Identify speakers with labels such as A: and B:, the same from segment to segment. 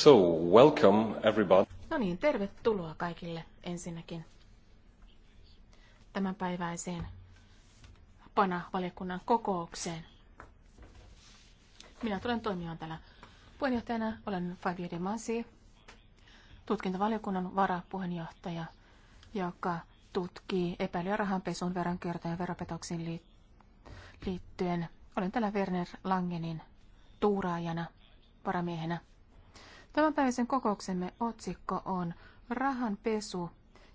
A: So, welcome everybody.
B: No niin, tervetuloa kaikille ensinnäkin tämänpäiväiseen PANA-valiokunnan kokoukseen. Minä tulen toimimaan täällä puheenjohtajana. Olen Fabio De Masi, tutkintavaliokunnan varapuheenjohtaja, joka tutkii epäilyä rahanpesun, veronkiertoon ja veropetoksiin liittyen. Olen täällä Werner Langenin tuuraajana, varamiehenä. Tämänpäiväisen kokouksemme otsikko on rahan pesu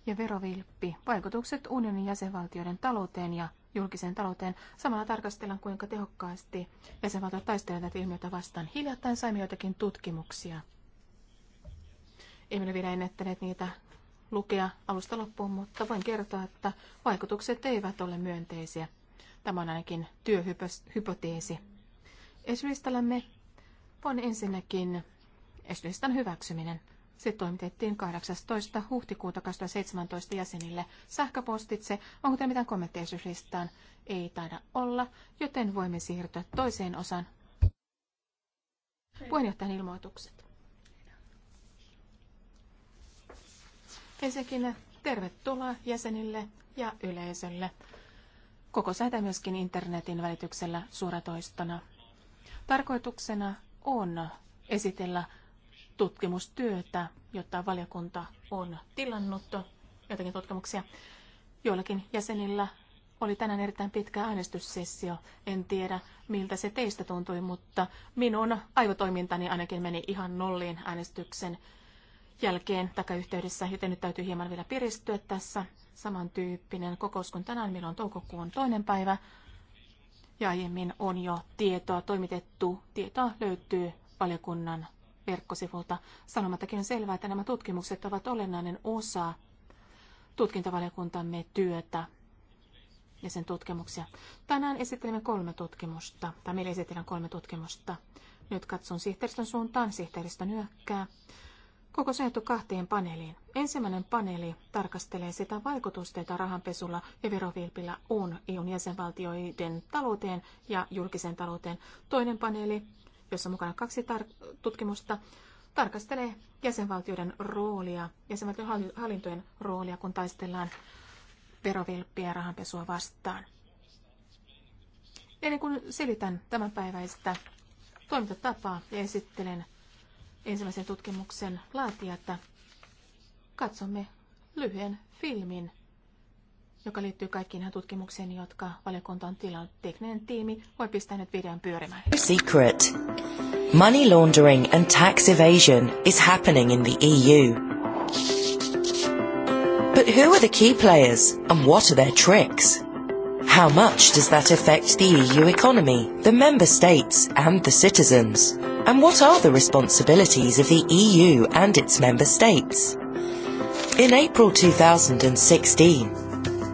B: ja verovilppi, vaikutukset unionin jäsenvaltioiden talouteen ja julkiseen talouteen. Samalla tarkastellaan, kuinka tehokkaasti jäsenvaltiot taistelevat ilmiötä vastaan. Hiljattain saimme joitakin tutkimuksia. Emme vielä ennättäneet niitä lukea alusta loppuun, mutta voin kertoa, että vaikutukset eivät ole myönteisiä. Tämä on ainakin työhypoteesi. Esimerkiksi on ensinnäkin esityslistan hyväksyminen. Se toimitettiin 18. huhtikuuta 2017 jäsenille sähköpostitse. Onko teillä mitään kommentteja Ei taida olla, joten voimme siirtyä toiseen osaan. Puheenjohtajan ilmoitukset. Ensinnäkin tervetuloa jäsenille ja yleisölle. Koko säätä myöskin internetin välityksellä suoratoistona. Tarkoituksena on esitellä tutkimustyötä, jota valiokunta on tilannut, jotakin tutkimuksia. Joillakin jäsenillä oli tänään erittäin pitkä äänestyssessio. En tiedä, miltä se teistä tuntui, mutta minun aivotoimintani ainakin meni ihan nolliin äänestyksen jälkeen takayhteydessä, joten nyt täytyy hieman vielä piristyä tässä. Samantyyppinen kokous kuin tänään, milloin toukokuun toinen päivä. Ja aiemmin on jo tietoa toimitettu. Tietoa löytyy valiokunnan verkkosivulta. Sanomattakin on selvää, että nämä tutkimukset ovat olennainen osa tutkintavaliokuntamme työtä ja sen tutkimuksia. Tänään esittelemme kolme tutkimusta, tai meillä esitellään kolme tutkimusta. Nyt katson sihteeristön suuntaan, sihteeristön nyökkää. Koko säätö kahteen paneeliin. Ensimmäinen paneeli tarkastelee sitä vaikutusta, joita rahanpesulla ja verovilpillä on EUn jäsenvaltioiden talouteen ja julkiseen talouteen. Toinen paneeli jossa mukana kaksi tar- tutkimusta, tarkastelee jäsenvaltioiden roolia, jäsenvaltion hallintojen roolia, kun taistellaan verovilppiä ja rahanpesua vastaan. Ennen kuin selitän tämänpäiväistä toimintatapaa ja esittelen ensimmäisen tutkimuksen laatijata, katsomme lyhyen filmin joka liittyy kaikkiin näihin tutkimuksiin, jotka valiokunta on tilannut. Tekninen tiimi voi pistää nyt videon pyörimään.
C: No secret. Money laundering and tax evasion is happening in the EU. But who are the key players and what are their tricks? How much does that affect the EU economy, the member states and the citizens? And what are the responsibilities of the EU and its member states? In April 2016,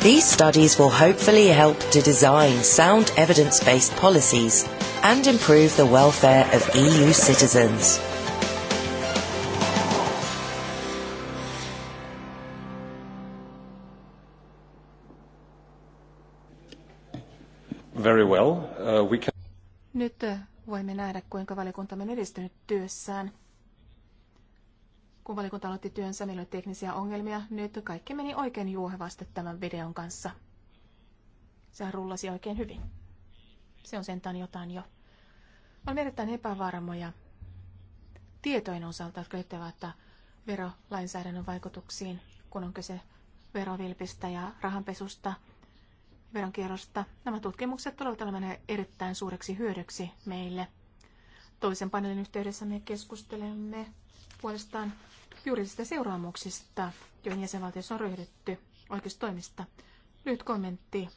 C: These studies will hopefully help to design sound evidence-based policies and improve the welfare of EU citizens.
A: Very well. Uh, we can...
B: Nyt uh, voimme nähdä, kuinka valiokuntamme on edistynyt työssään. Kun valiokunta aloitti työnsä, meillä oli teknisiä ongelmia. Nyt kaikki meni oikein juohevasti tämän videon kanssa. Sehän rullasi oikein hyvin. Se on sentään jotain jo. On erittäin epävarmoja tietojen osalta, jotka liittyvät verolainsäädännön vaikutuksiin, kun on kyse verovilpistä ja rahanpesusta, veronkierrosta. Nämä tutkimukset tulevat olemaan erittäin suureksi hyödyksi meille. Toisen paneelin yhteydessä me keskustelemme puolestaan juridisista seuraamuksista, joihin jäsenvaltiossa on ryhdytty oikeustoimista. Lyhyt kommentti.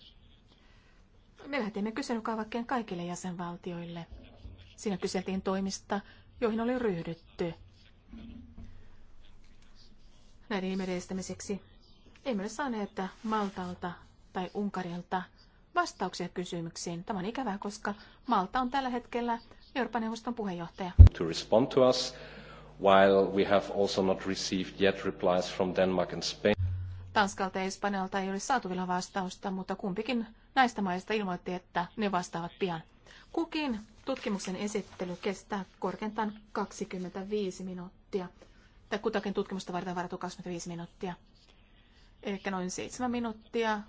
B: Me lähetimme kyselykaavakkeen kaikille jäsenvaltioille. Siinä kyseltiin toimista, joihin oli ryhdytty. Näiden ilmeiden estämiseksi emme ole saaneet Maltalta tai Unkarilta vastauksia kysymyksiin. Tämä on ikävää, koska Malta on tällä hetkellä Euroopan neuvoston puheenjohtaja.
A: To respond to us while we have also not received yet replies from Denmark and Spain.
B: Tanskalta ja Espanjalta ei ole saatu vielä vastausta, mutta kumpikin näistä maista ilmoitti, että ne vastaavat pian. Kukin tutkimuksen esittely kestää korkeintaan 25 minuuttia, tai kutakin tutkimusta varten varattu 25 minuuttia. Eli noin 7 minuuttia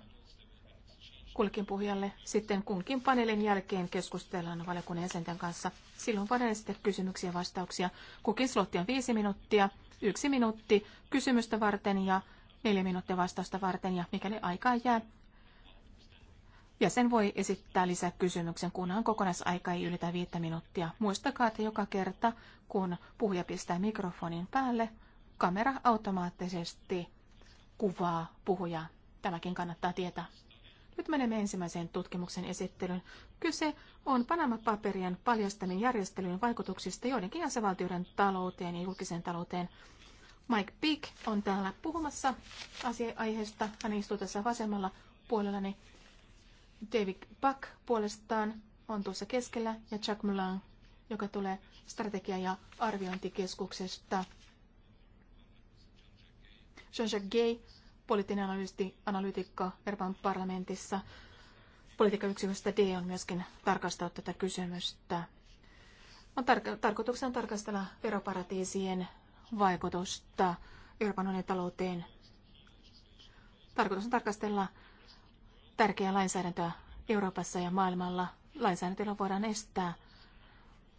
B: kullekin puhujalle. Sitten kunkin paneelin jälkeen keskustellaan valiokunnan jäsenten kanssa – Silloin voidaan esittää kysymyksiä ja vastauksia. Kukin slotti on viisi minuuttia, yksi minuutti kysymystä varten ja neljä minuuttia vastausta varten. Ja mikäli aikaa jää, jäsen voi esittää lisää kysymyksen, kunhan kokonaisaika ei ylitä viittä minuuttia. Muistakaa, että joka kerta, kun puhuja pistää mikrofonin päälle, kamera automaattisesti kuvaa puhujaa. Tämäkin kannattaa tietää. Nyt menemme ensimmäiseen tutkimuksen esittelyyn. Kyse on Panama-paperien paljastamien järjestelyjen vaikutuksista joidenkin jäsenvaltioiden talouteen ja julkiseen talouteen. Mike Peak on täällä puhumassa asia-aiheesta. Hän istuu tässä vasemmalla puolellani. David Buck puolestaan on tuossa keskellä ja Chuck Mulan, joka tulee strategia- ja arviointikeskuksesta. Jean-Jacques Gay poliittinen analyysti, analyytikko Euroopan parlamentissa. Politiikkayksiköstä D on myöskin tarkastanut tätä kysymystä. On tar- tarkoituksena tarkastella veroparatiisien vaikutusta Euroopan unionin talouteen. Tarkoitus on tarkastella tärkeää lainsäädäntöä Euroopassa ja maailmalla. Lainsäädäntöllä voidaan estää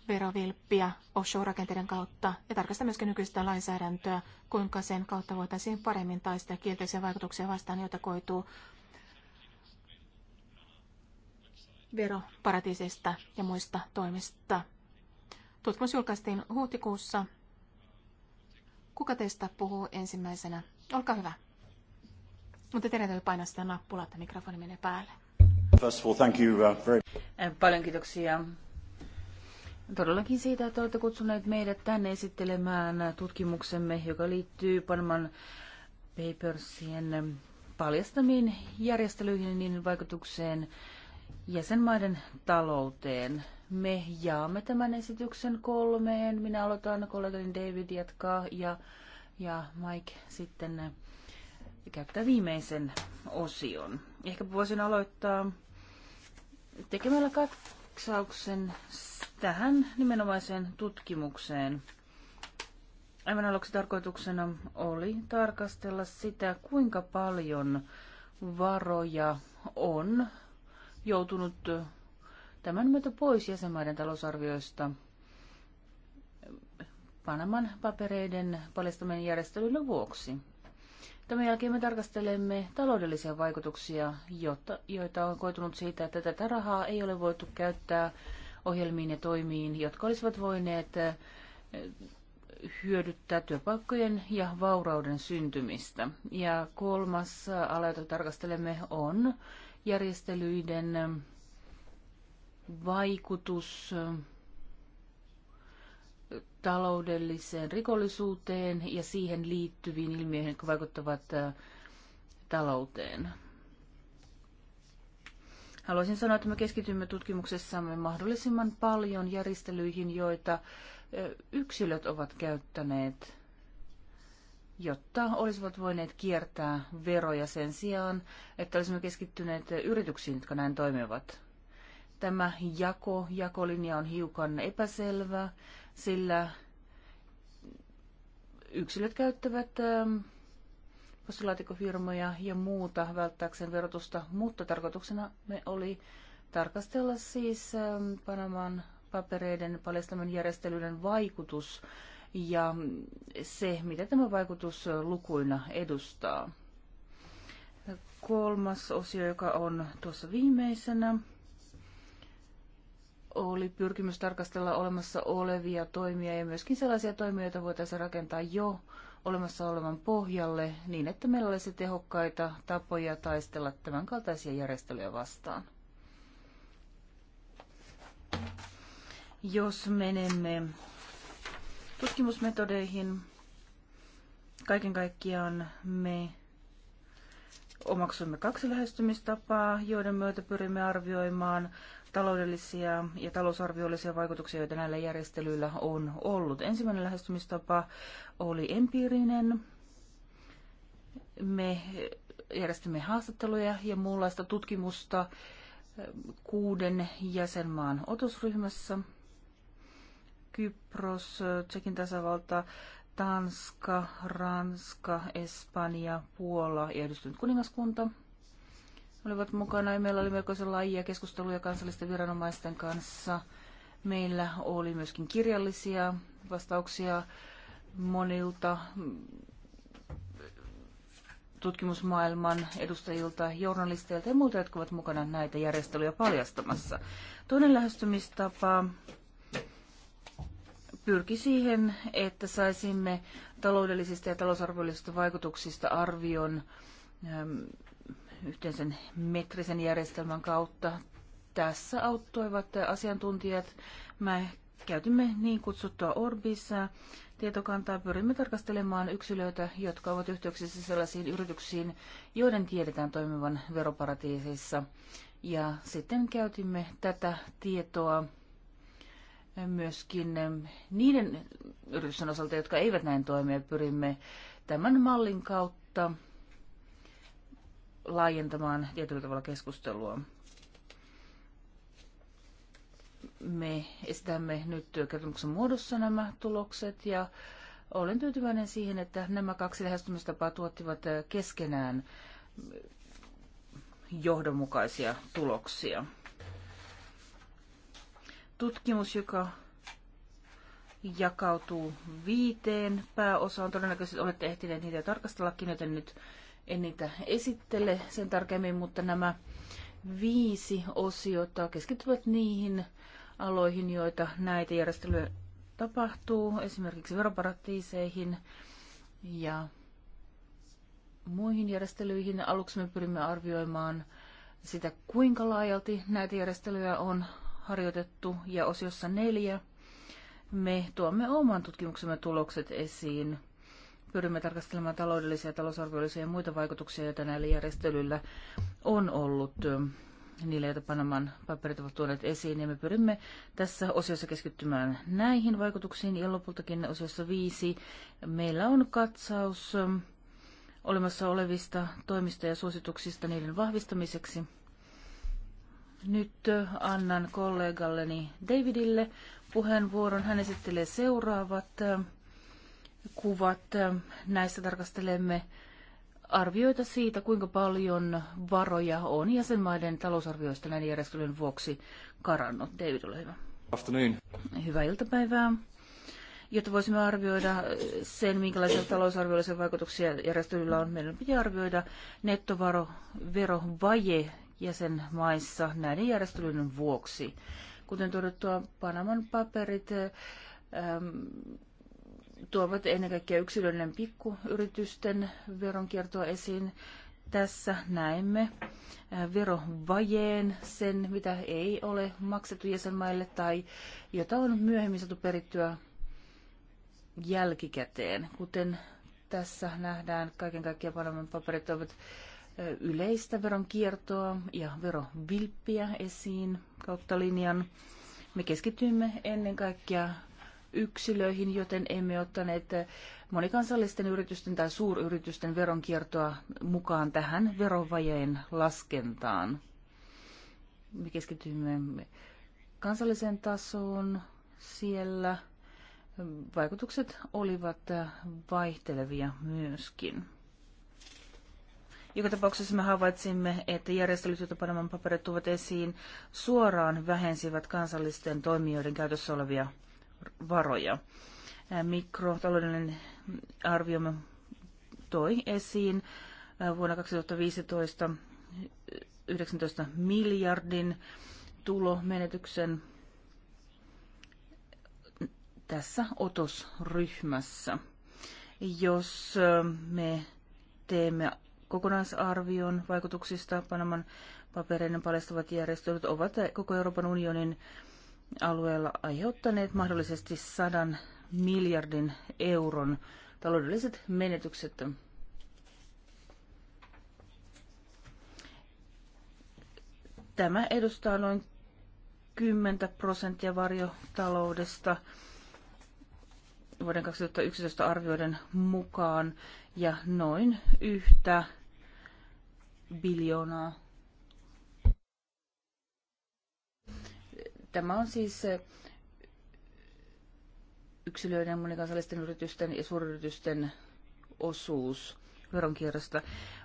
B: verovilppiä offshore-rakenteiden kautta ja tarkastaa myöskin nykyistä lainsäädäntöä, kuinka sen kautta voitaisiin paremmin taistella kielteisiä vaikutuksia vastaan, joita koituu veroparatiisista ja muista toimista. Tutkimus julkaistiin huhtikuussa. Kuka teistä puhuu ensimmäisenä? Olkaa hyvä. Mutta teidän täytyy painaa sitä nappulaa, että mikrofoni menee päälle.
A: First of all, thank you, uh, very...
D: Paljon kiitoksia todellakin siitä, että olette kutsuneet meidät tänne esittelemään tutkimuksemme, joka liittyy Panaman Papersien paljastamiin järjestelyihin ja niiden vaikutukseen jäsenmaiden talouteen. Me jaamme tämän esityksen kolmeen. Minä aloitan, kollegani David jatkaa ja, ja Mike sitten käyttää viimeisen osion. Ehkä voisin aloittaa tekemällä katsauksen tähän nimenomaiseen tutkimukseen. Aivan aluksi tarkoituksena oli tarkastella sitä, kuinka paljon varoja on joutunut tämän myötä pois jäsenmaiden talousarvioista Panaman papereiden paljastamien järjestelyiden vuoksi. Tämän jälkeen me tarkastelemme taloudellisia vaikutuksia, joita on koitunut siitä, että tätä rahaa ei ole voitu käyttää ohjelmiin ja toimiin, jotka olisivat voineet eh, hyödyttää työpaikkojen ja vaurauden syntymistä. Ja kolmas ala, jota tarkastelemme, on järjestelyiden eh, vaikutus eh, taloudelliseen rikollisuuteen ja siihen liittyviin ilmiöihin, jotka vaikuttavat talouteen. Haluaisin sanoa, että me keskitymme tutkimuksessamme mahdollisimman paljon järjestelyihin, joita yksilöt ovat käyttäneet, jotta olisivat voineet kiertää veroja sen sijaan, että olisimme keskittyneet yrityksiin, jotka näin toimivat. Tämä jako, jakolinja on hiukan epäselvä, sillä yksilöt käyttävät postilaatikofirmoja ja muuta välttääkseen verotusta, mutta tarkoituksena me oli tarkastella siis ähm, Panaman papereiden paljastaminen järjestelyiden vaikutus ja se, mitä tämä vaikutus lukuina edustaa. Kolmas osio, joka on tuossa viimeisenä, oli pyrkimys tarkastella olemassa olevia toimia ja myöskin sellaisia toimia, joita voitaisiin rakentaa jo olemassa olevan pohjalle niin, että meillä olisi tehokkaita tapoja taistella tämän kaltaisia järjestelyjä vastaan. Jos menemme tutkimusmetodeihin, kaiken kaikkiaan me omaksumme kaksi lähestymistapaa, joiden myötä pyrimme arvioimaan taloudellisia ja talousarviollisia vaikutuksia, joita näillä järjestelyillä on ollut. Ensimmäinen lähestymistapa oli empiirinen. Me järjestimme haastatteluja ja muunlaista tutkimusta eh, kuuden jäsenmaan otosryhmässä. Kypros, eh, Tsekin tasavalta, Tanska, Ranska, Espanja, Puola ja yhdistynyt kuningaskunta – olivat mukana ja meillä oli melkoisen laajia keskusteluja kansallisten viranomaisten kanssa. Meillä oli myöskin kirjallisia vastauksia monilta mm, tutkimusmaailman edustajilta, journalisteilta ja muilta, jotka ovat mukana näitä järjestelyjä paljastamassa. Toinen lähestymistapa pyrki siihen, että saisimme taloudellisista ja talousarvioillisista vaikutuksista arvion yhteisen metrisen järjestelmän kautta. Tässä auttoivat asiantuntijat. Me käytimme niin kutsuttua Orbissa tietokantaa. Pyrimme tarkastelemaan yksilöitä, jotka ovat yhteyksissä sellaisiin yrityksiin, joiden tiedetään toimivan veroparatiisissa. Ja sitten käytimme tätä tietoa myöskin niiden yritysten osalta, jotka eivät näin toimi, pyrimme tämän mallin kautta laajentamaan tietyllä tavalla keskustelua. Me esitämme nyt kertomuksen muodossa nämä tulokset ja olen tyytyväinen siihen, että nämä kaksi lähestymistapaa tuottivat keskenään johdonmukaisia tuloksia. Tutkimus, joka jakautuu viiteen pääosaan. Todennäköisesti olette ehtineet niitä tarkastellakin, joten nyt en niitä esittele sen tarkemmin, mutta nämä viisi osiota keskittyvät niihin aloihin, joita näitä järjestelyjä tapahtuu, esimerkiksi veroparatiiseihin ja muihin järjestelyihin. Aluksi me pyrimme arvioimaan sitä, kuinka laajalti näitä järjestelyjä on harjoitettu ja osiossa neljä me tuomme oman tutkimuksemme tulokset esiin pyrimme tarkastelemaan taloudellisia, talousarviollisia ja muita vaikutuksia, joita näillä järjestelyillä on ollut niille, joita Panaman paperit ovat tuoneet esiin, ja me pyrimme tässä osiossa keskittymään näihin vaikutuksiin, ja lopultakin osiossa viisi meillä on katsaus olemassa olevista toimista ja suosituksista niiden vahvistamiseksi. Nyt annan kollegalleni Davidille puheenvuoron. Hän esittelee seuraavat kuvat. Näissä tarkastelemme arvioita siitä, kuinka paljon varoja on jäsenmaiden talousarvioista näiden järjestelyjen vuoksi karannut. David, ole hyvä. Afternoon. Hyvää iltapäivää. Jotta voisimme arvioida sen, minkälaisia talousarviollisia vaikutuksia järjestelyllä on, meidän pitää arvioida nettovarovaje jäsenmaissa näiden järjestelyiden vuoksi. Kuten todettua, Panaman paperit ähm, tuovat ennen kaikkea yksilöllinen pikkuyritysten veronkiertoa esiin. Tässä näemme äh, verovajeen, sen mitä ei ole maksettu jäsenmaille tai jota on myöhemmin saatu perittyä jälkikäteen. Kuten tässä nähdään, kaiken kaikkiaan paremmin paperit ovat äh, yleistä veronkiertoa ja verovilppiä esiin kautta linjan. Me keskitymme ennen kaikkea yksilöihin, joten emme ottaneet monikansallisten yritysten tai suuryritysten veronkiertoa mukaan tähän verovajeen laskentaan. Me keskitymme kansalliseen tasoon siellä. Vaikutukset olivat vaihtelevia myöskin. Joka tapauksessa me havaitsimme, että järjestelyt, joita Panaman paperit tuovat esiin, suoraan vähensivät kansallisten toimijoiden käytössä olevia varoja. Mikrotaloudellinen arviomme toi esiin vuonna 2015 19 miljardin tulomenetyksen tässä otosryhmässä. Jos me teemme kokonaisarvion vaikutuksista, Panaman papereiden paljastavat järjestelyt ovat koko Euroopan unionin alueella aiheuttaneet mahdollisesti sadan miljardin euron taloudelliset menetykset. Tämä edustaa noin 10 prosenttia varjotaloudesta vuoden 2011 arvioiden mukaan ja noin yhtä biljoonaa Tämä on siis eh, yksilöiden, monikansallisten yritysten ja suuryritysten osuus veronkierrosta.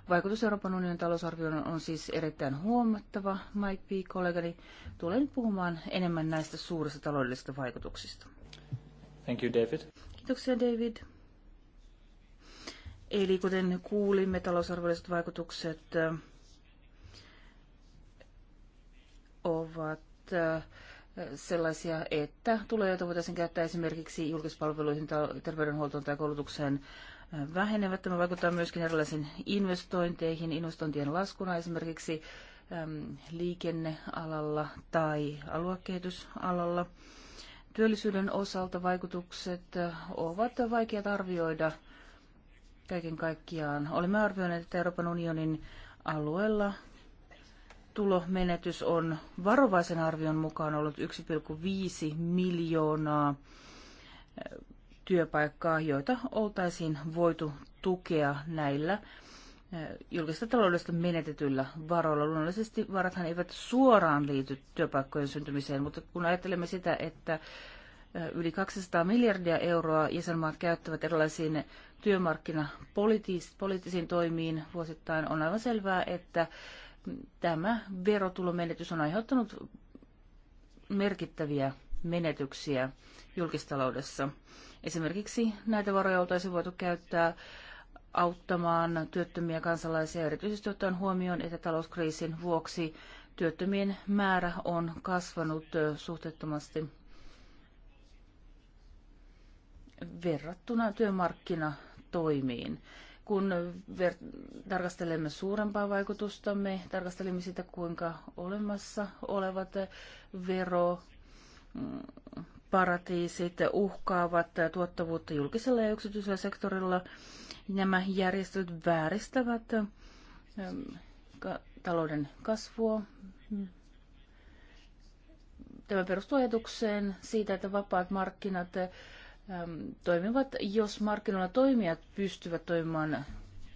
D: Vaikutus Euroopan unionin talousarvioon on siis erittäin huomattava. Mike P. kollegani tulee nyt puhumaan enemmän näistä suurista taloudellisista vaikutuksista. Thank you, David. Kiitoksia, David. Eli kuten kuulimme, talousarvioiset vaikutukset eh, ovat eh, sellaisia, että tuloja, joita voitaisiin käyttää esimerkiksi julkispalveluihin, terveydenhuoltoon tai koulutukseen, vähenevät. Tämä vaikuttaa myöskin erilaisiin investointeihin, investointien laskuna esimerkiksi liikennealalla tai aluekehitysalalla. Työllisyyden osalta vaikutukset ovat vaikea arvioida kaiken kaikkiaan. Olemme arvioineet, että Euroopan unionin alueella tulomenetys on varovaisen arvion mukaan ollut 1,5 miljoonaa eh, työpaikkaa, joita oltaisiin voitu tukea näillä eh, julkisesta taloudesta menetetyillä varoilla. Luonnollisesti varathan eivät suoraan liity työpaikkojen syntymiseen, mutta kun ajattelemme sitä, että eh, yli 200 miljardia euroa jäsenmaat käyttävät erilaisiin työmarkkinapoliittisiin toimiin vuosittain, on aivan selvää, että Tämä verotulomenetys on aiheuttanut merkittäviä menetyksiä julkistaloudessa. Esimerkiksi näitä varoja oltaisiin voitu käyttää auttamaan työttömiä kansalaisia, erityisesti ottaen huomioon, että talouskriisin vuoksi työttömien määrä on kasvanut suhteettomasti verrattuna työmarkkinatoimiin. Kun tarkastelemme suurempaa vaikutusta, me tarkastelemme sitä, kuinka olemassa olevat vero mm, paratiisit uhkaavat tuottavuutta julkisella ja yksityisellä sektorilla. Nämä järjestöt vääristävät talouden kasvua. Tämä perustuu ajatukseen siitä, että vapaat markkinat toimivat, jos markkinoilla toimijat pystyvät toimimaan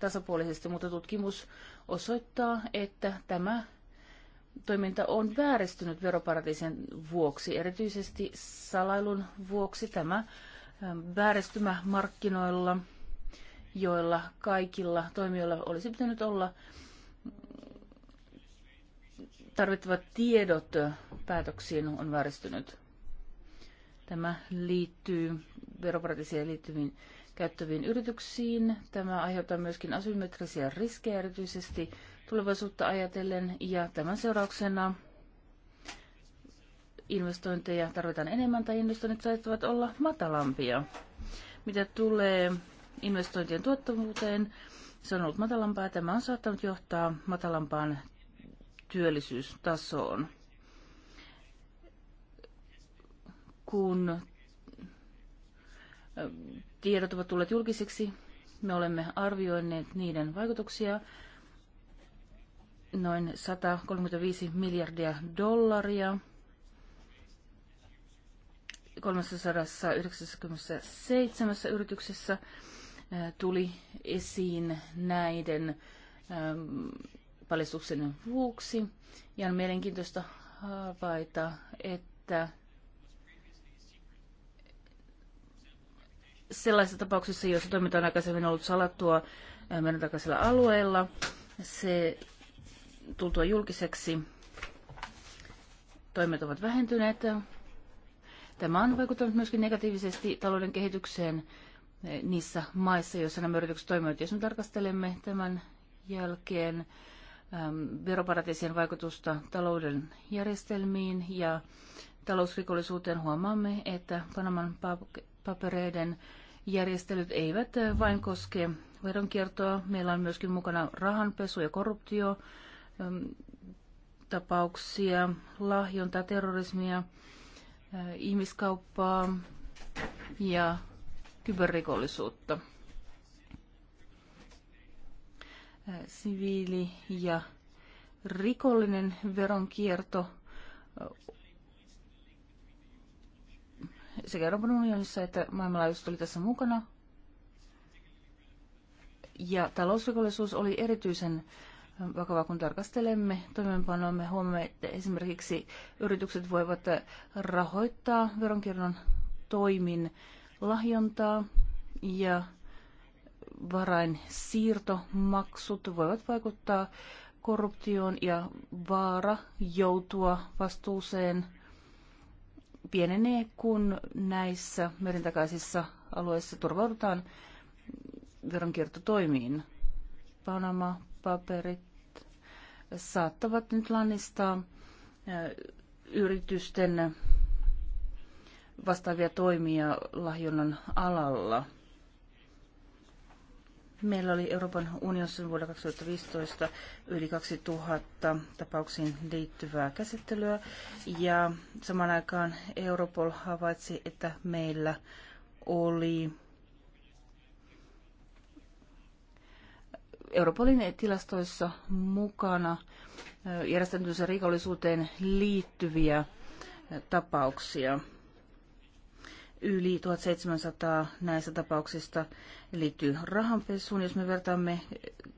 D: tasapuolisesti, mutta tutkimus osoittaa, että tämä toiminta on vääristynyt veroparatiisin vuoksi, erityisesti salailun vuoksi tämä vääristymä markkinoilla, joilla kaikilla toimijoilla olisi pitänyt olla tarvittavat tiedot päätöksiin on vääristynyt. Tämä liittyy veroparatiisiin liittyviin käyttäviin yrityksiin. Tämä aiheuttaa myöskin asymmetrisiä riskejä erityisesti tulevaisuutta ajatellen ja tämän seurauksena investointeja tarvitaan enemmän tai investoinnit saattavat olla matalampia. Mitä tulee investointien tuottavuuteen, se on ollut matalampaa ja tämä on saattanut johtaa matalampaan työllisyystasoon. kun äh, tiedot ovat tulleet julkiseksi, me olemme arvioineet niiden vaikutuksia noin 135 miljardia dollaria 397 yrityksessä äh, tuli esiin näiden ähm, paljastuksen vuoksi. Ja on mielenkiintoista havaita, että sellaisissa tapauksissa, joissa toiminta on aikaisemmin ollut salattua meidän takaisella alueella, se tultua julkiseksi toimet ovat vähentyneet. Tämä on vaikuttanut myöskin negatiivisesti talouden kehitykseen niissä maissa, joissa nämä yritykset toimivat. Jos me tarkastelemme tämän jälkeen veroparatiisien vaikutusta talouden järjestelmiin ja talousrikollisuuteen, huomaamme, että Panaman papereiden järjestelyt eivät vain koske veronkiertoa. Meillä on myöskin mukana rahanpesu ja korruptio, ähm, tapauksia, lahjonta, terrorismia, äh, ihmiskauppaa ja kyberrikollisuutta. Äh, siviili ja rikollinen veronkierto äh, sekä Euroopan unionissa että maailmanlaajuisesti oli tässä mukana. Ja talousrikollisuus oli erityisen vakava, kun tarkastelemme toimeenpanoamme. Me huomaamme, että esimerkiksi yritykset voivat rahoittaa veronkierron toimin lahjontaa ja varainsiirtomaksut voivat vaikuttaa korruptioon ja vaara joutua vastuuseen – pienenee, kun näissä merintakaisissa alueissa turvaudutaan veronkiertotoimiin. Panama-paperit saattavat nyt lannistaa yritysten vastaavia toimia lahjonnan alalla – Meillä oli Euroopan unionissa vuonna 2015 yli 2000 tapauksiin liittyvää käsittelyä ja saman aikaan Europol havaitsi, että meillä oli Europolin tilastoissa mukana järjestäytyneeseen rikollisuuteen liittyviä tapauksia yli 1700 näistä tapauksista liittyy rahanpesuun. Jos me vertaamme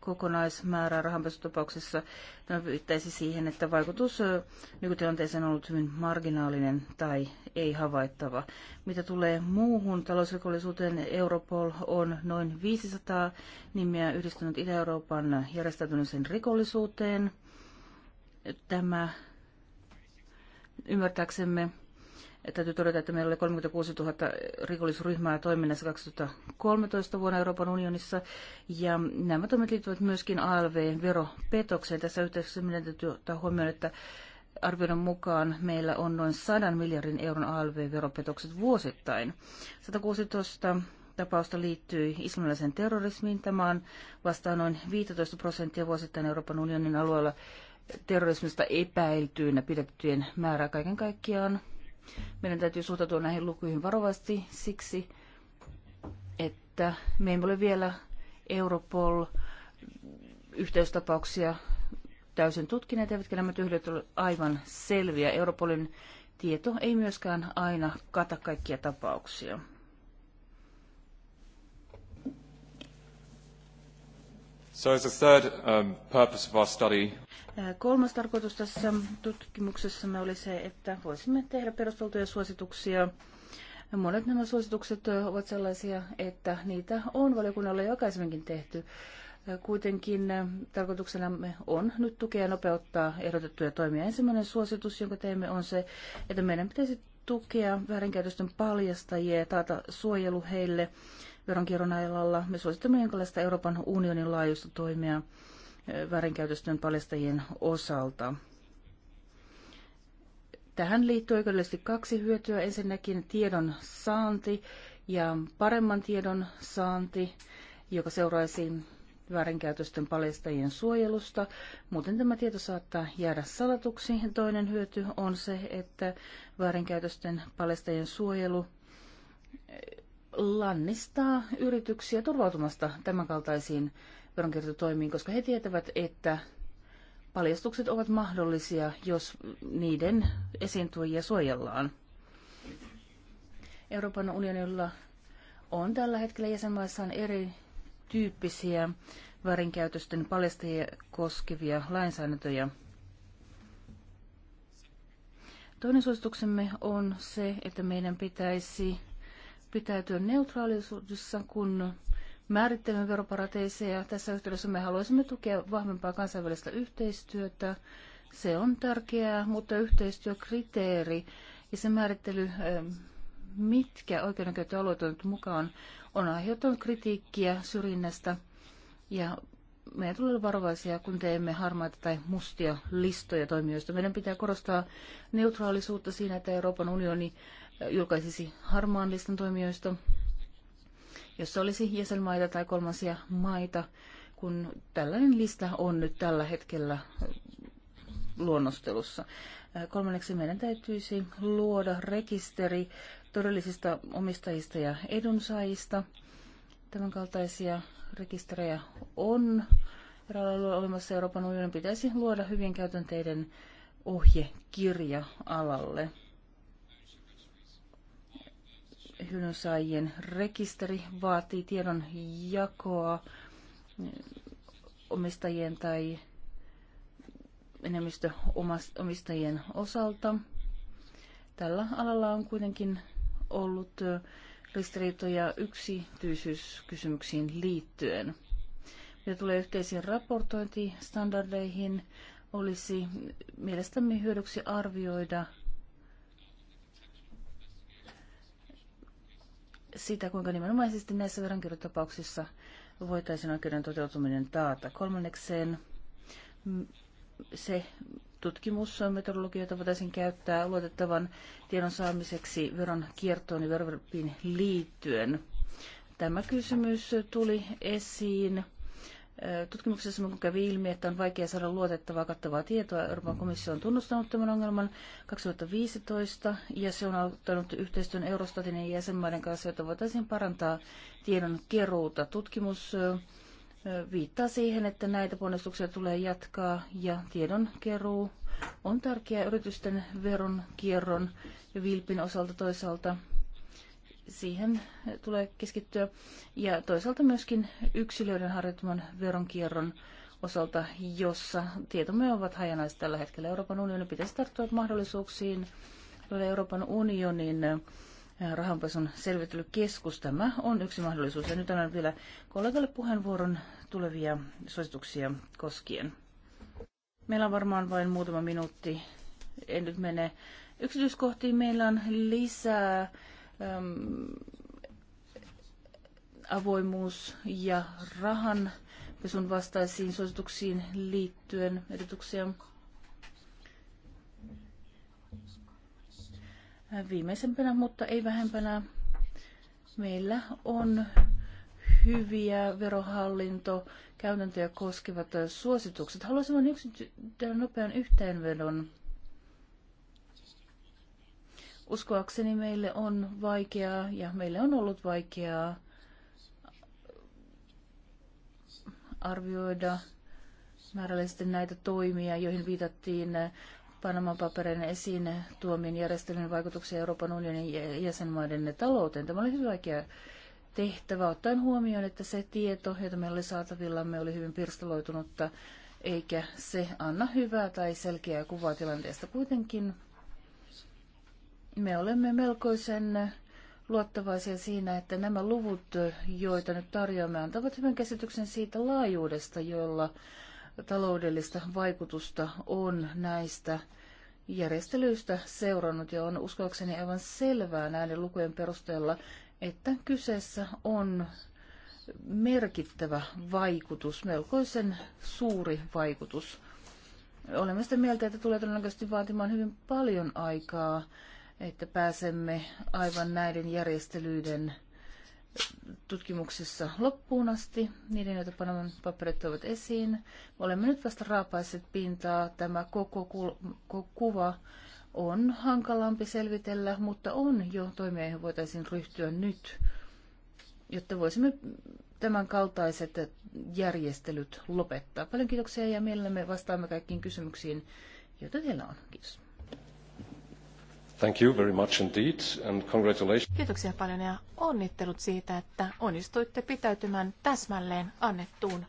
D: kokonaismäärää rahanpesutapauksessa, tämä viittaisi siihen, että vaikutus nykytilanteeseen on ollut hyvin marginaalinen tai ei havaittava. Mitä tulee muuhun talousrikollisuuteen, Europol on noin 500 nimeä yhdistynyt Itä-Euroopan järjestäytyneeseen rikollisuuteen. Tämä ymmärtääksemme Täytyy todeta, että meillä oli 36 000 rikollisryhmää toiminnassa 2013 vuonna Euroopan unionissa. Ja nämä toimet liittyvät myöskin ALV-veropetokseen. Tässä yhteydessä meidän täytyy ottaa huomioon, että arvioiden mukaan meillä on noin 100 miljardin euron ALV-veropetokset vuosittain. 116 tapausta liittyi islamilaiseen terrorismiin. Tämä on vastaan noin 15 prosenttia vuosittain Euroopan unionin alueella terrorismista epäiltyynä pidettyjen määrää kaiken kaikkiaan meidän täytyy suhtautua näihin lukuihin varovasti siksi, että me emme ole vielä Europol yhteystapauksia täysin tutkineet, eivätkä nämä tyhjät ole aivan selviä. Europolin tieto ei myöskään aina kata kaikkia tapauksia.
A: So as a third um, purpose of our study,
D: Kolmas tarkoitus tässä tutkimuksessamme oli se, että voisimme tehdä perusteltuja suosituksia. Monet nämä suositukset ovat sellaisia, että niitä on valiokunnalle jo aikaisemminkin tehty. Kuitenkin tarkoituksenamme on nyt tukea ja nopeuttaa ehdotettuja toimia. Ensimmäinen suositus, jonka teemme, on se, että meidän pitäisi tukea väärinkäytösten paljastajia ja taata suojelu heille veronkierron alalla. Me suosittamme jonkinlaista Euroopan unionin laajuista toimia eh, väärinkäytösten paljastajien osalta. Tähän liittyy oikeudellisesti kaksi hyötyä. Ensinnäkin tiedon saanti ja paremman tiedon saanti, joka seuraisi väärinkäytösten paljastajien suojelusta. Muuten tämä tieto saattaa jäädä salatuksi. Toinen hyöty on se, että väärinkäytösten paljastajien suojelu lannistaa yrityksiä turvautumasta tämänkaltaisiin veronkiertotoimiin, koska he tietävät, että paljastukset ovat mahdollisia, jos niiden esiintyjiä suojellaan. Euroopan unionilla on tällä hetkellä jäsenmaissaan eri tyyppisiä väärinkäytösten paljastajia koskevia lainsäädäntöjä. Toinen suosituksemme on se, että meidän pitäisi pitäytyä neutraalisuudessa, kun määrittelemme veroparateiseja. Tässä yhteydessä me haluaisimme tukea vahvempaa kansainvälistä yhteistyötä. Se on tärkeää, mutta yhteistyökriteeri ja se määrittely, eh, mitkä oikeudenkäyttöalueet on mukaan, on aiheuttanut kritiikkiä syrjinnästä ja meidän tulee olla varovaisia, kun teemme harmaita tai mustia listoja toimijoista. Meidän pitää korostaa neutraalisuutta siinä, että Euroopan unioni julkaisisi harmaan listan toimijoista, jossa olisi jäsenmaita tai kolmansia maita, kun tällainen lista on nyt tällä hetkellä luonnostelussa. Kolmanneksi meidän täytyisi luoda rekisteri todellisista omistajista ja edunsaajista. Tämänkaltaisia rekisterejä on eräällä olemassa Euroopan unionin pitäisi luoda hyvien käytänteiden ohjekirja alalle hyödynsaajien rekisteri vaatii tiedon jakoa omistajien tai enemmistö omistajien osalta. Tällä alalla on kuitenkin ollut ristiriitoja yksityisyyskysymyksiin liittyen. Mitä tulee yhteisiin raportointistandardeihin, olisi mielestämme hyödyksi arvioida – sitä, kuinka nimenomaisesti näissä veronkierrotapauksissa voitaisiin oikeuden toteutuminen taata. Kolmannekseen se tutkimus on metodologia, jota voitaisiin käyttää luotettavan tiedon saamiseksi veron kiertoon ja verovirpiin liittyen. Tämä kysymys tuli esiin Tutkimuksessa mukaan kävi ilmi, että on vaikea saada luotettavaa kattavaa tietoa. Euroopan komissio on tunnustanut tämän ongelman 2015 ja se on auttanut yhteistyön Eurostatin ja jäsenmaiden kanssa, jotta voitaisiin parantaa tiedon keruuta. Tutkimus viittaa siihen, että näitä ponnistuksia tulee jatkaa ja tiedon keruu on tärkeää yritysten veron kierron ja vilpin osalta toisaalta siihen tulee keskittyä. Ja toisaalta myöskin yksilöiden harjoittaman veronkierron osalta, jossa tietomme ovat hajanaiset tällä hetkellä. Euroopan unionin pitäisi tarttua mahdollisuuksiin Euroopan unionin eh, rahanpesun selvittelykeskus. Tämä on yksi mahdollisuus. Ja nyt annan vielä kollegalle puheenvuoron tulevia suosituksia koskien. Meillä on varmaan vain muutama minuutti. En nyt mene yksityiskohtiin. Meillä on lisää avoimuus ja rahan pesun vastaisiin suosituksiin liittyen edutuksia. Äh, viimeisempänä, mutta ei vähempänä, meillä on hyviä verohallinto käytäntöjä koskevat suositukset. Haluaisin vain yksityisen nopean yhteenvedon Uskoakseni meille on vaikeaa ja meille on ollut vaikeaa arvioida määrällisesti näitä toimia, joihin viitattiin Panaman paperin esiin tuomien järjestelmien vaikutuksia Euroopan unionin jäsenmaiden talouteen. Tämä oli hyvin vaikea tehtävä, ottaen huomioon, että se tieto, jota meillä oli saatavillamme, oli hyvin pirstaloitunutta, eikä se anna hyvää tai selkeää kuvaa tilanteesta. Kuitenkin me olemme melkoisen luottavaisia siinä, että nämä luvut, joita nyt tarjoamme, antavat hyvän käsityksen siitä laajuudesta, jolla taloudellista vaikutusta on näistä järjestelyistä seurannut ja on uskoakseni aivan selvää näiden lukujen perusteella, että kyseessä on merkittävä vaikutus, melkoisen suuri vaikutus. Olemme sitä mieltä, että tulee todennäköisesti vaatimaan hyvin paljon aikaa että pääsemme aivan näiden järjestelyiden tutkimuksessa loppuun asti, niiden, joita Panaman paperit tuovat esiin. Olemme nyt vasta raapaiset pintaa. Tämä koko, koko kuva on hankalampi selvitellä, mutta on jo toimia, joihin voitaisiin ryhtyä nyt, jotta voisimme tämän kaltaiset järjestelyt lopettaa. Paljon kiitoksia ja mielellämme vastaamme kaikkiin kysymyksiin, joita teillä on. Kiitos.
A: Thank you very much indeed and congratulations.
B: Kiitoksia paljon ja onnittelut siitä, että onnistuitte pitäytymään täsmälleen annettuun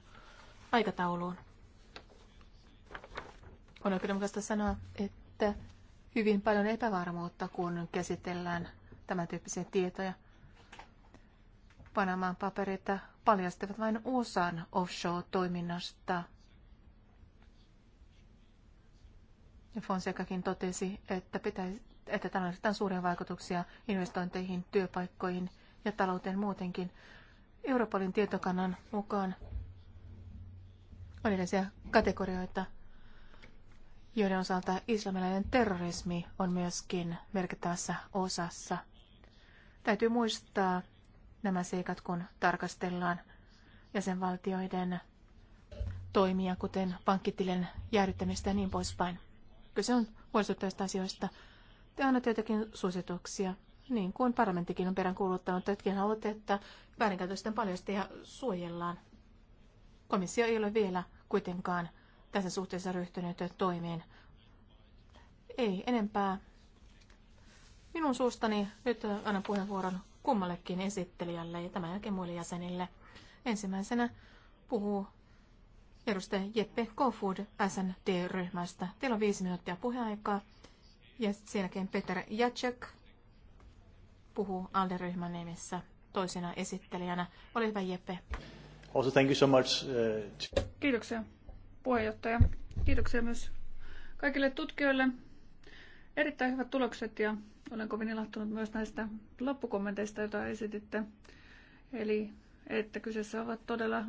B: aikatauluun. On oikeudenmukaista sanoa, että hyvin paljon epävarmuutta, kun käsitellään tämän tyyppisiä tietoja. Panamaan paperita paljastivat vain osan offshore-toiminnasta. Ja Fonsekakin totesi, että pitäisi, että tällä on suuria vaikutuksia investointeihin, työpaikkoihin ja talouteen muutenkin. Europolin tietokannan mukaan on erilaisia kategorioita, joiden osalta islamilainen terrorismi on myöskin merkittävässä osassa. Täytyy muistaa nämä seikat, kun tarkastellaan jäsenvaltioiden toimia, kuten pankkitilin jäädyttämistä ja niin poispäin. Kyse on huolestuttavista asioista. Te annatte jotakin suosituksia, niin kuin parlamenttikin on peräänkuuluttanut, että haluatte, että väärinkäytösten paljastajia suojellaan. Komissio ei ole vielä kuitenkaan tässä suhteessa ryhtynyt toimiin. Ei enempää. Minun suustani nyt annan puheenvuoron kummallekin esittelijälle ja tämän jälkeen muille jäsenille. Ensimmäisenä puhuu edustaja Jeppe Kofud SND-ryhmästä. Teillä on viisi minuuttia puheaikaa. Ja sen jälkeen Peter Jacek puhuu Alderyhmän nimissä toisena esittelijänä. Ole hyvä, Jeppe.
C: Also, thank you so much. Uh...
E: Kiitoksia, puheenjohtaja. Kiitoksia myös kaikille tutkijoille. Erittäin hyvät tulokset ja olen kovin ilahtunut myös näistä loppukommenteista, joita esititte. Eli että kyseessä ovat todella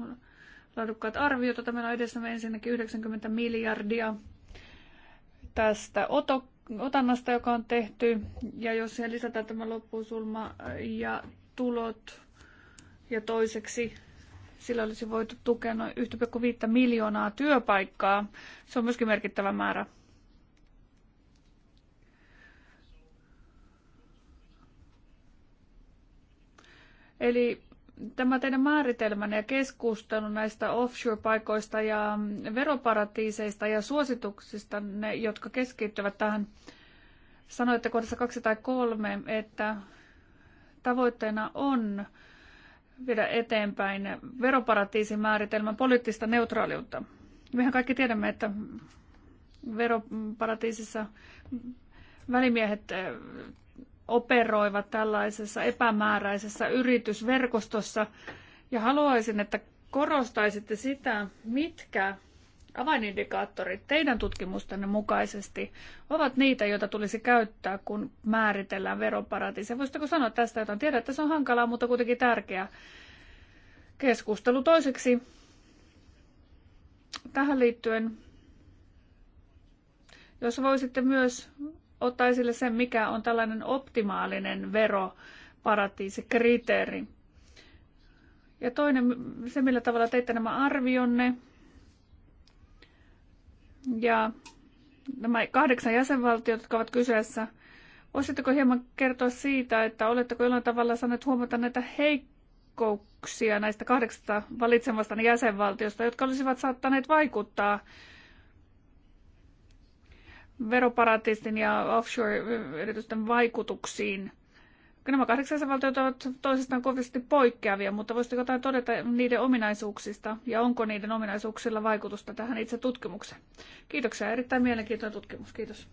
E: laadukkaat arviot, joita meillä on edessämme ensinnäkin 90 miljardia tästä oto, otannasta, joka on tehty, ja jos siihen lisätään tämä loppusulma ja tulot, ja toiseksi sillä olisi voitu tukea noin 1,5 miljoonaa työpaikkaa. Se on myöskin merkittävä määrä. Eli tämä teidän määritelmänne ja keskustelu näistä offshore-paikoista ja veroparatiiseista ja suosituksista, ne, jotka keskittyvät tähän, sanoitte kohdassa kaksi tai kolme, että tavoitteena on viedä eteenpäin veroparatiisin määritelmän poliittista neutraaliutta. Mehän kaikki tiedämme, että veroparatiisissa välimiehet operoivat tällaisessa epämääräisessä yritysverkostossa. Ja haluaisin, että korostaisitte sitä, mitkä avainindikaattorit teidän tutkimustenne mukaisesti ovat niitä, joita tulisi käyttää, kun määritellään veroparatiisia. Voisitteko sanoa tästä jotain? Tiedän, että se on hankalaa, mutta kuitenkin tärkeä keskustelu. Toiseksi tähän liittyen, jos voisitte myös ottaa esille sen, mikä on tällainen optimaalinen veroparatiisikriteeri. Ja toinen, se millä tavalla teitte nämä arvionne. Ja nämä kahdeksan jäsenvaltiota, jotka ovat kyseessä. Voisitteko hieman kertoa siitä, että oletteko jollain tavalla saaneet huomata näitä heikkouksia näistä kahdeksasta valitsemasta jäsenvaltiosta, jotka olisivat saattaneet vaikuttaa veroparatiisin ja offshore-yritysten vaikutuksiin. Nämä kahdeksan valtiot ovat toisistaan kovasti poikkeavia, mutta voisitteko jotain todeta niiden ominaisuuksista ja onko niiden ominaisuuksilla vaikutusta tähän itse tutkimukseen? Kiitoksia, erittäin mielenkiintoinen tutkimus. Kiitos.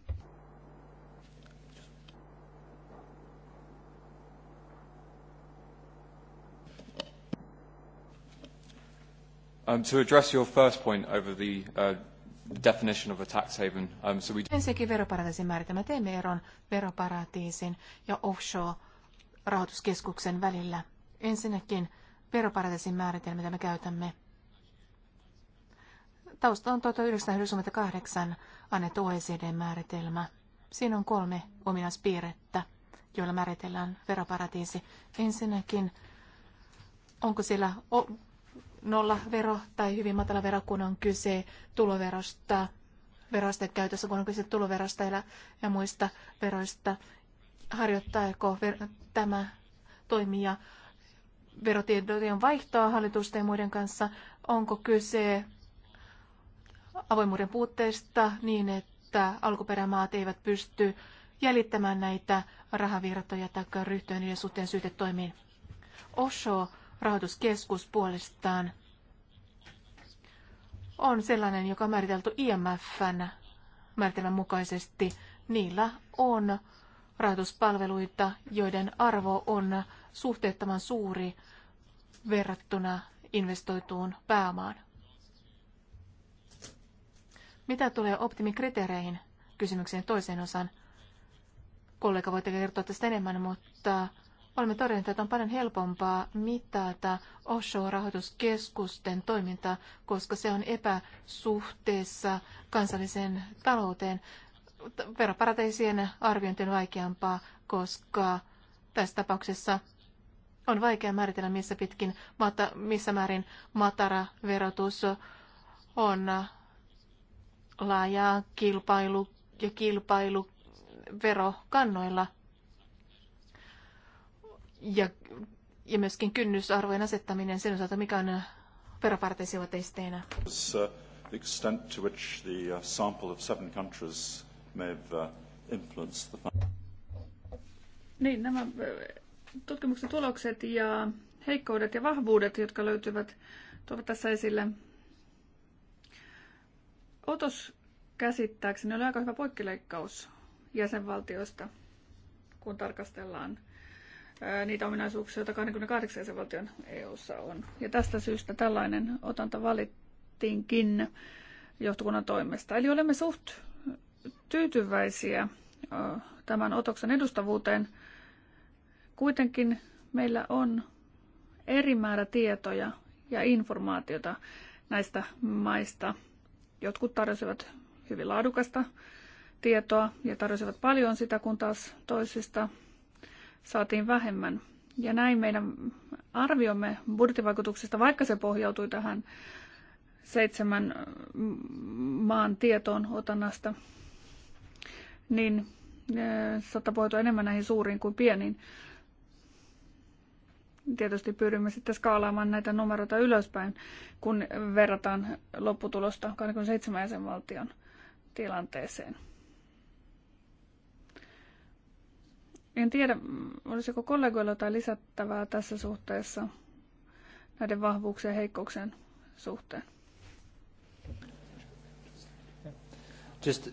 A: Um, to address your first point over the uh, definition of a tax haven. Um, so we...
B: Ensinnäkin veroparatiisin määritelmä. Teemme eron veroparatiisin ja offshore-rahoituskeskuksen välillä. Ensinnäkin veroparatiisin määritelmä, mitä me käytämme. Tausta on 1998 annettu OECD-määritelmä. Siinä on kolme ominaispiirrettä, joilla määritellään veroparatiisi. Ensinnäkin, onko siellä nollavero tai hyvin matala vero, kun on kyse tuloverosta, verosten käytössä, kun on kyse tuloverosta ja, ja muista veroista. Harjoittaako ver- tämä toimija verotietojen vaihtoa hallitusten ja muiden kanssa? Onko kyse avoimuuden puutteesta niin, että alkuperämaat eivät pysty jäljittämään näitä rahavirtoja tai ryhtyä niiden suhteen syytetoimiin? Osho rahoituskeskus puolestaan on sellainen, joka on määritelty IMFn määritelmän mukaisesti. Niillä on rahoituspalveluita, joiden arvo on suhteettoman suuri verrattuna investoituun pääomaan. Mitä tulee optimikriteereihin? Kysymykseen toiseen osaan. Kollega voi kertoa tästä enemmän, mutta Olemme todenneet, että on paljon helpompaa mitata offshore-rahoituskeskusten toimintaa, koska se on epäsuhteessa kansalliseen talouteen. Veroparateisien arviointi on vaikeampaa, koska tässä tapauksessa on vaikea määritellä, missä, pitkin, missä määrin matara verotus on laajaa kilpailu ja kilpailu verokannoilla ja, ja myöskin kynnysarvojen asettaminen sen osalta, mikä on äh, veroparteisiva testeinä.
A: Uh, the extent to which the uh, sample of seven countries may have uh, influenced the fund.
E: Niin, nämä äh, tutkimuksen tulokset ja heikkoudet ja vahvuudet, jotka löytyvät, tuovat tässä esille. Otos käsittääkseni oli aika hyvä poikkileikkaus jäsenvaltioista, kun tarkastellaan niitä ominaisuuksia, joita 28 jäsenvaltion EU:ssa on. Ja tästä syystä tällainen otanta valittiinkin johtokunnan toimesta. Eli olemme suht tyytyväisiä tämän otoksen edustavuuteen. Kuitenkin meillä on eri määrä tietoja ja informaatiota näistä maista. Jotkut tarjosivat hyvin laadukasta tietoa ja tarjosivat paljon sitä, kun taas toisista saatiin vähemmän. Ja näin meidän arviomme budjettivaikutuksesta, vaikka se pohjautui tähän seitsemän maan tietoon otannasta, niin saattaa voitu enemmän näihin suuriin kuin pieniin. Tietysti pyrimme sitten skaalaamaan näitä numeroita ylöspäin, kun verrataan lopputulosta 27 jäsenvaltion tilanteeseen. En tiedä, olisiko kollegoilla jotain lisättävää tässä suhteessa näiden vahvuuksien ja heikkouksien suhteen.
A: Just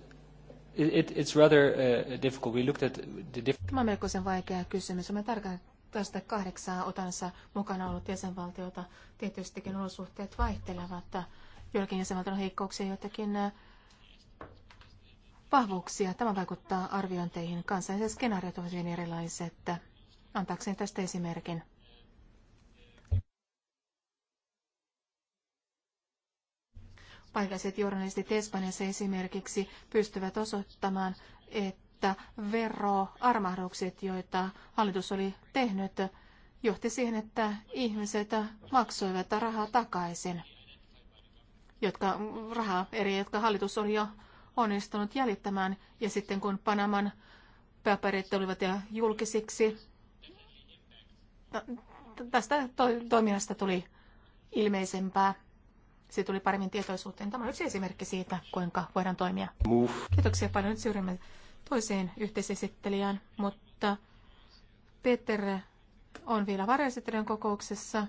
A: It, it's rather uh, difficult. We looked at the
B: Tämä on melkoisen vaikea kysymys. Me tarkoittaa sitä kahdeksaa otansa mukana ollut jäsenvaltiota. Tietystikin olosuhteet vaihtelevat. Joillakin jäsenvaltion heikkouksia, joitakin uh, vahvuuksia. Tämä vaikuttaa arviointeihin. Kansalliset skenaariot ovat hyvin erilaiset. Antaakseni tästä esimerkin. Paikalliset journalistit Espanjassa esimerkiksi pystyvät osoittamaan, että veroarmahdukset, joita hallitus oli tehnyt, johti siihen, että ihmiset maksoivat rahaa takaisin, jotka, rahaa eri, jotka hallitus oli jo onnistunut jäljittämään. Ja sitten kun Panaman paperit olivat jo julkisiksi, tästä to- toiminnasta tuli ilmeisempää. Se tuli paremmin tietoisuuteen. Tämä on yksi esimerkki siitä, kuinka voidaan toimia. Move. Kiitoksia paljon. Nyt siirrymme toiseen yhteisesittelijään, mutta Peter on vielä varjoesittelijän kokouksessa.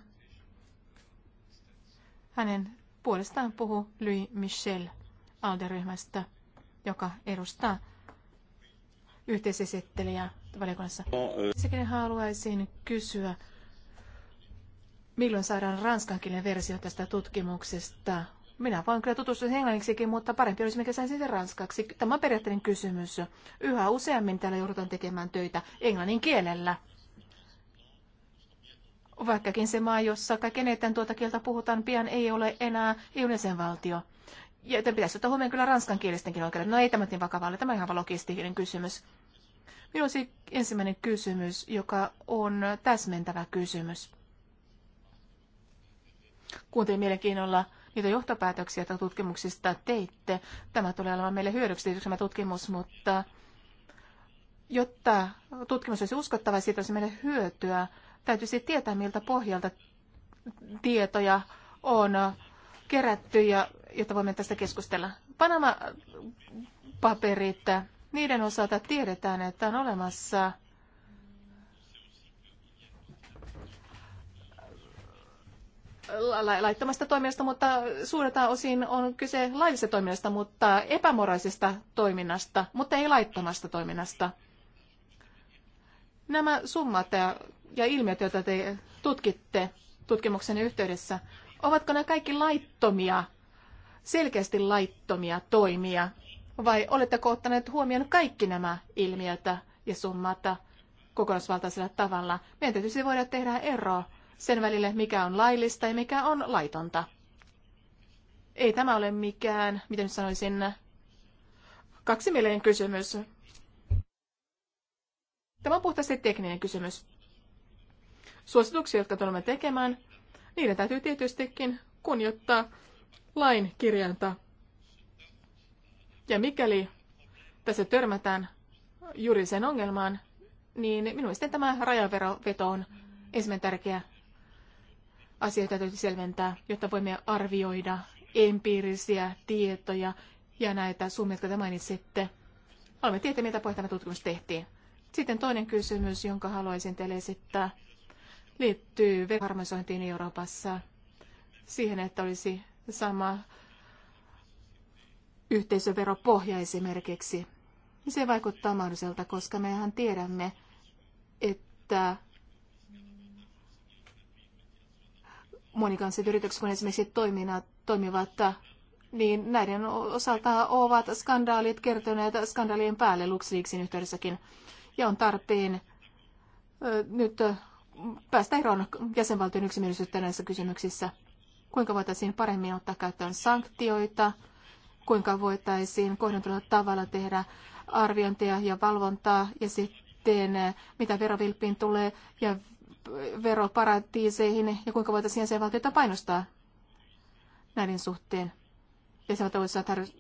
B: Hänen puolestaan puhuu Louis Michel Alderyhmästä joka edustaa yhteisesittelijää valiokunnassa. Sekin haluaisin kysyä, milloin saadaan ranskankielinen versio tästä tutkimuksesta? Minä voin kyllä tutustua englanniksikin, mutta parempi olisi, mikä sain sitten ranskaksi. Tämä on periaatteinen kysymys. Yhä useammin täällä joudutaan tekemään töitä englannin kielellä. Vaikkakin se maa, jossa kaiken eniten tuota kieltä puhutaan, pian ei ole enää EU-jäsenvaltio. Joten pitäisi ottaa huomioon kyllä ranskankielistenkin oikeudet. No ei tämä niin vakavalle, tämä on ihan logistiikinen kysymys. Minulla olisi ensimmäinen kysymys, joka on täsmentävä kysymys. Kuuntelin mielenkiinnolla niitä johtopäätöksiä, joita tutkimuksista teitte. Tämä tulee olemaan meille hyödyksi tämä tutkimus, mutta jotta tutkimus olisi uskottava ja siitä olisi meille hyötyä, täytyisi tietää, miltä pohjalta tietoja on kerätty ja jotta voimme tästä keskustella. Panama-paperit, niiden osalta tiedetään, että on olemassa laittomasta toiminnasta, mutta suurelta osin on kyse laillisesta toiminnasta, mutta epämoraisesta toiminnasta, mutta ei laittomasta toiminnasta. Nämä summat ja, ilmiöt, joita te tutkitte tutkimuksen yhteydessä, ovatko ne kaikki laittomia selkeästi laittomia toimia, vai oletteko ottaneet huomioon kaikki nämä ilmiötä ja summata kokonaisvaltaisella tavalla? Meidän tietysti voida tehdä ero sen välille, mikä on laillista ja mikä on laitonta. Ei tämä ole mikään, miten nyt sanoisin, kaksimielinen kysymys. Tämä on puhtaasti tekninen kysymys. Suosituksia, jotka tulemme tekemään, niiden täytyy tietystikin kunnioittaa lain kirjainta. Ja mikäli tässä törmätään juridiseen ongelmaan, niin minun mielestäni tämä rajaveroveto on ensimmäinen tärkeä asia, täytyy selventää, jotta voimme arvioida empiirisiä tietoja ja näitä summia, jotka te mainitsitte. Olemme tietää, mitä tämä tutkimus tehtiin. Sitten toinen kysymys, jonka haluaisin teille esittää, liittyy veroharmonisointiin Euroopassa. Siihen, että olisi sama yhteisöveropohja esimerkiksi. Se vaikuttaa mahdolliselta, koska mehän tiedämme, että monikansalliset yritykset, kun esimerkiksi toiminnat, toimivat, niin näiden osalta ovat skandaalit kertoneet skandaalien päälle LuxLeaksin yhteydessäkin. Ja on tarpeen nyt päästä eroon jäsenvaltion yksimielisyyttä näissä kysymyksissä kuinka voitaisiin paremmin ottaa käyttöön sanktioita, kuinka voitaisiin kohdentuneella tavalla tehdä arviointia ja valvontaa ja sitten eh, mitä verovilppiin tulee ja veroparatiiseihin ja kuinka voitaisiin jäsenvaltioita painostaa näiden suhteen. Jäsenvaltioissa tar-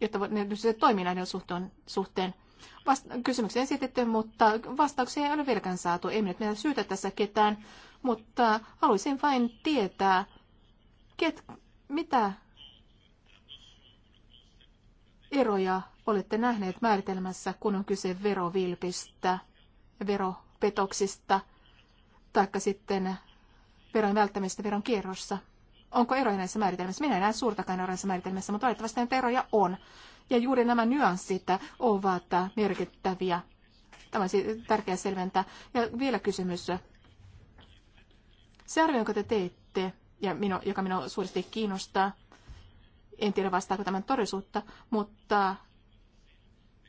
B: jotta ne pystyvät toimimaan näiden suhteen. suhteen. Vasta- kysymyksiä esitetty, mutta vastauksia ei ole vieläkään saatu. Ei nyt meidän syytä tässä ketään mutta haluaisin vain tietää, ket, mitä eroja olette nähneet määritelmässä, kun on kyse verovilpistä, veropetoksista, taikka sitten veron välttämistä veron kierrossa. Onko eroja näissä määritelmissä? Minä en näe suurtakaan eroja näissä määritelmissä, mutta valitettavasti näitä eroja on. Ja juuri nämä nyanssit ovat merkittäviä. Tämä on tärkeää selventää. Ja vielä kysymys se arvio, jonka te teette, ja minu, joka minua suuresti kiinnostaa, en tiedä vastaako tämän todellisuutta, mutta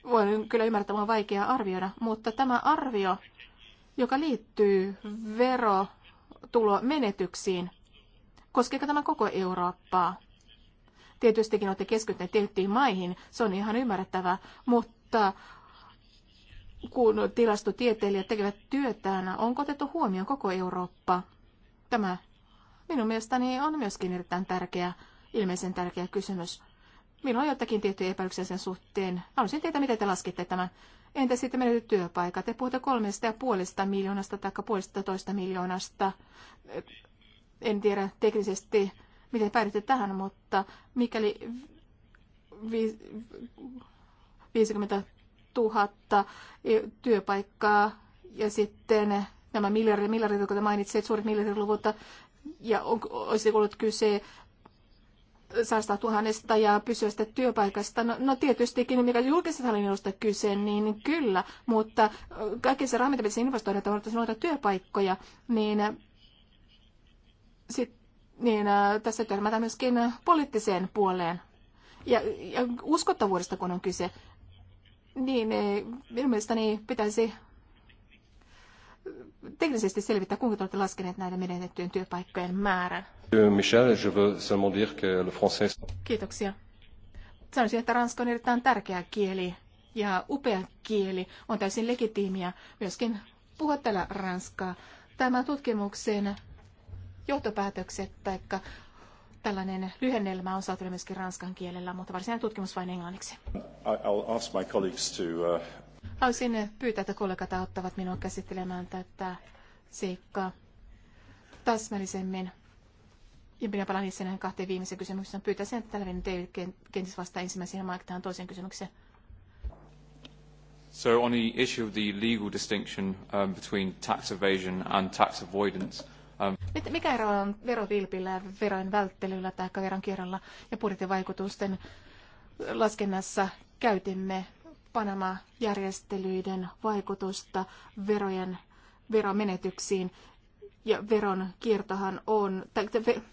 B: voin kyllä ymmärtää, että on vaikea arvioida, mutta tämä arvio, joka liittyy verotulomenetyksiin, koskeeko tämä koko Eurooppaa? Tietystikin olette keskittyneet tiettyihin maihin, se on ihan ymmärrettävää, mutta kun tilastotieteilijät tekevät työtään, onko otettu huomioon koko Eurooppa? Tämä minun mielestäni on myöskin erittäin tärkeä, ilmeisen tärkeä kysymys. Minulla on jotakin tiettyjä epäilyksiä sen suhteen. Haluaisin tietää, miten te laskitte tämän. Entä sitten menetyt työpaikat? Te puhutte kolmesta ja puolesta miljoonasta tai puolesta toista miljoonasta. En tiedä teknisesti, miten päädytte tähän, mutta mikäli 50 000 työpaikkaa ja sitten nämä miljardit, miljardit, jotka te mainitsit, suuret miljardiluvut, ja on, olisi ollut kyse 100 tuhannesta ja pysyvästä työpaikasta. No, no tietystikin, mikä julkisesta hallinnosta kyse, niin kyllä, mutta kaikki se raha, mitä investoida, että voitaisiin työpaikkoja, niin, sit, niin tässä törmätään myöskin poliittiseen puoleen. Ja, ja uskottavuudesta, kun on kyse, niin minun mielestäni pitäisi teknisesti selvittää, kuinka te olette laskeneet näiden menetettyjen työpaikkojen määrän.
A: Euh, Michel, je veux seulement dire que le français...
B: Kiitoksia. Sanoisin, että ranska on erittäin tärkeä kieli ja upea kieli. On täysin legitiimiä myöskin puhua täällä ranskaa. Tämä tutkimuksen johtopäätökset tai tällainen lyhennelmä on saatu myöskin ranskan kielellä, mutta varsinainen tutkimus vain englanniksi.
A: I'll ask my colleagues to, uh,
B: Haluaisin pyytää, että kollegat auttavat minua käsittelemään tätä seikkaa täsmällisemmin. Ja minä palaan itse näihin kahteen viimeiseen kysymykseen. Pyytäisin, että Talvin David kenties vastaa ensimmäiseen ja Mike tähän toiseen kysymykseen.
A: So on the issue of the legal distinction um, between tax evasion and tax avoidance, um...
B: Mikä ero on verovilpillä ja verojen välttelyllä tai veronkierrolla ja budjettivaikutusten laskennassa käytimme Panama-järjestelyiden vaikutusta verojen, veromenetyksiin. Ja veron kiertohan on, tai verovilppi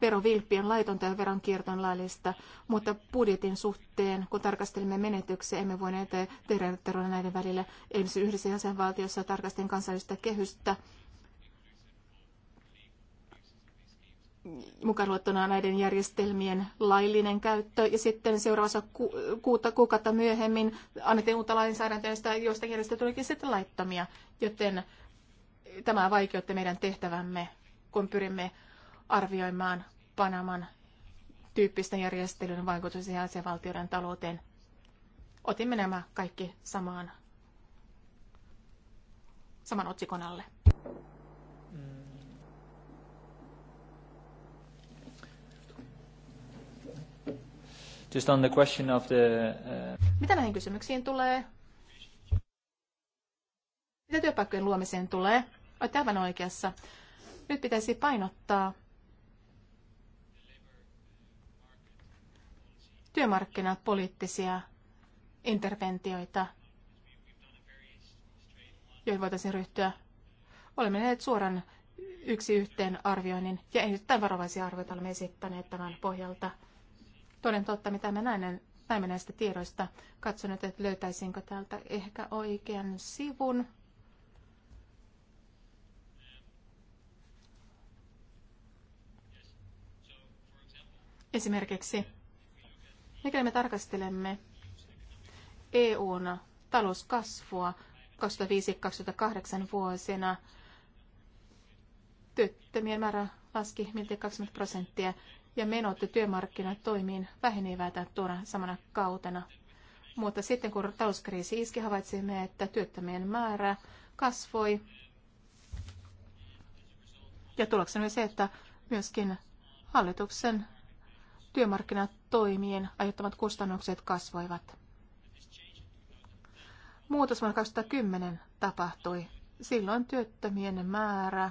B: verovilppien laitonta ja kierton laillista, mutta budjetin suhteen, kun tarkastelimme menetyksiä, emme voineet tehdä eroa näiden välillä. Esimerkiksi yhdessä jäsenvaltiossa tarkastin kansallista kehystä mukaan luettuna näiden järjestelmien laillinen käyttö. Ja sitten seuraavassa ku, kuuta kuukautta myöhemmin annettiin uutta lainsäädäntöä, joista joistakin tulikin sitten laittomia. Joten tämä vaikeutti meidän tehtävämme, kun pyrimme arvioimaan Panaman tyyppisten järjestelyiden vaikutus jäsenvaltioiden talouteen. Otimme nämä kaikki samaan, saman otsikon alle.
A: Just on the question of the, uh...
B: Mitä näihin kysymyksiin tulee? Mitä työpaikkojen luomiseen tulee? Olette aivan oikeassa. Nyt pitäisi painottaa työmarkkinapoliittisia interventioita, joihin voitaisiin ryhtyä. Olemme nähneet suoran yksi yhteen arvioinnin ja erittäin varovaisia arvioita olemme esittäneet tämän pohjalta – Toden totta, mitä mä näin, näimme näistä tiedoista, katson nyt, että löytäisinkö täältä ehkä oikean sivun. Esimerkiksi, mikäli me tarkastelemme EUn talouskasvua 2005-2008 vuosina, työttömien määrä laski miltei 20 prosenttia ja menot toimiin vähenivät tuona samana kautena. Mutta sitten kun talouskriisi iski, havaitsimme, että työttömien määrä kasvoi. Ja tuloksena oli se, että myöskin hallituksen työmarkkinatoimien aiheuttamat kustannukset kasvoivat. Muutos vuonna 2010 tapahtui. Silloin työttömien määrä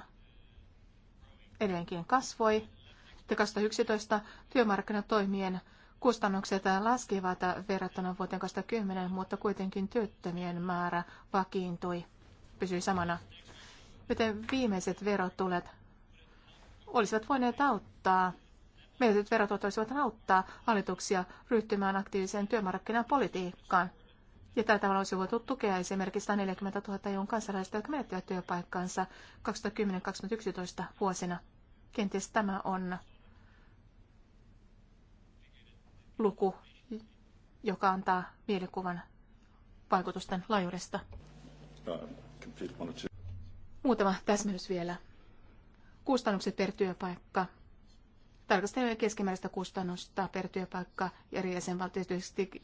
B: edelleenkin kasvoi ja 2011 työmarkkinatoimien kustannukset laskivat verrattuna vuoteen 2010, mutta kuitenkin työttömien määrä vakiintui, pysyi samana. Joten viimeiset verotulet olisivat voineet auttaa, menetetyt verotulot olisivat auttaa hallituksia ryhtymään aktiiviseen työmarkkinapolitiikkaan. Ja tällä tavalla olisi voitu tukea esimerkiksi 140 000 EUn kansalaista, jotka menettivät työpaikkansa 2010-2011 vuosina. Kenties tämä on luku, joka antaa mielikuvan vaikutusten laajuudesta. Muutama täsmennys vielä. Kustannukset per työpaikka. Tarkastelemme keskimääräistä kustannusta per työpaikka eri jäsenvaltioissa.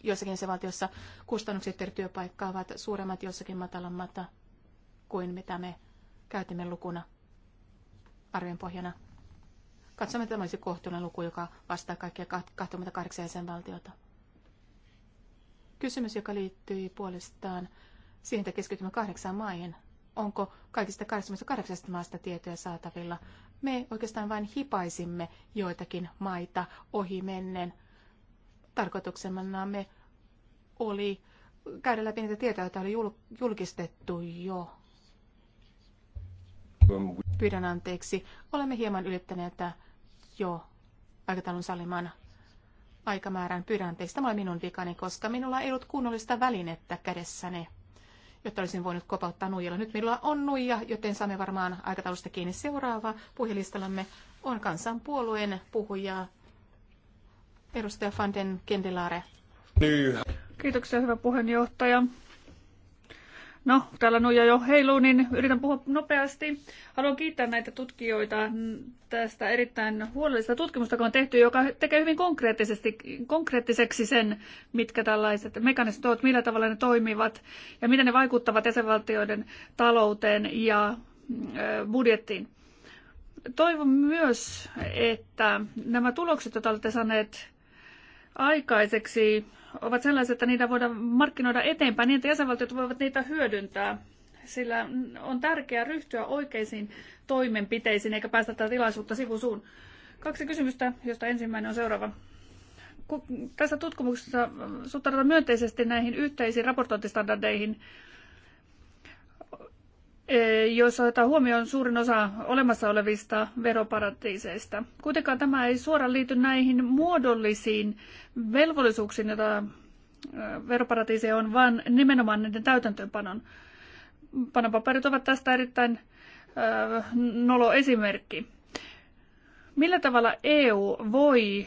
B: Joissakin jäsenvaltioissa kustannukset per työpaikka ovat suuremmat, joissakin matalammat kuin mitä me käytimme lukuna arvion pohjana. Katsomme, että tämä olisi kohtuullinen luku, joka vastaa kaikkia 28 jäsenvaltiota. Kysymys, joka liittyy puolestaan siihen, että keskitymme kahdeksaan maihin. Onko kaikista 88 maasta tietoja saatavilla? Me oikeastaan vain hipaisimme joitakin maita ohi mennen. me oli käydä läpi niitä tietoja, joita oli julkistettu jo. Pyydän anteeksi. Olemme hieman ylittäneet jo aikataulun salimana aikamäärän. Pyydän teistä, tämä oli minun vikani, koska minulla ei ollut kunnollista välinettä kädessäni, jotta olisin voinut kopauttaa nuijalla. Nyt minulla on nuija, joten saamme varmaan aikataulusta kiinni seuraava. Puhelistallamme on kansanpuolueen puhuja,
E: edustaja Fanden Kendelare. Kiitoksia, hyvä puheenjohtaja. No, täällä nuja jo heiluu, niin yritän puhua nopeasti. Haluan kiittää näitä tutkijoita tästä erittäin huolellisesta tutkimusta, joka on tehty, joka tekee hyvin konkreettisesti, konkreettiseksi sen, mitkä tällaiset mekanismit ovat, millä tavalla ne toimivat ja miten ne vaikuttavat jäsenvaltioiden talouteen ja budjettiin. Toivon myös, että nämä tulokset, joita olette saaneet aikaiseksi ovat sellaisia, että niitä voidaan markkinoida eteenpäin niin, että jäsenvaltiot voivat niitä hyödyntää. Sillä on tärkeää ryhtyä oikeisiin toimenpiteisiin eikä päästä tätä tilaisuutta sivusuun. Kaksi kysymystä, josta ensimmäinen on seuraava. Kun tässä tutkimuksessa suhtaudutaan myönteisesti näihin yhteisiin raportointistandardeihin, joissa otetaan huomioon suurin osa olemassa olevista veroparatiiseista. Kuitenkaan tämä ei suoraan liity näihin muodollisiin velvollisuuksiin, joita veroparatiiseja on, vaan nimenomaan näiden täytäntöönpanon. panopaperit ovat tästä erittäin nolo esimerkki. Millä tavalla EU voi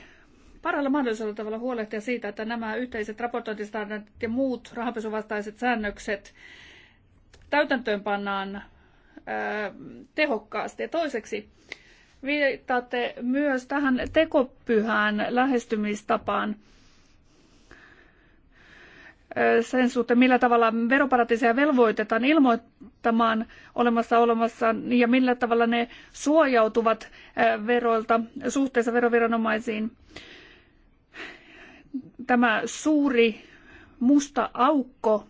E: parhaalla mahdollisella tavalla huolehtia siitä, että nämä yhteiset raportointistandardit ja muut rahanpesuvastaiset säännökset – täytäntöön pannaan tehokkaasti. Ja toiseksi viittaatte myös tähän tekopyhään lähestymistapaan sen suhteen, millä tavalla veroparatiiseja velvoitetaan ilmoittamaan olemassa olemassa ja millä tavalla ne suojautuvat veroilta suhteessa veroviranomaisiin. Tämä suuri musta aukko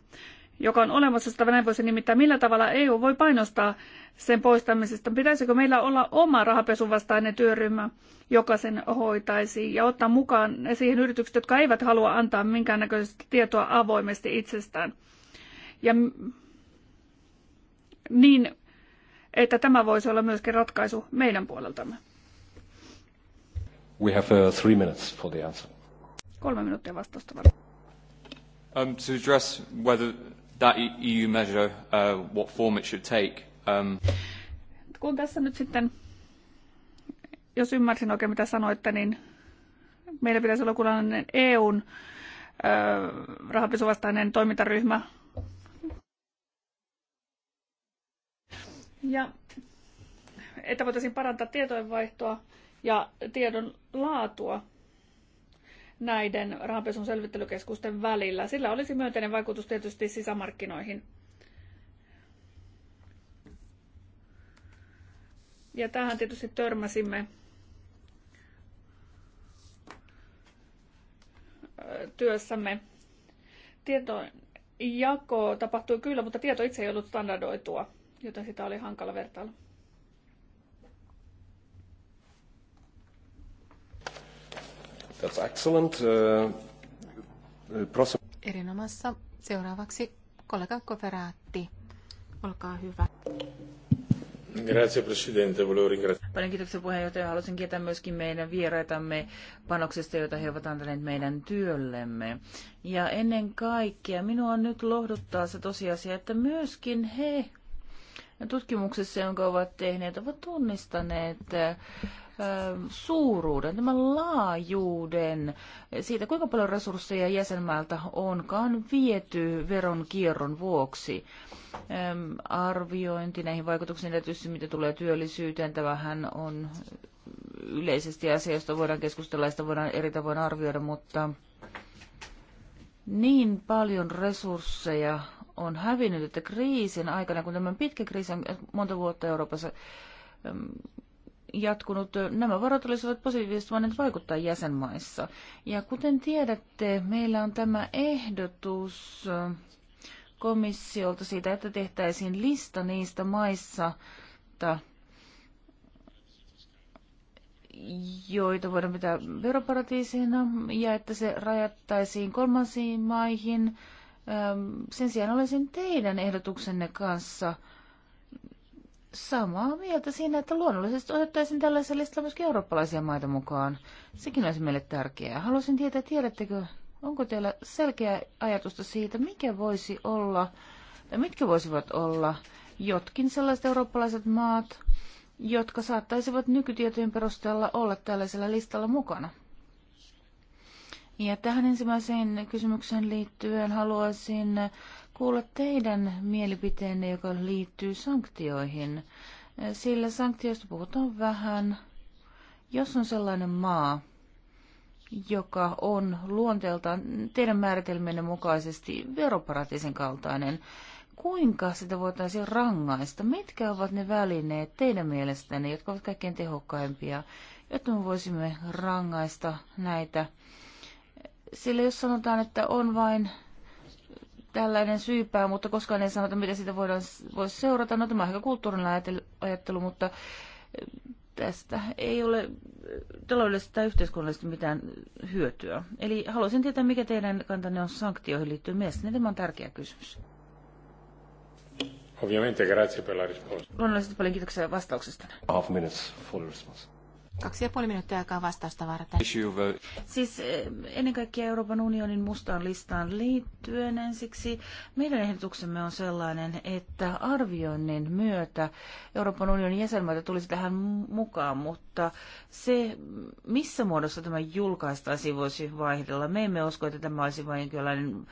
E: joka on olemassa, sitä Venäjä voisi nimittää, millä tavalla EU voi painostaa sen poistamisesta. Pitäisikö meillä olla oma rahapesun vastainen työryhmä, joka sen hoitaisi ja ottaa mukaan siihen yritykset, jotka eivät halua antaa minkäännäköistä tietoa avoimesti itsestään. Ja niin, että tämä voisi olla myöskin ratkaisu meidän puoleltamme.
A: We have uh, three minutes for the answer.
E: Kolme minuuttia vastausta varmaan.
A: Um, to address whether that e- EU measure, uh, what form it should take. Um...
E: Kun tässä nyt sitten, jos ymmärsin oikein mitä sanoitte, niin meillä pitäisi olla kunnallinen EUn äh, rahanpesuvastainen toimintaryhmä. Ja että voitaisiin parantaa tietojenvaihtoa ja tiedon laatua näiden rahanpesun selvittelykeskusten välillä. Sillä olisi myönteinen vaikutus tietysti sisämarkkinoihin. Ja tähän tietysti törmäsimme työssämme. Tietojako tapahtui kyllä, mutta tieto itse ei ollut standardoitua, joten sitä oli hankala vertailla.
A: That's excellent. Uh, uh
B: Erinomassa. Seuraavaksi kollega Koferaatti. Olkaa hyvä.
A: Grazie
D: Presidente, volevo ringraziare. Paljon kiitoksia puheenjohtaja. Haluaisin kiittää myöskin meidän vieraitamme panoksesta, joita he ovat antaneet meidän työllemme. Ja ennen kaikkea minua nyt lohduttaa se tosiasia, että myöskin he tutkimuksessa, jonka ovat tehneet, ovat tunnistaneet suuruuden, tämän laajuuden, siitä kuinka paljon resursseja jäsenmältä onkaan viety veron kierron vuoksi. Arviointi näihin vaikutuksiin tietysti, mitä tulee työllisyyteen, tämähän on yleisesti asia, josta voidaan keskustella ja sitä voidaan eri tavoin arvioida, mutta niin paljon resursseja on hävinnyt, että kriisin aikana, kun tämä pitkä kriisi on monta vuotta Euroopassa, jatkunut, nämä varat olisivat positiivisesti voineet vaikuttaa jäsenmaissa. Ja kuten tiedätte, meillä on tämä ehdotus komissiolta siitä, että tehtäisiin lista niistä maissa, joita voidaan pitää veroparatiisina, ja että se rajattaisiin kolmansiin maihin. Sen sijaan olisin teidän ehdotuksenne kanssa – samaa mieltä siinä, että luonnollisesti otettaisiin tällaisen listalla myöskin eurooppalaisia maita mukaan. Sekin olisi meille tärkeää. Haluaisin tietää, tiedättekö, onko teillä selkeä ajatusta siitä, mikä voisi olla, tai mitkä voisivat olla jotkin sellaiset eurooppalaiset maat, jotka saattaisivat nykytietojen perusteella olla tällaisella listalla mukana? Ja tähän ensimmäiseen kysymykseen liittyen haluaisin kuulla teidän mielipiteenne, joka liittyy sanktioihin, sillä sanktioista puhutaan vähän. Jos on sellainen maa, joka on luonteeltaan teidän määritelmänne mukaisesti veroparatiisin kaltainen, kuinka sitä voitaisiin rangaista? Mitkä ovat ne välineet teidän mielestänne, jotka ovat kaikkein tehokkaimpia, jotta me voisimme rangaista näitä? Sillä jos sanotaan, että on vain tällainen syypää, mutta koskaan ei sanota, mitä sitä voidaan, voisi seurata. No tämä on ehkä kulttuurinen ajattelu, mutta tästä ei ole taloudellisesti tai yhteiskunnallisesti mitään hyötyä. Eli haluaisin tietää, mikä teidän kantanne on sanktioihin liittyen. niin tämä on tärkeä kysymys.
A: Ovviamente, grazie per la risposta.
B: Luonnollisesti paljon kiitoksia vastauksesta.
A: Half minutes for response.
B: Kaksi ja puoli minuuttia aikaa vastausta varten. Siis
D: eh, ennen kaikkea Euroopan unionin mustaan listaan liittyen ensiksi meidän ehdotuksemme on sellainen, että arvioinnin myötä Euroopan unionin jäsenmaita tulisi tähän mukaan, mutta se, missä muodossa tämä julkaistaisiin, voisi vaihdella. Me emme usko, että tämä olisi vain jonkinlainen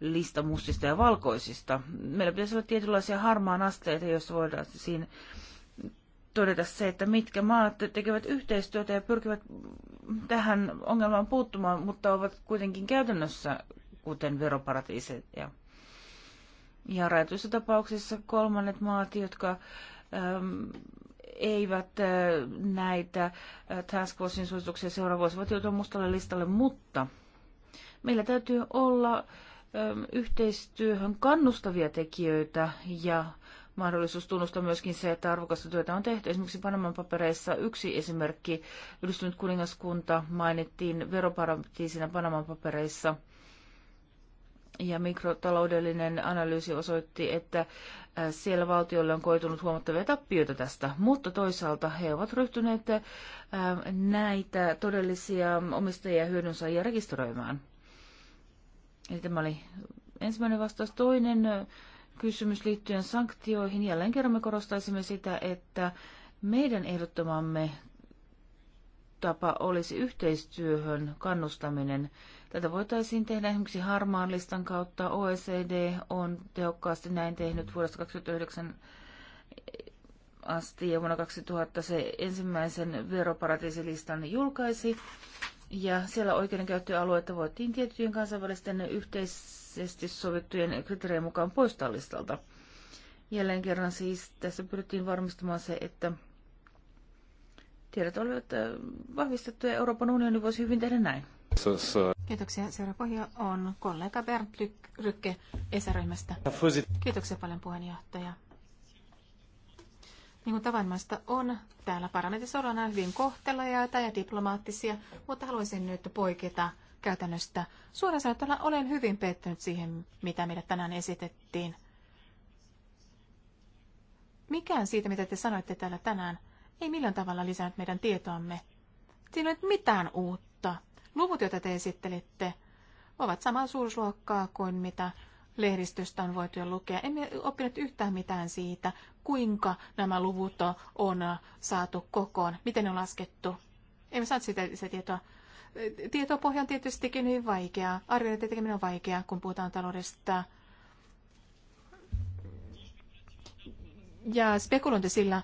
D: lista mustista ja valkoisista. Meillä pitäisi olla tietynlaisia harmaan asteita, joista voidaan siinä todeta se, että mitkä maat tekevät yhteistyötä ja pyrkivät tähän ongelmaan puuttumaan, mutta ovat kuitenkin käytännössä kuten veroparatiiseja. Ja, ja rajatuissa tapauksissa kolmannet maat, jotka äm, eivät ä, äh, näitä äh, Task Forcein suosituksia seuraa, voisivat joutua mustalle listalle, mutta meillä täytyy olla ähm, yhteistyöhön kannustavia tekijöitä ja mahdollisuus tunnustaa myöskin se, että arvokasta työtä on tehty. Esimerkiksi Panaman papereissa yksi esimerkki, yhdistynyt kuningaskunta mainittiin veroparatiisina Panaman papereissa. Ja mikrotaloudellinen analyysi osoitti, että äh, siellä valtiolle on koitunut huomattavia tappioita tästä, mutta toisaalta he ovat ryhtyneet äh, näitä todellisia omistajia hyödynsaajia rekisteröimään. Eli tämä oli ensimmäinen vastaus. Toinen kysymys liittyen sanktioihin. Jälleen kerran me korostaisimme sitä, että meidän ehdottomamme tapa olisi yhteistyöhön kannustaminen. Tätä voitaisiin tehdä esimerkiksi harmaan listan kautta. OECD on tehokkaasti näin tehnyt vuodesta 2009 asti ja vuonna 2000 se ensimmäisen veroparatiisilistan julkaisi. Ja siellä oikeudenkäyttöalueita voittiin tiettyjen kansainvälisten yhteis yhteisesti sovittujen kriteerien mukaan poistaa listalta. Jälleen kerran siis tässä pyrittiin varmistamaan se, että tiedot olivat äh, vahvistettuja Euroopan unioni voisi hyvin tehdä näin.
B: Kiitoksia. Seuraava pohja on kollega Bernd Rykke ESA-ryhmästä. Kiitoksia paljon puheenjohtaja. Niin kuin tavanmaista on, täällä parlamentissa ollaan hyvin kohtelajaita ja diplomaattisia, mutta haluaisin nyt poiketa käytännöstä. Suoraan sanottuna olen hyvin pettynyt siihen, mitä meille tänään esitettiin. Mikään siitä, mitä te sanoitte täällä tänään, ei millään tavalla lisännyt meidän tietoamme. Siinä ei ole mitään uutta. Luvut, joita te esittelitte, ovat samaa suuruusluokkaa kuin mitä lehdistöstä on voitu jo lukea. Emme oppineet yhtään mitään siitä, kuinka nämä luvut on saatu kokoon, miten ne on laskettu. Emme saa sitä, sitä tietoa tietopohja on tietystikin hyvin vaikeaa. Arvioiden tekeminen on vaikeaa, kun puhutaan taloudesta. Ja spekulointi sillä,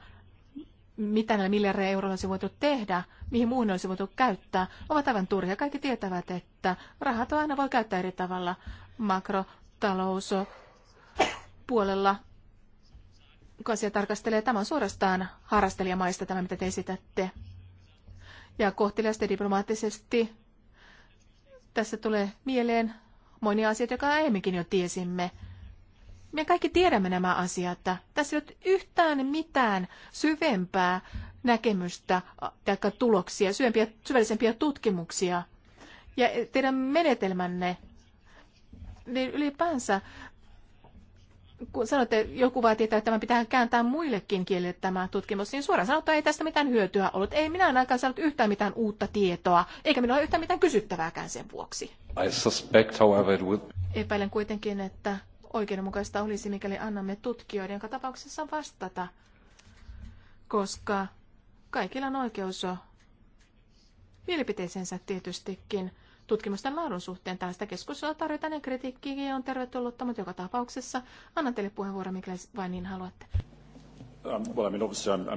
B: mitä näillä miljardeilla euroilla olisi voitu tehdä, mihin muuhun olisi voitu käyttää, ovat aivan turhia. Kaikki tietävät, että rahat aina voi käyttää eri tavalla makrotalous puolella, kun asia tarkastelee. Tämä on suorastaan harrastelijamaista tämä, mitä te esitätte ja kohteliaasti diplomaattisesti. Tässä tulee mieleen monia asioita, jotka aiemminkin jo tiesimme. Me kaikki tiedämme nämä asiat. Tässä ei ole yhtään mitään syvempää näkemystä tai tuloksia, syvempiä, syvällisempiä tutkimuksia. Ja teidän menetelmänne, niin ylipäänsä kun sanotte, joku vaatii, että tämä pitää kääntää muillekin kielille tämä tutkimus, niin suoraan sanottuna ei tästä mitään hyötyä ollut. Ei minä en aikaan saanut yhtään mitään uutta tietoa, eikä minulla ole yhtään mitään kysyttävääkään sen vuoksi.
A: I suspect, however, it would...
B: Epäilen kuitenkin, että oikeudenmukaista olisi, mikäli annamme tutkijoiden tapauksessa vastata, koska kaikilla on oikeus mielipiteisensä tietystikin tutkimusten laadun suhteen. Tästä keskustelua tarjotaan ja kritiikki on tervetullutta, mutta joka tapauksessa annan teille puheenvuoron, mikäli vain niin haluatte.
A: Um,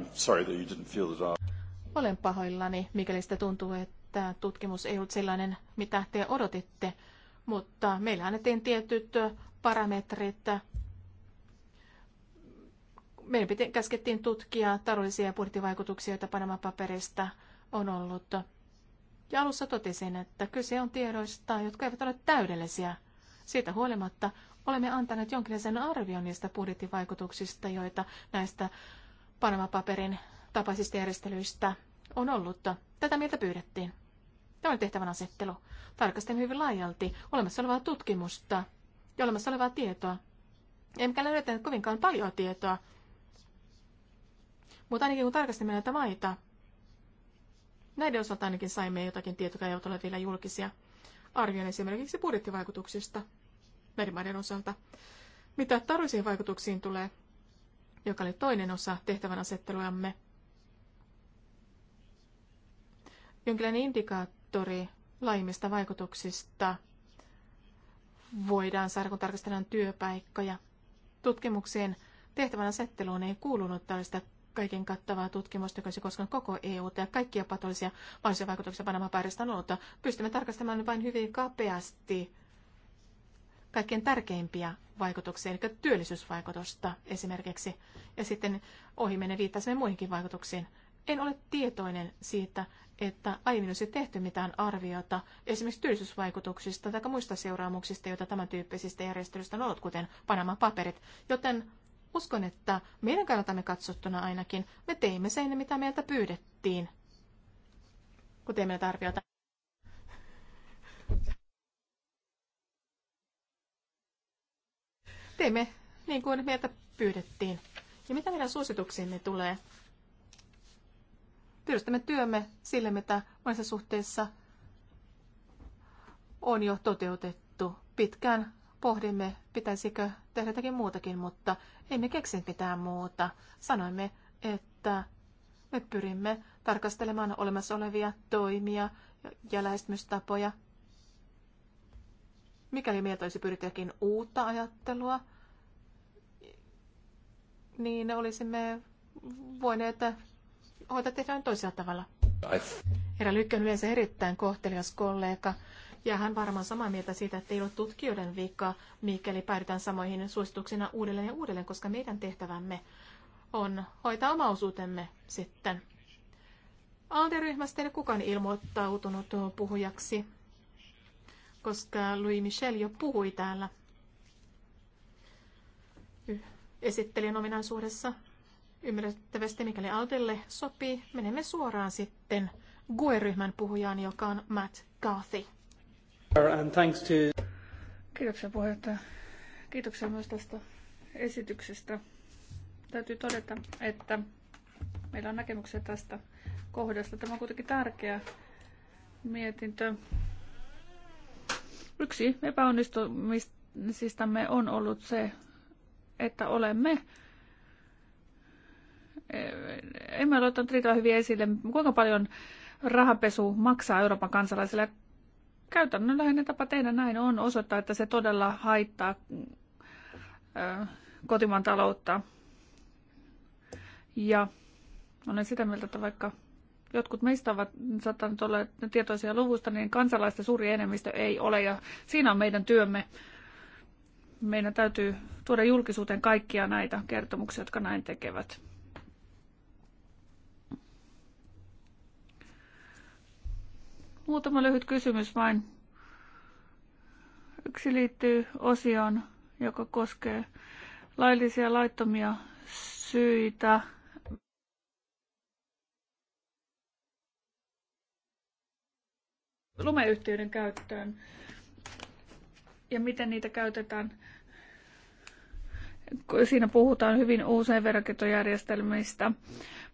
B: Olen pahoillani, mikäli sitä tuntuu, että tutkimus ei ollut sellainen, mitä te odotitte, mutta meillä annettiin tietyt parametrit. Meidän käskettiin tutkia taloudellisia ja budjettivaikutuksia, joita Panama-paperista on ollut ja alussa totesin, että kyse on tiedoista, jotka eivät ole täydellisiä. Siitä huolimatta olemme antaneet jonkinlaisen arvion niistä budjettivaikutuksista, joita näistä Panama-paperin tapaisista järjestelyistä on ollut. Tätä mieltä pyydettiin. Tämä on tehtävän asettelu. Tarkastelemme hyvin laajalti olemassa olevaa tutkimusta ja olemassa olevaa tietoa. Emmekä löydetä kovinkaan paljon tietoa, mutta ainakin kun tarkastimme näitä maita, Näiden osalta ainakin saimme jotakin tietoja, joita ole vielä julkisia. Arvioin esimerkiksi budjettivaikutuksista merimaiden osalta. Mitä tarvisiin vaikutuksiin tulee, joka oli toinen osa tehtävän asetteluamme, jonkinlainen indikaattori laimista vaikutuksista voidaan saada, kun tarkastellaan työpaikkoja. Tutkimukseen tehtävän asetteluun ei kuulunut tällaista kaiken kattavaa tutkimusta, joka olisi koskaan koko EU ja kaikkia patollisia mahdollisia vaikutuksia Panaman paarista on ollut. Pystymme tarkastamaan vain hyvin kapeasti kaikkein tärkeimpiä vaikutuksia, eli työllisyysvaikutusta esimerkiksi. Ja sitten ohi menen viittasimme muihinkin vaikutuksiin. En ole tietoinen siitä, että aiemmin olisi tehty mitään arviota esimerkiksi työllisyysvaikutuksista tai muista seuraamuksista, joita tämän tyyppisistä järjestelyistä on ollut, kuten panama paperit. Joten Uskon, että meidän kannatamme katsottuna ainakin me teimme sen, mitä meiltä pyydettiin, kun teimme tarvitaan. Teimme niin kuin meiltä pyydettiin. Ja mitä meidän suosituksiimme tulee? Pyrstämme työmme sille, mitä monessa suhteessa on jo toteutettu. Pitkään pohdimme, pitäisikö tehdä jotakin muutakin, mutta emme keksinyt mitään muuta. Sanoimme, että me pyrimme tarkastelemaan olemassa olevia toimia ja lähestymistapoja. Mikäli meiltä olisi pyritäkin uutta ajattelua, niin olisimme voineet hoitaa tehdä toisella tavalla. Herra Lykkön yleensä erittäin kohtelias kollega ja hän varmaan samaa mieltä siitä, että ei ole tutkijoiden vika, mikäli päädytään samoihin suosituksina uudelleen ja uudelleen, koska meidän tehtävämme on hoitaa oma osuutemme sitten. Alderyhmästä ei kukaan ilmoittautunut puhujaksi, koska Louis Michel jo puhui täällä esittelijän ominaisuudessa. Ymmärrettävästi, mikäli Aldelle sopii, menemme suoraan sitten GUE-ryhmän puhujaan, joka on Matt Garthy.
A: And thanks to...
E: Kiitoksia puheenjohtaja. Kiitoksia myös tästä esityksestä. Täytyy todeta, että meillä on näkemyksiä tästä kohdasta. Tämä on kuitenkin tärkeä mietintö. Yksi epäonnistumisistamme on ollut se, että olemme emme ole ottanut riittävän hyvin esille, kuinka paljon rahapesu maksaa Euroopan kansalaisille Käytännönläheinen tapa tehdä näin on osoittaa, että se todella haittaa kotimaan taloutta. Ja olen sitä mieltä, että vaikka jotkut meistä ovat saattaneet olla tietoisia luvusta, niin kansalaisten suuri enemmistö ei ole. Ja siinä on meidän työmme. Meidän täytyy tuoda julkisuuteen kaikkia näitä kertomuksia, jotka näin tekevät. Muutama lyhyt kysymys vain. Yksi liittyy osioon, joka koskee laillisia laittomia syitä. lumeyhtiöiden käyttöön ja miten niitä käytetään. Siinä puhutaan hyvin usein verokietojärjestelmistä.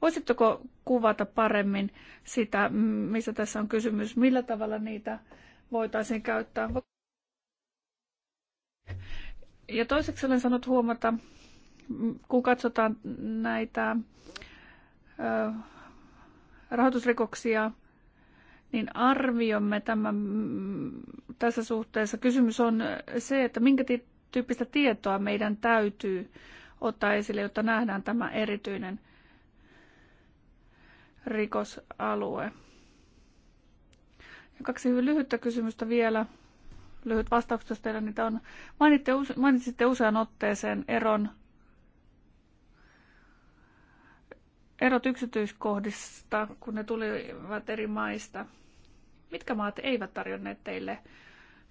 E: Voisitteko kuvata paremmin sitä, missä tässä on kysymys, millä tavalla niitä voitaisiin käyttää? Ja toiseksi olen sanonut huomata, kun katsotaan näitä rahoitusrikoksia, niin arviomme tämän tässä suhteessa. Kysymys on se, että minkä tyyppistä tietoa meidän täytyy ottaa esille, jotta nähdään tämä erityinen rikosalue. Ja kaksi hyvin lyhyttä kysymystä vielä. Lyhyt vastaukset, jos teillä niitä on. Mainitsitte usean otteeseen eron erot yksityiskohdista, kun ne tulivat eri maista. Mitkä maat eivät tarjonneet teille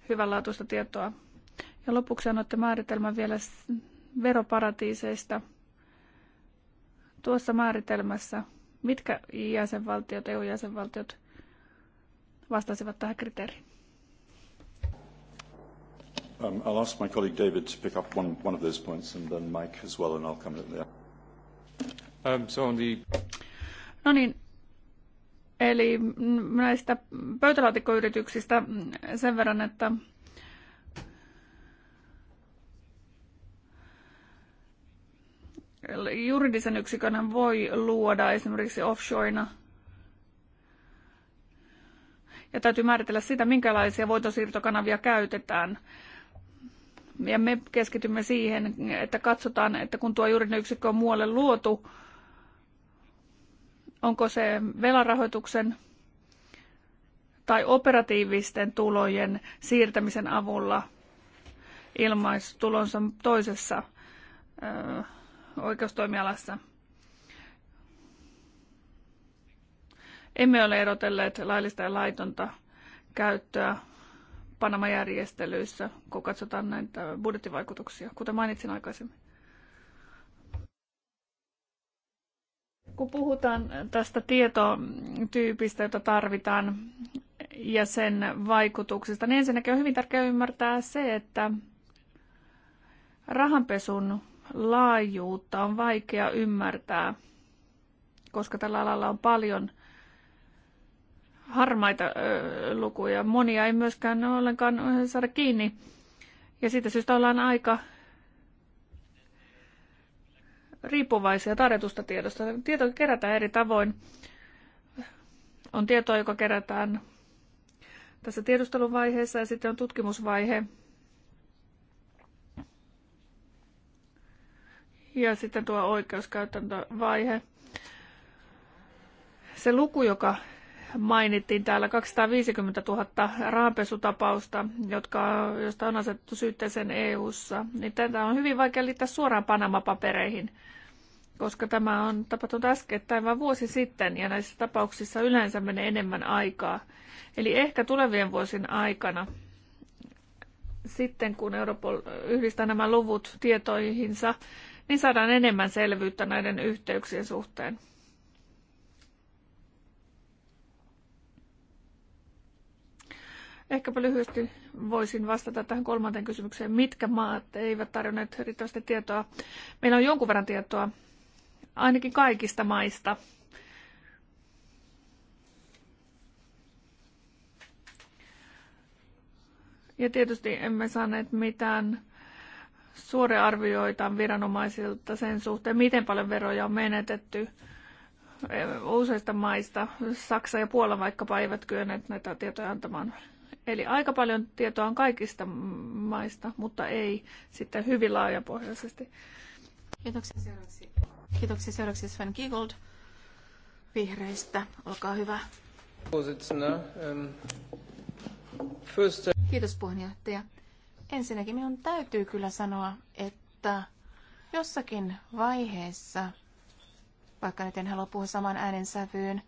E: hyvänlaatuista tietoa? Ja lopuksi annoitte määritelmän vielä veroparatiiseista. Tuossa määritelmässä, mitkä jäsenvaltiot, EU-jäsenvaltiot vastasivat tähän kriteeriin?
A: Um, I'll ask my colleague David to pick up one, one of those points and then Mike as well and I'll come in there. Um, so on the...
E: No niin, eli näistä pöytälaatikkoyrityksistä sen verran, että Juridisen yksikön voi luoda esimerkiksi offshoreina, Ja täytyy määritellä sitä, minkälaisia voitosiirtokanavia käytetään. Ja me keskitymme siihen, että katsotaan, että kun tuo juridinen yksikkö on muualle luotu, onko se velarahoituksen tai operatiivisten tulojen siirtämisen avulla ilmaistulonsa toisessa oikeustoimialassa. Emme ole erotelleet laillista ja laitonta käyttöä Panama-järjestelyissä, kun katsotaan näitä budjettivaikutuksia, kuten mainitsin aikaisemmin. Kun puhutaan tästä tietotyypistä, jota tarvitaan, ja sen vaikutuksista, niin ensinnäkin on hyvin tärkeää ymmärtää se, että rahanpesun laajuutta on vaikea ymmärtää, koska tällä alalla on paljon harmaita lukuja. Monia ei myöskään ollenkaan saada kiinni. Ja siitä syystä ollaan aika riippuvaisia tarjotusta tiedosta. Tietoa kerätään eri tavoin. On tietoa, joka kerätään tässä tiedusteluvaiheessa ja sitten on tutkimusvaihe, ja sitten tuo oikeuskäytäntövaihe. Se luku, joka mainittiin täällä 250 000 rahanpesutapausta, jotka, josta on asettu syytteeseen EU-ssa, niin tätä on hyvin vaikea liittää suoraan Panama-papereihin, koska tämä on tapahtunut äskettäin vain vuosi sitten, ja näissä tapauksissa yleensä menee enemmän aikaa. Eli ehkä tulevien vuosien aikana, sitten kun Europol yhdistää nämä luvut tietoihinsa, niin saadaan enemmän selvyyttä näiden yhteyksien suhteen. Ehkäpä lyhyesti voisin vastata tähän kolmanteen kysymykseen. Mitkä maat eivät tarjonneet riittävästi tietoa? Meillä on jonkun verran tietoa, ainakin kaikista maista. Ja tietysti emme saaneet mitään suoria arvioita viranomaisilta sen suhteen, miten paljon veroja on menetetty eh, useista maista. Saksa ja Puola vaikkapa eivät kyenneet näitä tietoja antamaan. Eli aika paljon tietoa on kaikista maista, mutta ei sitten hyvin laajapohjaisesti. Kiitoksia seuraavaksi. Kiitoksia seuraavaksi Sven Giegold
B: vihreistä. Olkaa hyvä.
A: Ehm,
B: Kiitos puheenjohtaja. Ensinnäkin minun täytyy kyllä sanoa, että jossakin vaiheessa, vaikka nyt en halua puhua saman äänensävyyn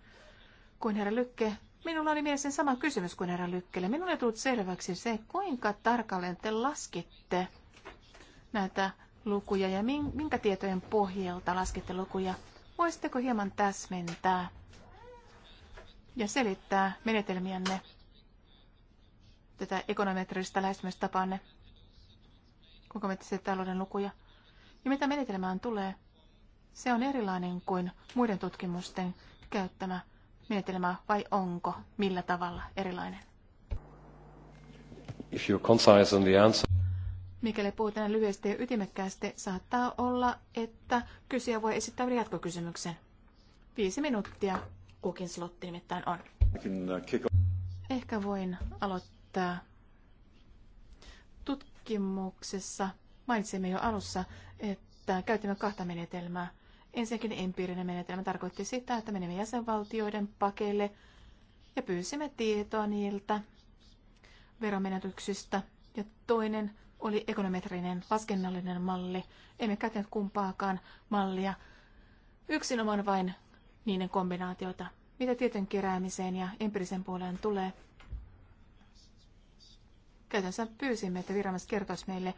B: kuin herra Lykke, minulla oli mielessä sama kysymys kuin herra Lykkelle. Minulle ei tullut selväksi se, kuinka tarkalleen te laskitte näitä lukuja ja minkä tietojen pohjalta laskitte lukuja. Voisitteko hieman täsmentää ja selittää menetelmiänne? tätä ekonometristä lähestymistapaanne, kuinka miettisit talouden lukuja. Ja mitä menetelmään tulee, se on erilainen kuin muiden tutkimusten käyttämä menetelmä, vai onko, millä tavalla erilainen?
A: If you're concise on the answer.
B: Mikäli puhutaan lyhyesti ja ytimekkäästi, saattaa olla, että kysyjä voi esittää jatkokysymyksen. Viisi minuuttia kukin slotti nimittäin on.
A: Uh,
B: Ehkä voin aloittaa tietää. tutkimuksessa mainitsimme jo alussa, että käytimme kahta menetelmää. Ensinnäkin empiirinen menetelmä tarkoitti sitä, että menimme jäsenvaltioiden pakeille ja pyysimme tietoa niiltä veromenetyksistä. Ja toinen oli ekonometrinen laskennallinen malli. Emme käyttäneet kumpaakaan mallia, yksinomaan vain niiden kombinaatiota. Mitä tieten keräämiseen ja empiirisen puoleen tulee, Käytännössä pyysimme, että viranomaiset kertoisi meille,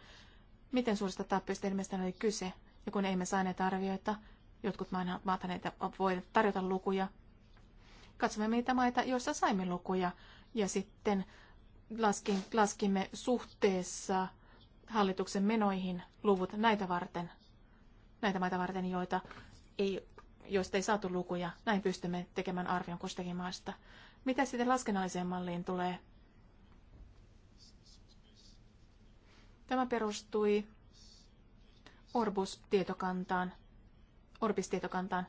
B: miten suurista tappioista ilmeisesti oli kyse. Ja kun emme saaneet arvioita, jotkut maat näitä voi tarjota lukuja. Katsomme niitä maita, joissa saimme lukuja. Ja sitten laskin, laskimme suhteessa hallituksen menoihin luvut näitä varten, näitä maita varten, joita ei, joista ei saatu lukuja. Näin pystymme tekemään arvion kustakin maasta. Mitä sitten laskennalliseen malliin tulee? Tämä perustui Orbus-tietokantaan, Orbis-tietokantaan.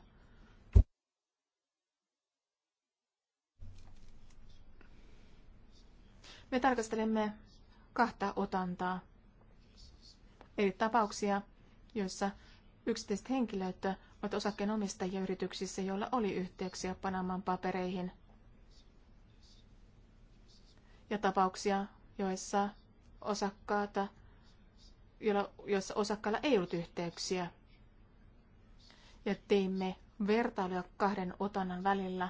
B: Me tarkastelemme kahta otantaa, eli tapauksia, joissa yksittäiset henkilöt ovat osakkeenomistajia yrityksissä, joilla oli yhteyksiä Panaman papereihin, ja tapauksia, joissa osakkaat jossa osakkailla ei ollut yhteyksiä. Ja teimme vertailuja kahden otannan välillä.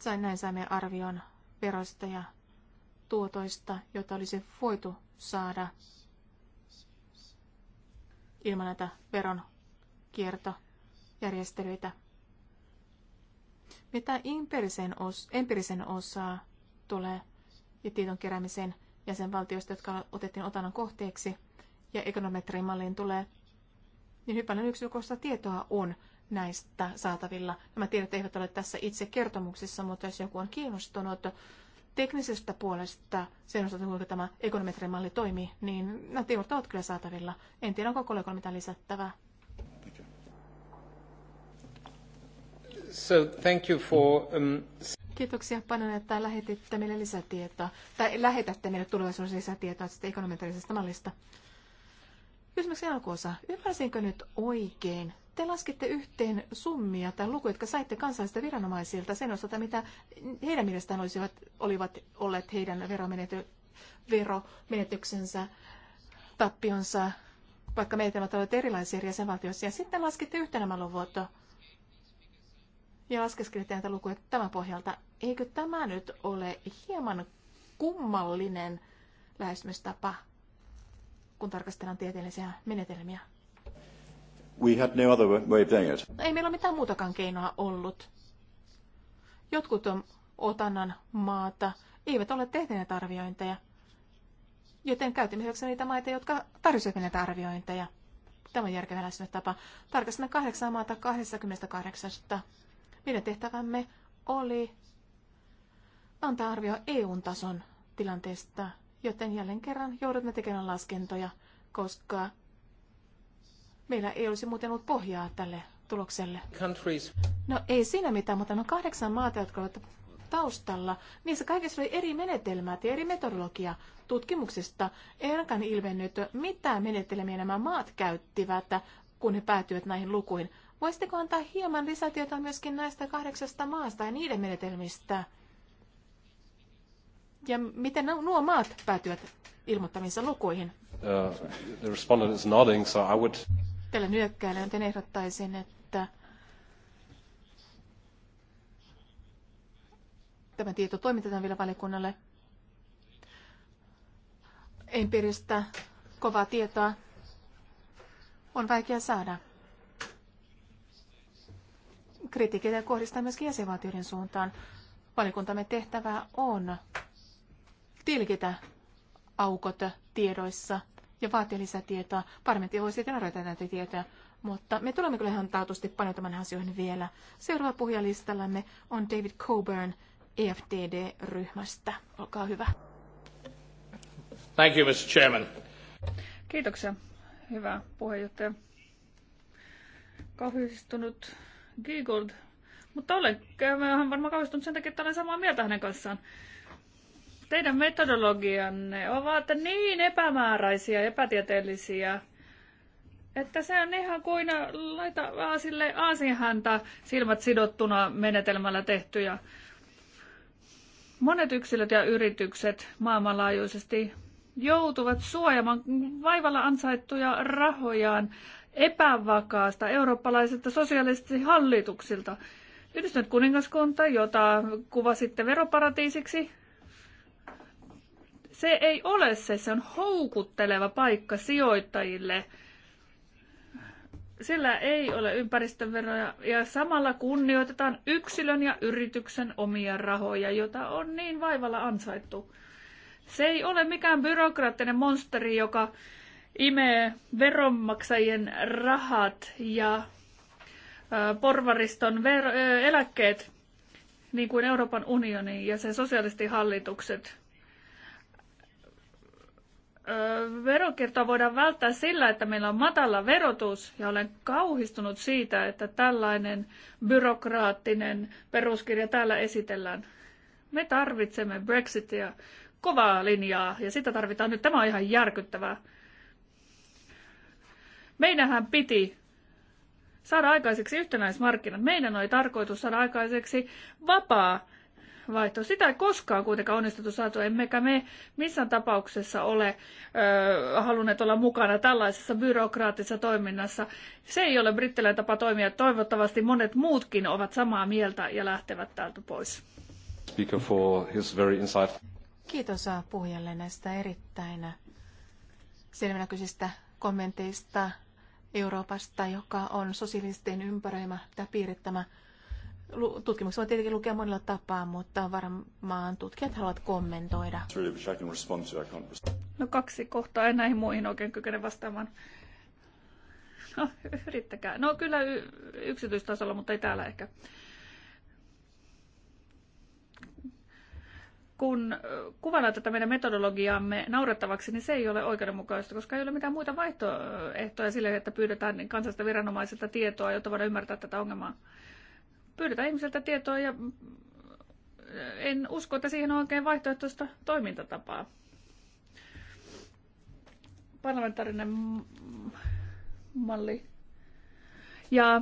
B: Sain näin saimme arvion veroista ja tuotoista, jota olisi voitu saada ilman näitä veron kiertojärjestelyitä. Mitä empiirisen, os, osaa tulee ja tiedon keräämiseen, jäsenvaltioista, jotka otettiin otanan kohteeksi, ja malliin tulee, niin hyvin paljon yksilökohtaista tietoa on näistä saatavilla. Nämä tiedot eivät ole tässä itse kertomuksessa, mutta jos joku on kiinnostunut teknisestä puolesta, sen osalta kuinka tämä malli toimii, niin nämä tiedot ovat kyllä saatavilla. En tiedä, onko kollegoilla mitään lisättävää.
A: So thank you for um,
B: Kiitoksia paljon, että lähetitte meille lisätietoa, tai lähetätte meille tulevaisuudessa lisätietoa tästä ekonometrisestä mallista. Kysymyksen alkuosa. Ymmärsinkö nyt oikein? Te laskitte yhteen summia tai lukuja, jotka saitte kansallisista viranomaisilta sen osalta, mitä heidän mielestään olisivat, olivat olleet heidän veromenety, veromenetyksensä, tappionsa, vaikka ovat olleet erilaisia eri jäsenvaltioissa. Ja sitten laskitte yhteen nämä luvut ja laskeskelette näitä lukuja tämän pohjalta. Eikö tämä nyt ole hieman kummallinen lähestymistapa, kun tarkastellaan tieteellisiä menetelmiä?
C: We had no other way of doing it.
B: Ei meillä ole mitään muutakaan keinoa ollut. Jotkut on otannan maata eivät ole tehneet arviointeja, joten käytimme hyväksi niitä maita, jotka tarjosivat näitä arviointeja. Tämä on järkevä lähestymistapa. Tarkastamme kahdeksan maata 28 meidän tehtävämme oli antaa arvio EU-tason tilanteesta, joten jälleen kerran joudumme tekemään laskentoja, koska meillä ei olisi muuten ollut pohjaa tälle tulokselle.
A: Countries.
B: No ei siinä mitään, mutta on no kahdeksan maata, jotka ovat taustalla. Niissä kaikissa oli eri menetelmät ja eri metodologia tutkimuksista. Ei ainakaan ilmennyt, mitä menetelmiä nämä maat käyttivät, kun he päätyivät näihin lukuihin. Voisitteko antaa hieman lisätietoa myöskin näistä kahdeksasta maasta ja niiden menetelmistä? Ja miten nuo maat päätyvät ilmoittamissa lukuihin?
A: Uh, the respondent is nodding, so I would...
B: Tällä nyökkäällä, joten ehdottaisin, että tämä tieto toimitetaan vielä valiokunnalle. Empiiristä kovaa tietoa on vaikea saada kritiikkiä kohdistaa myös jäsenvaltioiden suuntaan. Valikuntamme tehtävä on tilkitä aukot tiedoissa ja vaatia lisätietoa. Parlamentti voi sitten arvioida näitä tietoja, mutta me tulemme kyllä ihan taatusti paneutumaan asioihin vielä. Seuraava puhujalistallamme on David Coburn EFTD-ryhmästä.
E: Olkaa hyvä.
A: Thank you, Mr. Chairman.
E: Kiitoksia. Hyvä puheenjohtaja. Kauhistunut giggled. Mutta olen käymään varmaan kauhistunut sen takia, että olen samaa mieltä hänen kanssaan. Teidän metodologianne ovat niin epämääräisiä epätieteellisiä, että se on ihan kuin laita aasille aasinhäntä silmät sidottuna menetelmällä tehtyjä. Monet yksilöt ja yritykset maailmanlaajuisesti joutuvat suojamaan vaivalla ansaittuja rahojaan epävakaasta eurooppalaisilta sosiaalisesti hallituksilta. Yhdistynyt kuningaskunta, jota kuvasitte veroparatiisiksi, se ei ole se, se on houkutteleva paikka sijoittajille. Sillä ei ole ympäristöveroja ja samalla kunnioitetaan yksilön ja yrityksen omia rahoja, jota on niin vaivalla ansaittu. Se ei ole mikään byrokraattinen monsteri, joka imee veronmaksajien rahat ja porvariston ver- eläkkeet, niin kuin Euroopan unioni ja sen sosialistihallitukset. verokertoa voidaan välttää sillä, että meillä on matala verotus ja olen kauhistunut siitä, että tällainen byrokraattinen peruskirja täällä esitellään. Me tarvitsemme Brexitia, kovaa linjaa ja sitä tarvitaan nyt. Tämä on ihan järkyttävää. Meidänhän piti saada aikaiseksi yhtenäismarkkinat. Meidän oli tarkoitus saada aikaiseksi vapaa vaihto. Sitä ei koskaan kuitenkaan onnistuttu saatu, emmekä me missään tapauksessa ole ö, halunneet olla mukana tällaisessa byrokraattisessa toiminnassa. Se ei ole brittiläinen tapa toimia. Toivottavasti monet muutkin ovat samaa mieltä ja lähtevät täältä pois. Kiitos puhujalle näistä erittäin
B: selvänäköisistä kommenteista Euroopasta, joka on sosialistien ympäröimä tai piirittämä. Tutkimuksia voi tietenkin lukea monella tapaa, mutta varmaan tutkijat
E: haluavat kommentoida. No kaksi kohtaa, en näihin muihin oikein kykene vastaamaan. No, yrittäkää. No kyllä y- yksityistasolla, mutta ei täällä ehkä. kun äh, kuvataan tätä meidän metodologiaamme naurettavaksi, niin se ei ole oikeudenmukaista, koska ei ole mitään muita vaihtoehtoja sille, että pyydetään kansallista viranomaisilta tietoa, jotta voidaan ymmärtää tätä ongelmaa. Pyydetään ihmiseltä tietoa ja äh, en usko, että siihen on oikein vaihtoehtoista toimintatapaa. Parlamentaarinen malli. Ja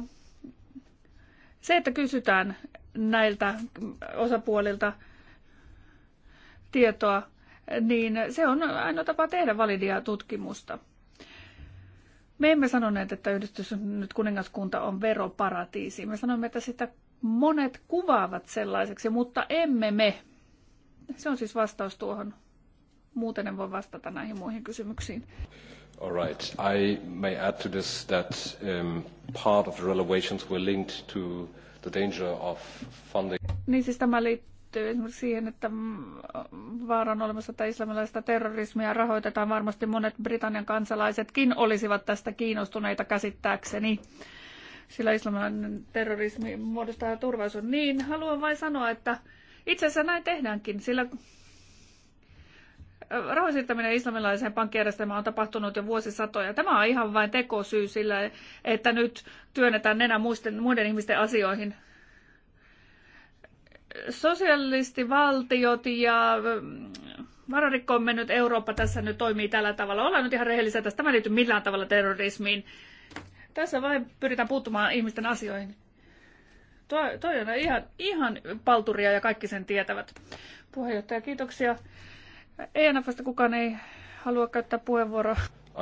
E: se, että kysytään näiltä osapuolilta, tietoa, niin se on ainoa tapa tehdä validia tutkimusta. Me emme sanoneet, että nyt kuningaskunta on veroparatiisi. Me sanoimme, että sitä monet kuvaavat sellaiseksi, mutta emme me. Se on siis vastaus tuohon. Muuten en voi vastata näihin muihin kysymyksiin.
A: All right. I may add to this that um, part of the revelations were linked to the danger of funding.
E: Niin siis tämä liittyy liittyy esimerkiksi siihen, että vaaran olemassa, että islamilaista terrorismia rahoitetaan. Varmasti monet Britannian kansalaisetkin olisivat tästä kiinnostuneita käsittääkseni, sillä islamilainen terrorismi muodostaa turvallisuuden. Niin, haluan vain sanoa, että itse asiassa näin tehdäänkin, sillä rahoisittaminen islamilaiseen pankkijärjestelmään on tapahtunut jo vuosisatoja. Tämä on ihan vain tekosyy sillä, että nyt työnnetään nenä muiden ihmisten asioihin sosialistivaltiot ja mm, vararikkoon mennyt Eurooppa tässä nyt toimii tällä tavalla. Ollaan nyt ihan rehellisiä tästä. Tämä ei liity millään tavalla terrorismiin. Tässä vain pyritään puuttumaan ihmisten asioihin. Toi, toi on ihan, ihan palturia ja kaikki sen tietävät. Puheenjohtaja, kiitoksia. ENFstä kukaan ei halua käyttää puheenvuoroa.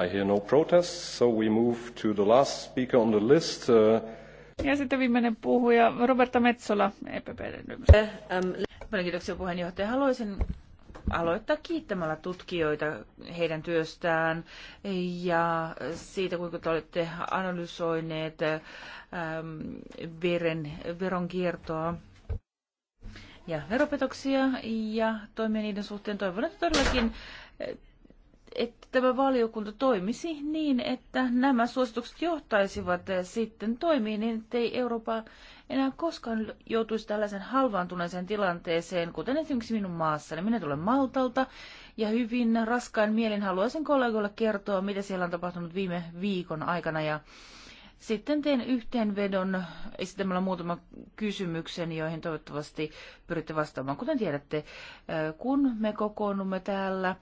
A: I hear no protests, so we move to the last speaker on the list. Uh...
E: Ja sitten viimeinen puhuja, Roberta Metsola, epp Paljon kiitoksia puheenjohtaja.
D: Haluaisin aloittaa kiittämällä tutkijoita heidän työstään ja siitä, kuinka te olette analysoineet ähm, veren, veronkiertoa ja veropetoksia ja toimia niiden suhteen. Toivon, että todellakin että tämä valiokunta toimisi niin, että nämä suositukset johtaisivat sitten toimiin niin, ettei Eurooppa enää koskaan joutuisi tällaisen halvaantuneeseen tilanteeseen, kuten esimerkiksi minun maassani. Minä tulen Maltalta ja hyvin raskain mielin haluaisin kollegoille kertoa, mitä siellä on tapahtunut viime viikon aikana ja sitten teen yhteenvedon esittämällä muutama kysymyksen, joihin toivottavasti pyritte vastaamaan. Kuten tiedätte, kun me kokoonnumme täällä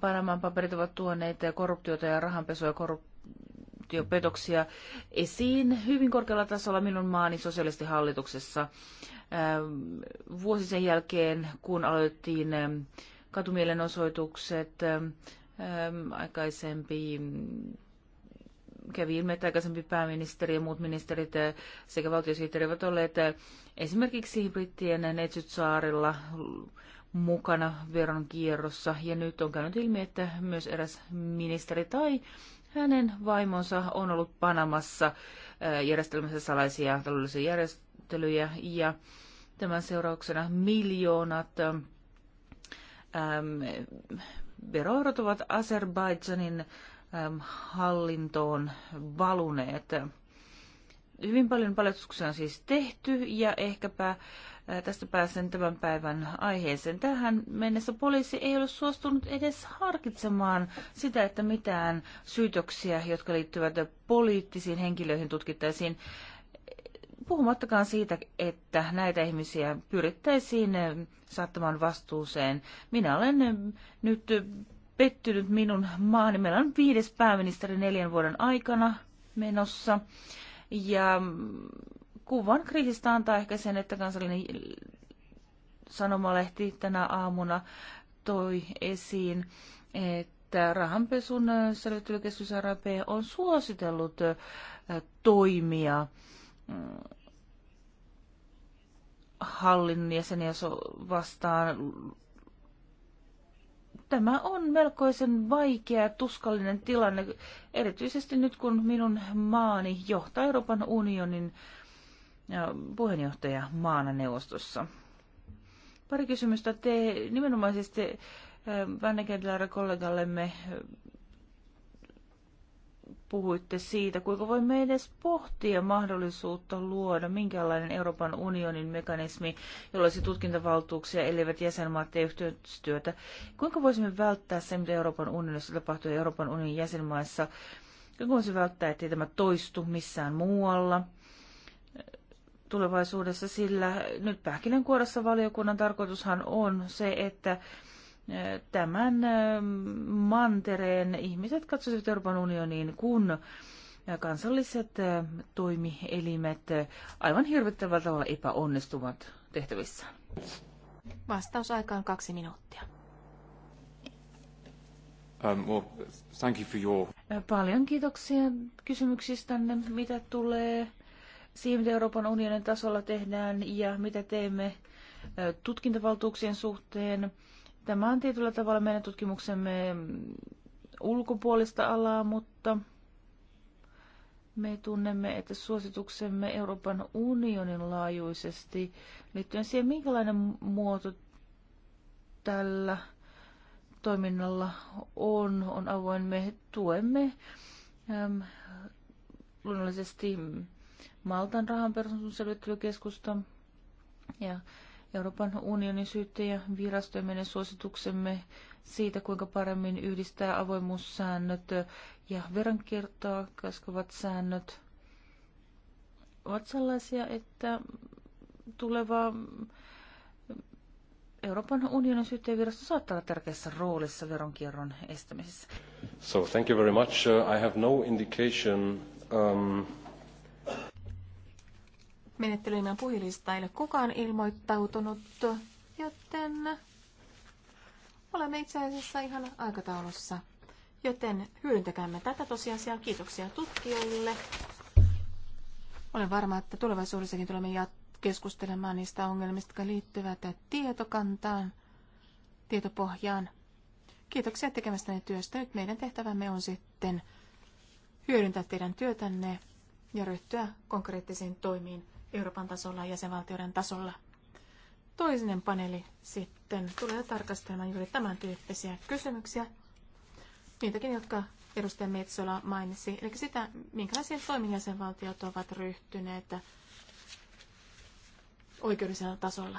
D: Panaman paperit ovat tuoneet korruptiota ja rahanpesua ja korruptiopetoksia esiin hyvin korkealla tasolla minun maani sosiaalisesti äh, Vuosi sen jälkeen, kun aloitettiin ähm, katumielenosoitukset, ähm, aikaisempi kävi ilme, että aikaisempi pääministeri ja muut ministerit äh, sekä valtiosihteeri ovat olleet äh, esimerkiksi brittien Netsyt saarilla mukana veronkierrossa. Ja nyt on käynyt ilmi, että myös eräs ministeri tai hänen vaimonsa on ollut Panamassa äh, järjestelmässä salaisia taloudellisia järjestelyjä ja tämän seurauksena miljoonat ähm, veroerot ovat Azerbaidžanin äm, hallintoon valuneet. Hyvin paljon paljastuksia on siis tehty ja ehkäpä tästä pääsen tämän päivän aiheeseen. Tähän mennessä poliisi ei ole suostunut edes harkitsemaan sitä, että mitään syytöksiä, jotka liittyvät poliittisiin henkilöihin tutkittaisiin, puhumattakaan siitä, että näitä ihmisiä pyrittäisiin saattamaan vastuuseen. Minä olen nyt pettynyt minun maani. Meillä on viides pääministeri neljän vuoden aikana menossa. Ja kuvan kriisistä antaa ehkä sen, että kansallinen sanomalehti tänä aamuna toi esiin, että rahanpesun selvittelykeskus RAP on suositellut toimia mm, hallinnon jäseniä vastaan Tämä on melkoisen vaikea, tuskallinen tilanne, erityisesti nyt kun minun maani johtaa Euroopan unionin puheenjohtaja maana neuvostossa. Pari kysymystä te nimenomaisesti Vännekedläärä kollegallemme puhuitte siitä, kuinka voimme edes pohtia mahdollisuutta luoda minkälainen Euroopan unionin mekanismi, jolla olisi tutkintavaltuuksia, elivät jäsenmaat ja yhteistyötä. Kuinka voisimme välttää sen, mitä Euroopan unionissa tapahtuu Euroopan unionin jäsenmaissa? Kuinka voisimme välttää, ettei tämä toistu missään muualla? tulevaisuudessa, sillä nyt pähkinänkuoressa valiokunnan tarkoitushan on se, että tämän mantereen ihmiset katsoisivat Euroopan unioniin, kun kansalliset toimielimet aivan hirvittävällä tavalla epäonnistuvat tehtävissään? Vastausaikaan on kaksi minuuttia.
A: Um, well, thank you for your...
D: Paljon kiitoksia kysymyksistänne, mitä tulee siihen, mitä Euroopan unionin tasolla tehdään ja mitä teemme tutkintavaltuuksien suhteen. Tämä on tietyllä tavalla meidän tutkimuksemme ulkopuolista alaa, mutta me tunnemme, että suosituksemme Euroopan unionin laajuisesti liittyen siihen, minkälainen muoto tällä toiminnalla on, on avoin. Me tuemme äm, luonnollisesti Maltan rahan perustusselvittelykeskusta ja Euroopan unionin syyttäjä virasto ja meidän suosituksemme siitä, kuinka paremmin yhdistää avoimuussäännöt ja veronkiertoa kaskavat säännöt ovat sellaisia, että tuleva Euroopan unionin syyttäjävirasto saattaa olla tärkeässä roolissa veronkierron estämisessä.
A: So, thank you very much. Uh, I have no indication um,
B: menettelymään puhelista ei ole kukaan ilmoittautunut, joten olemme itse asiassa ihan aikataulussa. Joten hyödyntäkäämme tätä tosiasiaa. Kiitoksia tutkijoille. Olen varma, että tulevaisuudessakin tulemme keskustelemaan niistä ongelmista, jotka liittyvät tietokantaan, tietopohjaan. Kiitoksia tekemästäni työstä. Nyt meidän tehtävämme on sitten hyödyntää teidän työtänne ja ryhtyä konkreettisiin toimiin Euroopan tasolla ja jäsenvaltioiden tasolla. Toinen paneeli sitten tulee tarkastelemaan juuri tämän tyyppisiä kysymyksiä, niitäkin, jotka edustaja Metsola mainitsi, eli sitä, minkälaisia toimin jäsenvaltiot ovat ryhtyneet oikeudellisella tasolla.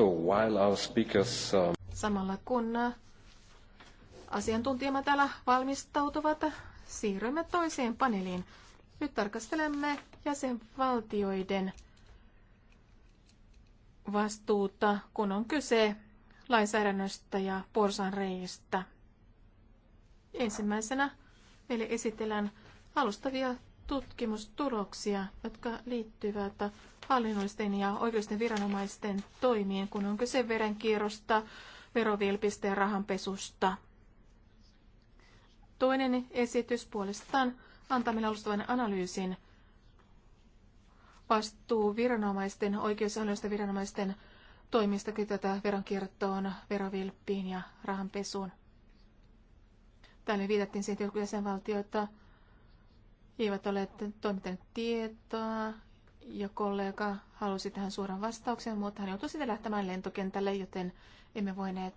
A: So while our speakers, um...
B: Samalla kun äh, asiantuntijamme täällä valmistautuvat, siirrymme toiseen paneeliin. Nyt tarkastelemme jäsenvaltioiden vastuuta, kun on kyse lainsäädännöstä ja porsanreijistä. Ensimmäisenä meille esitellään alustavia tutkimustuloksia, jotka liittyvät hallinnollisten ja oikeudellisten viranomaisten toimiin, kun on kyse verenkierrosta, verovilpistä ja rahanpesusta. Toinen esitys puolestaan antaa meille alustavan analyysin vastuu viranomaisten, oikeushallinnollisten viranomaisten toimista tätä veronkiertoon, verovilppiin ja rahanpesuun. Täällä viitattiin siihen, että valtioita eivät ole toimittaneet tietoa ja kollega halusi tähän suoran vastauksen, mutta hän joutui sitten lähtemään lentokentälle, joten emme voineet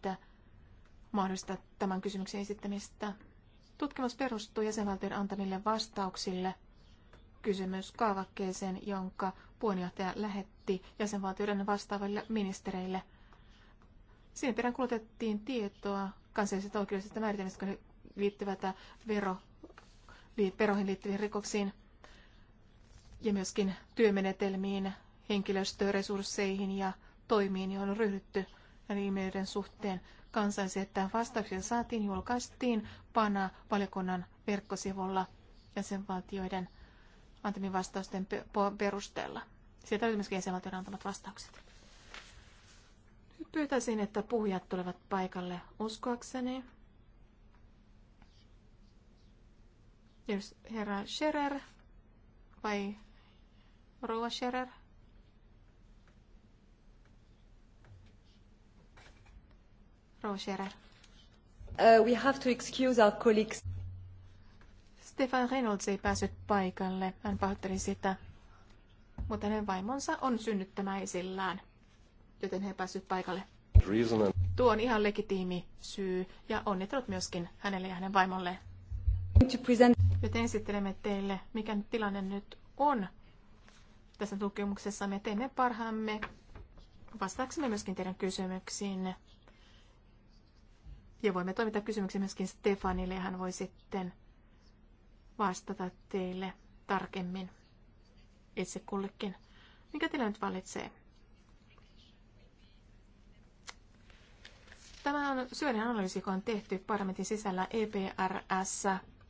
B: mahdollistaa tämän kysymyksen esittämistä. Tutkimus perustuu jäsenvaltion antamille vastauksille kysymyskaavakkeeseen, jonka puheenjohtaja lähetti jäsenvaltioiden vastaaville ministereille. Siinä perään kulutettiin tietoa kansallisesta oikeudellisesta määritelmistä, liittyvät vero- veroihin liittyviin rikoksiin ja myöskin työmenetelmiin, henkilöstöresursseihin ja toimiin, joihin on ryhdytty näiden ilmiöiden suhteen. että vastauksia saatiin, julkaistiin pana valiokunnan verkkosivulla jäsenvaltioiden antamien vastausten perusteella. Sieltä oli myöskin jäsenvaltioiden antamat vastaukset. Nyt pyytäisin, että puhujat tulevat paikalle uskoakseni. Jos herra Scherer vai rouva Scherer? Rouva Scherer. Uh, we have to excuse our colleagues. Stefan Reynolds ei päässyt paikalle. Hän pahoitteli sitä. Mutta hänen vaimonsa on synnyttämäisillään, joten he ei paikalle. reason Tuo on ihan legitiimi syy ja onnittelut myöskin hänelle ja hänen vaimolleen. Nyt esittelemme teille, mikä tilanne nyt on tässä tutkimuksessa. Me teemme parhaamme vastaaksemme myöskin teidän kysymyksiin Ja voimme toimittaa kysymyksiä myöskin Stefanille ja hän voi sitten vastata teille tarkemmin itse kullekin. Mikä teillä nyt valitsee? Tämä on syöden analyysi, joka on tehty parlamentin sisällä EPRS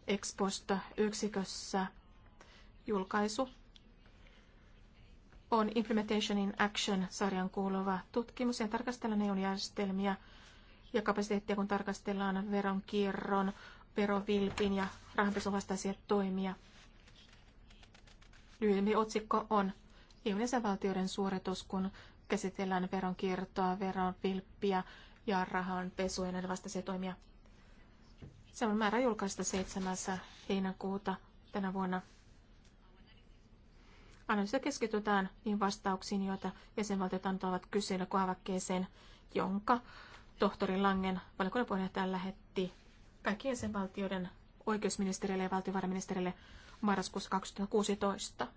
B: Exposta yksikössä julkaisu on Implementation in Action-sarjan kuuluva tutkimus. Sen tarkastellaan on järjestelmiä ja kapasiteettia, kun tarkastellaan veronkierron, verovilpin ja rahanpesuvastaisia toimia. Lyhyempi otsikko on EUn jäsenvaltioiden suoritus, kun käsitellään veronkiertoa, veronvilppiä ja rahanpesuja ja näiden vastaisia toimia. Se on määrä julkaista 7. heinäkuuta tänä vuonna. Analyysissa keskitytään niin vastauksiin, joita jäsenvaltiot antoivat kyselykohavakkeeseen, jonka tohtori Langen valiokunnan puheenjohtaja lähetti kaikkien jäsenvaltioiden oikeusministerille ja valtiovarainministerille marraskuussa 2016.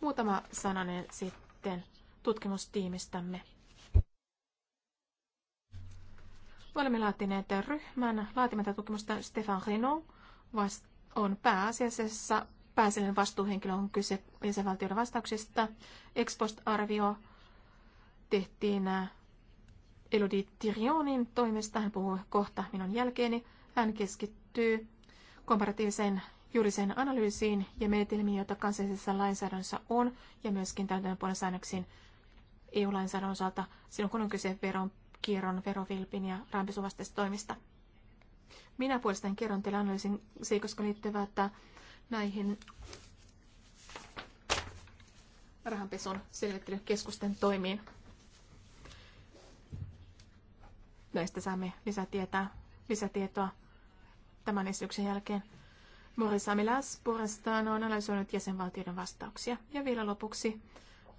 B: Muutama sananen sitten tutkimustiimistämme. Me olemme laatineet ryhmän laatimatta tutkimusta Stefan Rino on pääasiassa pääsellinen vastuuhenkilö on kyse jäsenvaltioiden vastauksista. expost arvio tehtiin äh, Elodie Tirionin toimesta. Hän puhuu kohta minun jälkeeni. Hän keskittyy komparatiiviseen juuriseen analyysiin ja menetelmiin, joita kansallisessa lainsäädännössä on, ja myöskin täytäntöönpuolen säännöksiin EU-lainsäädännön osalta silloin, kun on kyse veron kierron verovilpin ja rahanpesuvastaisista toimista. Minä puolestaan kerron teille analyysin seikoska että näihin rahanpesun selvittelykeskusten toimiin. Näistä saamme lisätietoa, lisätietoa tämän esityksen jälkeen. Morissa Amilas puolestaan on analysoinut jäsenvaltioiden vastauksia. Ja vielä lopuksi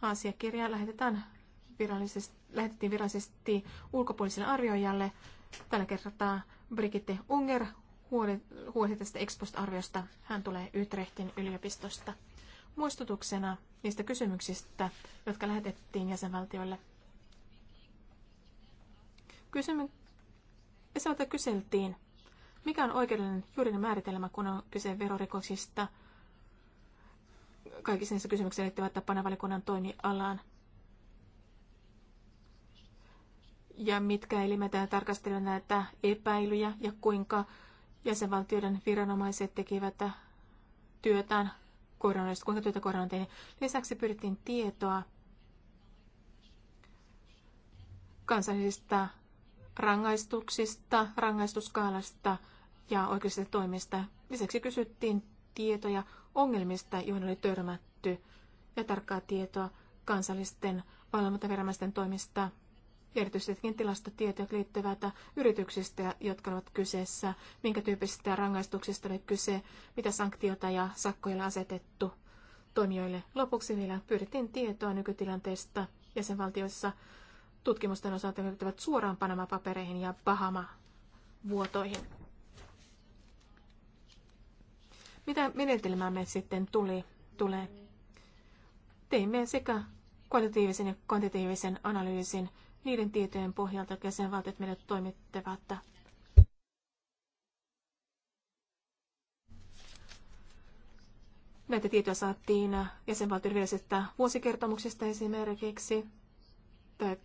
B: asiakirja lähetetään virallisesti lähetettiin virallisesti ulkopuoliselle arvioijalle. Tällä kertaa Brigitte Unger huoli, huoli tästä Expost-arviosta. Hän tulee Utrechtin yliopistosta. Muistutuksena niistä kysymyksistä, jotka lähetettiin jäsenvaltioille. Kysymy... kyseltiin, mikä on oikeudellinen juridinen määritelmä, kun on kyse verorikoksista, kaikissa niissä kysymyksissä liittyvät tapana valikunnan toimialaan. ja mitkä elimet tarkastelivat näitä epäilyjä ja kuinka jäsenvaltioiden viranomaiset tekivät työtään koronasta, kuinka työtä korona tehdään. Lisäksi pyrittiin tietoa kansallisista rangaistuksista, rangaistuskaalasta ja oikeudellisista toimista. Lisäksi kysyttiin tietoja ongelmista, joihin oli törmätty, ja tarkkaa tietoa kansallisten valvontaviranomaisten toimista erityisestikin tilastotietoja liittyvät yrityksistä, jotka ovat kyseessä, minkä tyyppisistä rangaistuksista oli kyse, mitä sanktiota ja sakkoilla asetettu toimijoille. Lopuksi vielä pyydettiin tietoa nykytilanteesta jäsenvaltioissa tutkimusten osalta liittyvät suoraan Panama-papereihin ja Bahama-vuotoihin. Mitä menetelmää me sitten tuli, tulee? Teimme sekä kvalitatiivisen ja kvantitatiivisen analyysin niiden tietojen pohjalta, jotka jäsenvaltiot meille toimittavat. Näitä tietoja saatiin jäsenvaltion virallisesta vuosikertomuksesta esimerkiksi, tai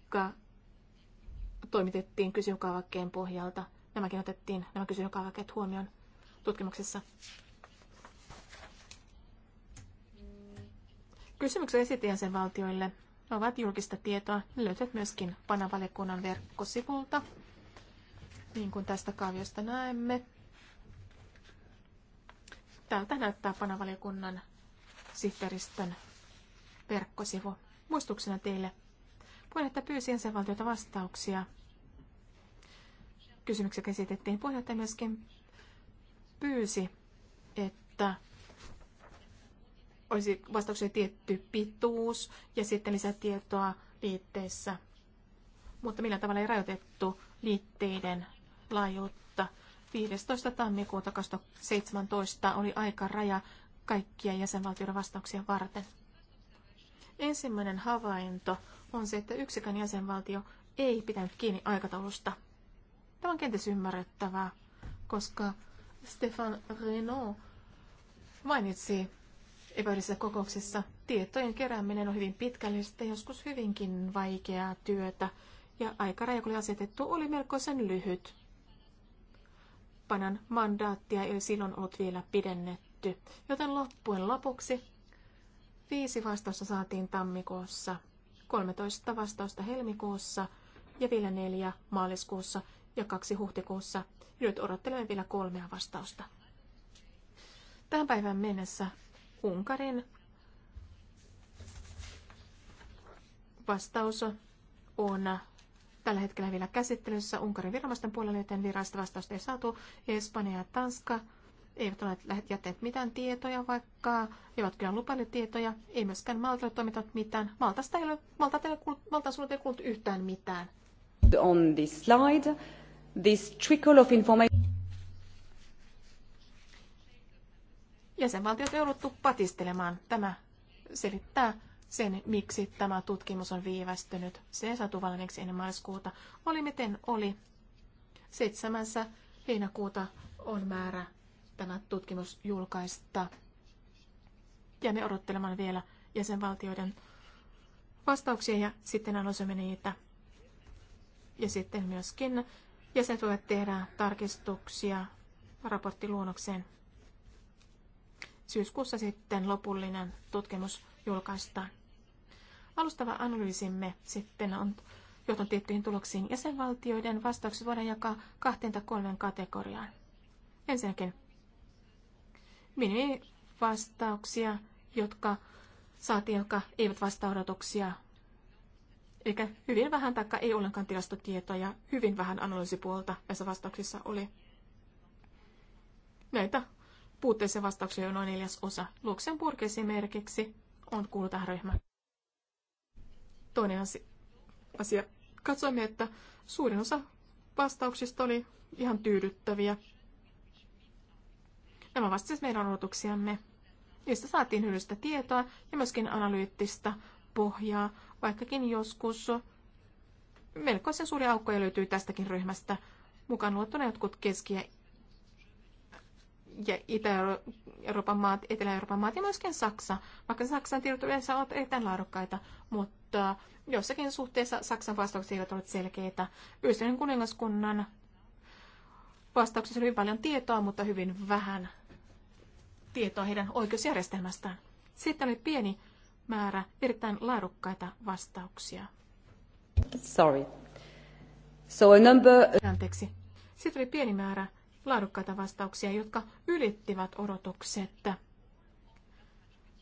B: toimitettiin kysymykaavakkeen pohjalta. Nämäkin otettiin, nämä kysymykaavakkeet huomioon tutkimuksessa. Kysymyksen esitin sen valtioille ovat julkista tietoa. Ne löytyvät myöskin Panavalikunnan verkkosivulta, niin kuin tästä kaaviosta näemme. Täältä näyttää Panavalikunnan sihteeristön verkkosivu. Muistuksena teille, puheenjohtaja pyysi jäsenvaltioita vastauksia. Kysymykset esitettiin Puheenjohtaja myöskin pyysi, että olisi vastauksia tietty pituus ja sitten lisätietoa liitteessä. Mutta millä tavalla ei rajoitettu liitteiden laajuutta. 15. tammikuuta 2017 oli aika raja kaikkia jäsenvaltioiden vastauksia varten. Ensimmäinen havainto on se, että yksikään jäsenvaltio ei pitänyt kiinni aikataulusta. Tämä on kenties ymmärrettävää, koska Stefan Renault mainitsi epävirallisissa kokouksissa tietojen kerääminen on hyvin pitkällistä, joskus hyvinkin vaikeaa työtä, ja aikaraja, kun oli asetettu, oli melkoisen lyhyt. Panan mandaattia ei silloin ollut vielä pidennetty, joten loppujen lopuksi viisi vastausta saatiin tammikuussa, 13 vastausta helmikuussa ja vielä neljä maaliskuussa ja kaksi huhtikuussa. Nyt odottelemme vielä kolmea vastausta. Tähän päivään mennessä Unkarin vastaus on tällä hetkellä vielä käsittelyssä Unkarin viranomaisten puolella, joten virallista vastausta ei saatu. Espanja ja Tanska eivät ole jättäneet mitään tietoja, vaikka eivät kyllä lupailleet tietoja. Ei myöskään ole toimittanut mitään. Maltasta ei ole, Malta ei ei kuullut yhtään mitään. On this slide, this trickle of information... Jäsenvaltiot jouduttu patistelemaan. Tämä selittää sen, miksi tämä tutkimus on viivästynyt. Se ei saatu valmiiksi ennen maaliskuuta. Oli miten oli. 7. heinäkuuta on määrä tämä tutkimus julkaista. me odottelemaan vielä jäsenvaltioiden vastauksia ja sitten analysoimme niitä. Ja sitten myöskin jäsenet voivat tehdä tarkistuksia raporttiluonnokseen syyskuussa sitten lopullinen tutkimus julkaistaan. Alustava analyysimme sitten on johtanut tiettyihin tuloksiin. Jäsenvaltioiden vastaukset voidaan jakaa kahteen tai kolmeen kategoriaan. Ensinnäkin minimivastauksia, jotka saatiin, jotka eivät vastaa odotuksia. Eli hyvin vähän taikka ei ollenkaan tilastotietoja, ja hyvin vähän analyysipuolta näissä vastauksissa oli. Näitä puutteessa vastauksia on noin neljäs osa. Luxemburg esimerkiksi on ryhmään. Toinen asia. Katsoimme, että suurin osa vastauksista oli ihan tyydyttäviä. Nämä vastasivat siis meidän odotuksiamme. Niistä saatiin hyödyllistä tietoa ja myöskin analyyttistä pohjaa, vaikkakin joskus melkoisen suuri aukkoja löytyy tästäkin ryhmästä, mukaan luettuna jotkut keski- ja ja Itä-Euroopan maat, Etelä-Euroopan maat ja myöskin Saksa. Vaikka Saksan tiedot yleensä ovat erittäin laadukkaita, mutta jossakin suhteessa Saksan vastaukset eivät ole selkeitä. Yhdistyneen kuningaskunnan vastauksessa oli paljon tietoa, mutta hyvin vähän tietoa heidän oikeusjärjestelmästään. Sitten oli pieni määrä erittäin laadukkaita vastauksia. Sorry. So a number... Anteeksi. Sitten oli pieni määrä laadukkaita vastauksia, jotka ylittivät odotukset.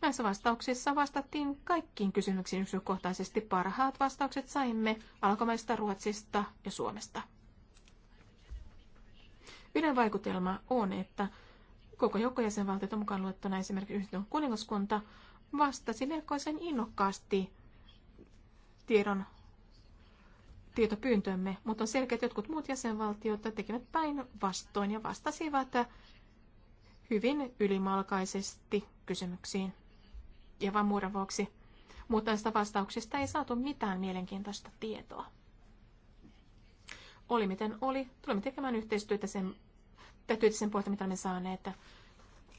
B: Näissä vastauksissa vastattiin kaikkiin kysymyksiin yksityiskohtaisesti. Parhaat vastaukset saimme alkomaista Ruotsista ja Suomesta. Yhden vaikutelma on, että koko joukko jäsenvaltiota mukaan luettuna esimerkiksi yhdistön kuningaskunta vastasi melkoisen innokkaasti tiedon tietopyyntömme, mutta on selkeä, että jotkut muut jäsenvaltiot tekevät päinvastoin ja vastasivat hyvin ylimalkaisesti kysymyksiin. Ja vain muodon vuoksi. Mutta näistä vastauksista ei saatu mitään mielenkiintoista tietoa. Oli miten oli. Tulemme tekemään yhteistyötä sen, sen puolta, mitä me saaneet.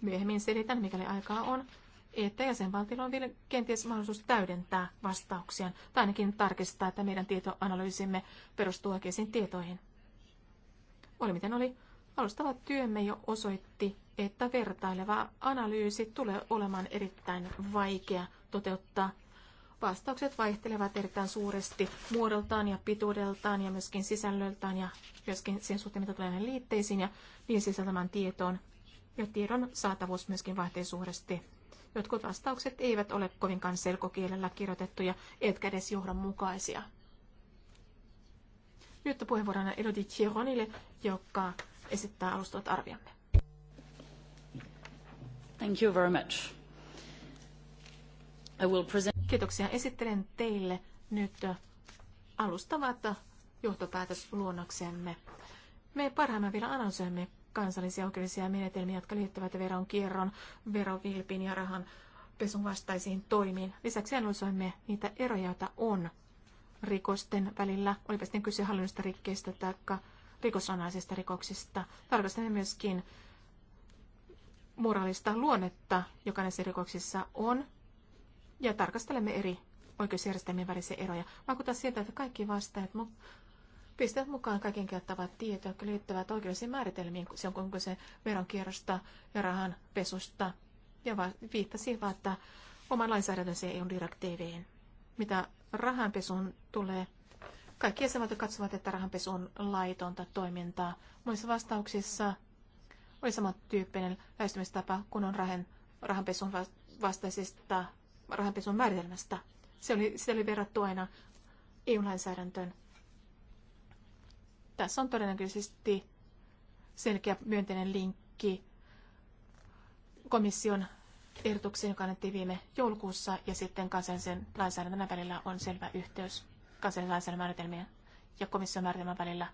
B: Myöhemmin selitän, mikäli aikaa on, että jäsenvaltiolla on vielä kenties mahdollisuus täydentää vastauksiaan, tai ainakin tarkistaa, että meidän tietoanalyysimme perustuu oikeisiin tietoihin. Oli miten oli, alustava työmme jo osoitti, että vertaileva analyysi tulee olemaan erittäin vaikea toteuttaa. Vastaukset vaihtelevat erittäin suuresti muodoltaan ja pituudeltaan ja myöskin sisällöltään ja myöskin sen suhteen, mitä tulee liitteisiin ja niin sisältämään tietoon. Ja tiedon saatavuus myöskin vaihtelee suuresti Jotkut vastaukset eivät ole kovinkaan selkokielellä kirjoitettuja, etkä edes johdonmukaisia. Nyt puheenvuorona Elodie Chironille, joka esittää alustavat arviamme. Thank you very much. I will present... Kiitoksia. Esittelen teille nyt alustavat johtopäätösluonnoksemme. Me parhaimmillaan vielä analysoimme kansallisia oikeudellisia menetelmiä, jotka liittyvät veronkierron, verovilpin ja rahan pesun vastaisiin toimiin. Lisäksi analysoimme niitä eroja, joita on rikosten välillä, olipa sitten kyse hallinnollisista rikkeistä tai rikosanaisista rikoksista. Tarkastamme myöskin moraalista luonnetta, joka näissä rikoksissa on, ja tarkastelemme eri oikeusjärjestelmien välisiä eroja. Vaikuttaa siltä, että kaikki vastaajat pistävät mukaan kaiken käyttävät tietoa, jotka liittyvät oikeudellisiin määritelmiin, se on kun se veronkierrosta ja rahan pesusta. Ja vaan, että oman lainsäädäntönsä ole direktiiviin Mitä rahanpesuun tulee, kaikki jäsenvaltiot katsovat, että rahanpesu on laitonta toimintaa. muissa vastauksissa oli tyyppinen lähestymistapa, kun on rahan, rahanpesun vastaisista rahanpesun määritelmästä. Se oli, se oli verrattu aina EU-lainsäädäntöön. Tässä on todennäköisesti selkeä myönteinen linkki komission ehdotuksiin, joka annettiin viime joulukuussa, ja sitten kansallisen lainsäädännön välillä on selvä yhteys kansallisen lainsäädännön määritelmien ja komission määritelmän välillä.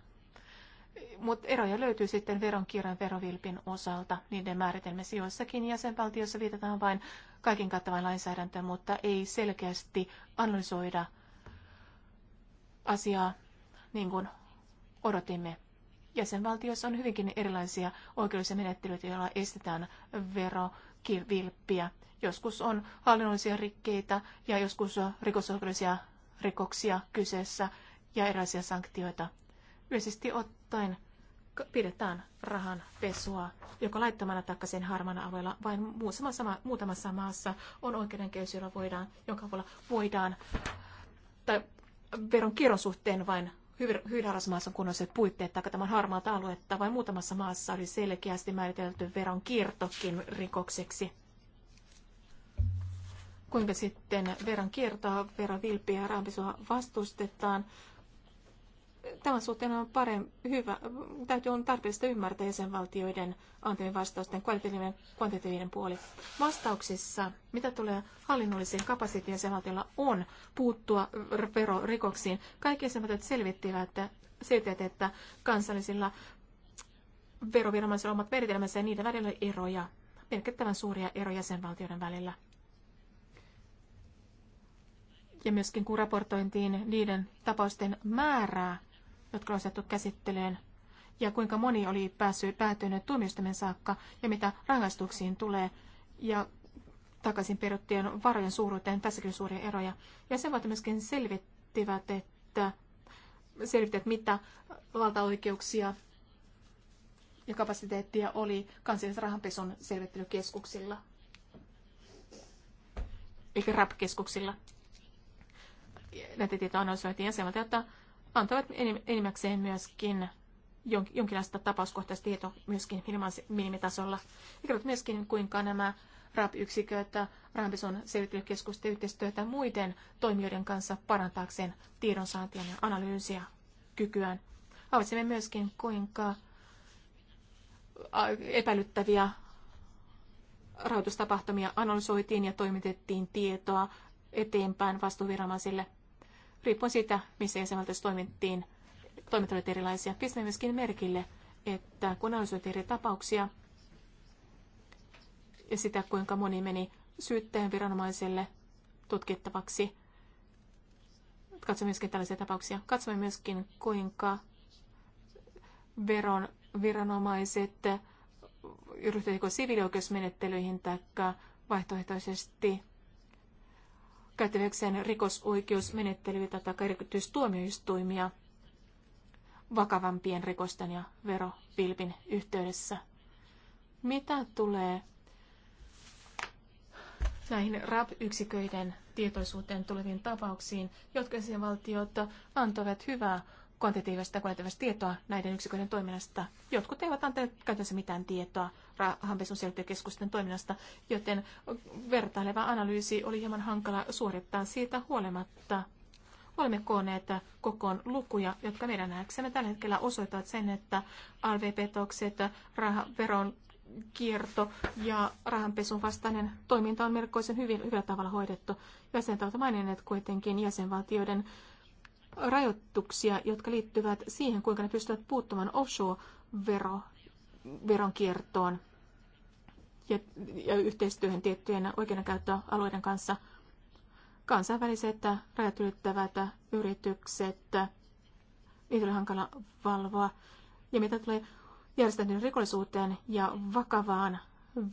B: Mutta eroja löytyy sitten veronkirjan verovilpin osalta. Niiden määritelmissä joissakin jäsenvaltioissa viitataan vain kaiken kattavaan lainsäädäntöön, mutta ei selkeästi analysoida asiaa niin kuin odotimme. Jäsenvaltioissa on hyvinkin erilaisia oikeudellisia menettelyitä, joilla estetään verovilppiä. Joskus on hallinnollisia rikkeitä ja joskus on rikosoikeudellisia rikoksia kyseessä ja erilaisia sanktioita. Yleisesti ottaen pidetään rahan pesua joka laittamana takaisin harmana alueella, vain muutamassa, ma- muutamassa maassa on oikeudenkeys, jolla voidaan, jonka avulla voidaan, tai veron kierron suhteen vain hyvin, maassa on kunnolliset puitteet, tai tämän harmaata aluetta, vai muutamassa maassa oli selkeästi määritelty veron kiertokin rikokseksi. Kuinka sitten veron kiertoa, veron ja rahanpesua vastustetaan, tämän suhteen on parempi, hyvä, täytyy on tarpeellista ymmärtää jäsenvaltioiden antamien vastausten kvalitatiivinen, kvantitatiivinen puoli. Vastauksissa, mitä tulee hallinnollisiin kapasiteetin jäsenvaltiolla on puuttua verorikoksiin, kaikki jäsenvaltiot selvittivät siitä, että kansallisilla veroviranomaisilla omat veritelmänsä ja niiden välillä eroja, merkittävän suuria eroja jäsenvaltioiden välillä. Ja myöskin kun raportointiin niiden tapausten määrää, jotka on saatu käsittelyyn, ja kuinka moni oli päässyt päätynyt tuomioistuimen saakka, ja mitä rangaistuksiin tulee, ja takaisin peruttien varojen suuruuteen, tässäkin suuria eroja. Ja sen myöskin selvittivät, että selvittivät, mitä valtaoikeuksia ja kapasiteettia oli rahanpesun selvittelykeskuksilla, eli RAP-keskuksilla. Näitä tietoja analysoitiin jäsenvaltiota antavat enimmäkseen myöskin jonkinlaista tapauskohtaista tietoa myöskin minimitasolla. Ja kerrot myöskin, kuinka nämä RAP-yksiköt, rahanpesun ja yhteistyötä muiden toimijoiden kanssa parantaakseen tiedonsaantia ja analyysiä kykyään. Havaitsemme myöskin, kuinka epäilyttäviä rahoitustapahtumia analysoitiin ja toimitettiin tietoa eteenpäin vastuuviranomaisille – riippuen siitä, missä jäsenvaltiossa toimittiin, toimintat olivat erilaisia. Pistämme myöskin merkille, että kun analysoitiin eri tapauksia ja sitä, kuinka moni meni syyttäjän viranomaiselle tutkittavaksi, katsomme myöskin tällaisia tapauksia. Katsomme myöskin, kuinka veron viranomaiset ryhtyivät siviilioikeusmenettelyihin tai vaihtoehtoisesti käytäväkseen rikosoikeusmenettelyitä tai erityistuomioistuimia vakavampien rikosten ja verovilpin yhteydessä. Mitä tulee näihin RAP-yksiköiden tietoisuuteen tuleviin tapauksiin, jotka valtiot antoivat hyvää kvantitiivista ja tietoa näiden yksiköiden toiminnasta. Jotkut eivät antaneet käytännössä mitään tietoa rahanpesun selvityskeskusten toiminnasta, joten vertaileva analyysi oli hieman hankala suorittaa siitä huolimatta. Olemme kooneet kokoon lukuja, jotka meidän nähdäksemme tällä hetkellä osoittavat sen, että alv-petokset, veron kierto ja rahanpesun vastainen toiminta on melkoisen hyvin, hyvällä tavalla hoidettu. Jäsenvaltiot maininneet kuitenkin jäsenvaltioiden rajoituksia, jotka liittyvät siihen, kuinka ne pystyvät puuttumaan offshore-veronkiertoon ja, ja yhteistyöhön tiettyjen oikeudenkäyttöalueiden kanssa. Kansainväliset rajat ylittävät yritykset, niitä oli hankala valvoa. Ja mitä tulee järjestäytyneen rikollisuuteen ja vakavaan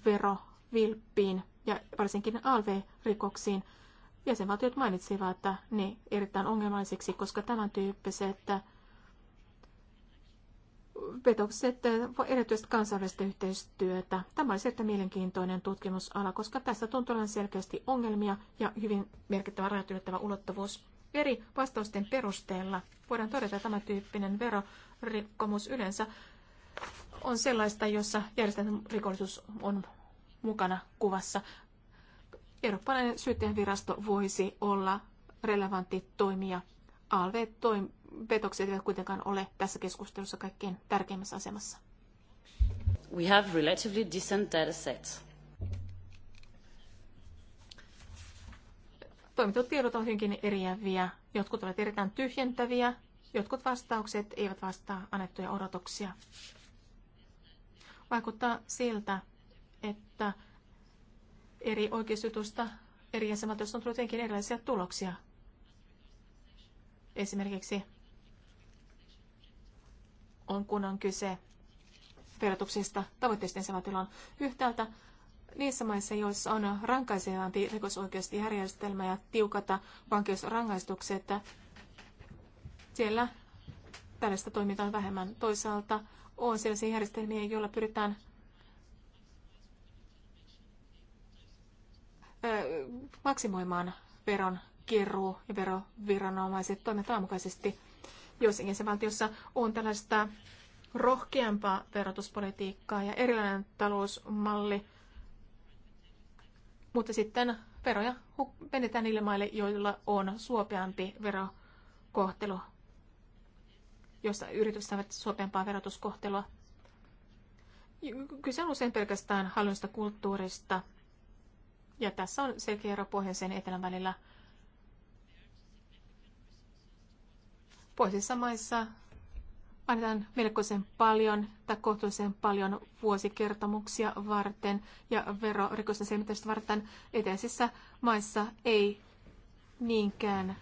B: verovilppiin ja varsinkin ALV-rikoksiin, jäsenvaltiot mainitsivat että ne erittäin ongelmaisiksi, koska tämän tyyppiset äh, petokset, äh, erityisesti kansainvälistä yhteistyötä. Tämä olisi erittäin mielenkiintoinen tutkimusala, koska tässä tuntuu olevan selkeästi ongelmia ja hyvin merkittävä rajat ylittävä ulottuvuus. Eri vastausten perusteella voidaan todeta, että tämä tyyppinen verorikkomus yleensä on sellaista, jossa järjestelmän rikollisuus on mukana kuvassa. Eurooppalainen syyttäjänvirasto voisi olla relevantti toimija. ALV-petokset eivät kuitenkaan ole tässä keskustelussa kaikkein tärkeimmässä asemassa.
E: We have
D: relatively decent data sets.
B: Toimitetut tiedot ovat hyvinkin eriäviä. Jotkut ovat erittäin tyhjentäviä, jotkut vastaukset eivät vastaa annettuja odotuksia. Vaikuttaa siltä, että eri oikeusjutusta eri jäsenvaltioista on tullut jotenkin erilaisia tuloksia. Esimerkiksi on kun on kyse verotuksista tavoitteista jäsenvaltiolla niin on yhtäältä niissä maissa, joissa on rankaisevampi rikosoikeusjärjestelmä ja tiukata vankeusrangaistukset, siellä tällaista toimintaa on vähemmän. Toisaalta on sellaisia järjestelmiä, joilla pyritään maksimoimaan veron keruu ja veroviranomaiset toimivat mukaisesti. Joissakin valtiossa on tällaista rohkeampaa verotuspolitiikkaa ja erilainen talousmalli, mutta sitten veroja menetään niille maille, joilla on suopeampi verokohtelu, jossa yritykset saavat suopeampaa verotuskohtelua. Kyse on usein pelkästään hallinnosta kulttuurista – ja tässä on selkeä ero pohjoisen ja etelän välillä. Pohjoisissa maissa annetaan melkoisen paljon tai kohtuullisen paljon vuosikertomuksia varten ja verorikosten selvittämistä varten. Eteisissä maissa ei niinkään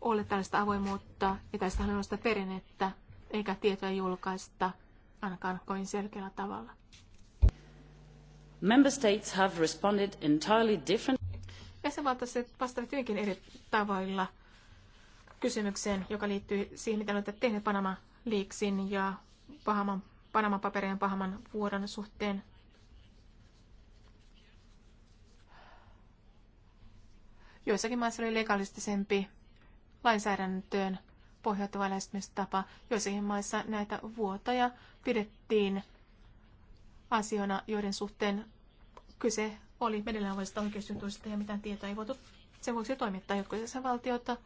B: ole tällaista avoimuutta ja tällaista perinnettä eikä tietoja julkaista ainakaan kovin selkeällä tavalla. Member states have responded entirely different. Jäsenvaltiot vastaavat hyvinkin eri tavoilla kysymykseen, joka liittyy siihen, mitä olette tehneet Panama liiksin ja Pahaman, Panaman paperien Pahaman vuodon suhteen. Joissakin maissa oli legalistisempi lainsäädäntöön pohjautuva lähestymistapa. Joissakin maissa näitä vuotoja pidettiin asioina, joiden suhteen kyse oli meneillään olevista oikeusjutuista ja mitään tietoa ei voitu sen vuoksi toimittaa. Jotkut jäsenvaltiota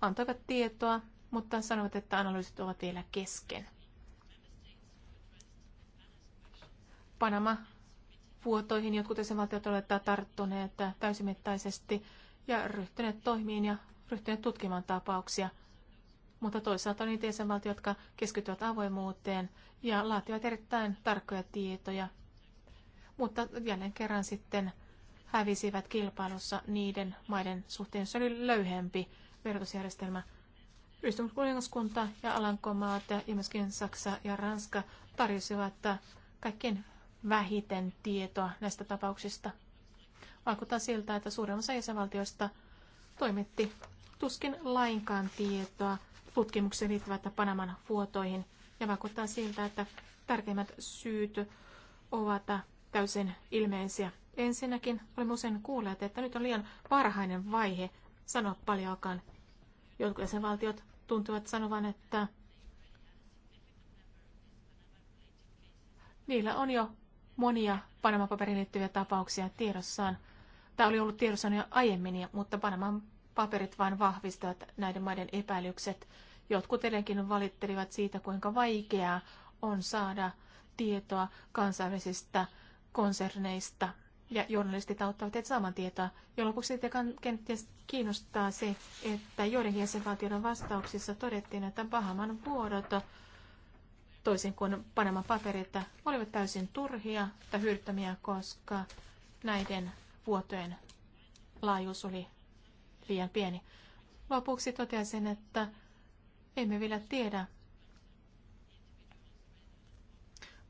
B: antoivat tietoa, mutta sanovat, että analyysit ovat vielä kesken. Panama vuotoihin jotkut jäsenvaltiot ovat tarttuneet täysimittaisesti ja ryhtyneet toimiin ja ryhtyneet tutkimaan tapauksia – mutta toisaalta on niitä jäsenvaltioita, jotka keskittyvät avoimuuteen ja laativat erittäin tarkkoja tietoja, mutta jälleen kerran sitten hävisivät kilpailussa niiden maiden suhteen, jossa oli löyhempi verotusjärjestelmä. Yhdistyskuningaskunta ja Alankomaat ja myöskin Saksa ja Ranska tarjosivat kaikkien vähiten tietoa näistä tapauksista. Vaikuttaa siltä, että suurin osa jäsenvaltioista toimitti tuskin lainkaan tietoa tutkimukseen liittyvät Panaman vuotoihin ja vaikuttaa siltä, että tärkeimmät syyt ovat täysin ilmeisiä. Ensinnäkin olemme usein kuulleet, että nyt on liian varhainen vaihe sanoa paljonkaan. Jotkut jäsenvaltiot tuntuvat sanovan, että niillä on jo monia Panama-paperiin liittyviä tapauksia tiedossaan. Tämä oli ollut tiedossaan jo aiemmin, mutta Panaman paperit vain vahvistavat näiden maiden epäilykset. Jotkut edelleenkin valittelivat siitä, kuinka vaikeaa on saada tietoa kansainvälisistä konserneista. Ja journalistit auttavat teitä saamaan tietoa. Ja lopuksi kenties kiinnostaa se, että joidenkin jäsenvaltioiden vastauksissa todettiin, että Bahaman vuodot toisin kuin Panaman paperit olivat täysin turhia tai hyödyttömiä, koska näiden vuotojen laajuus oli liian pieni. Lopuksi toteaisin, että emme vielä tiedä,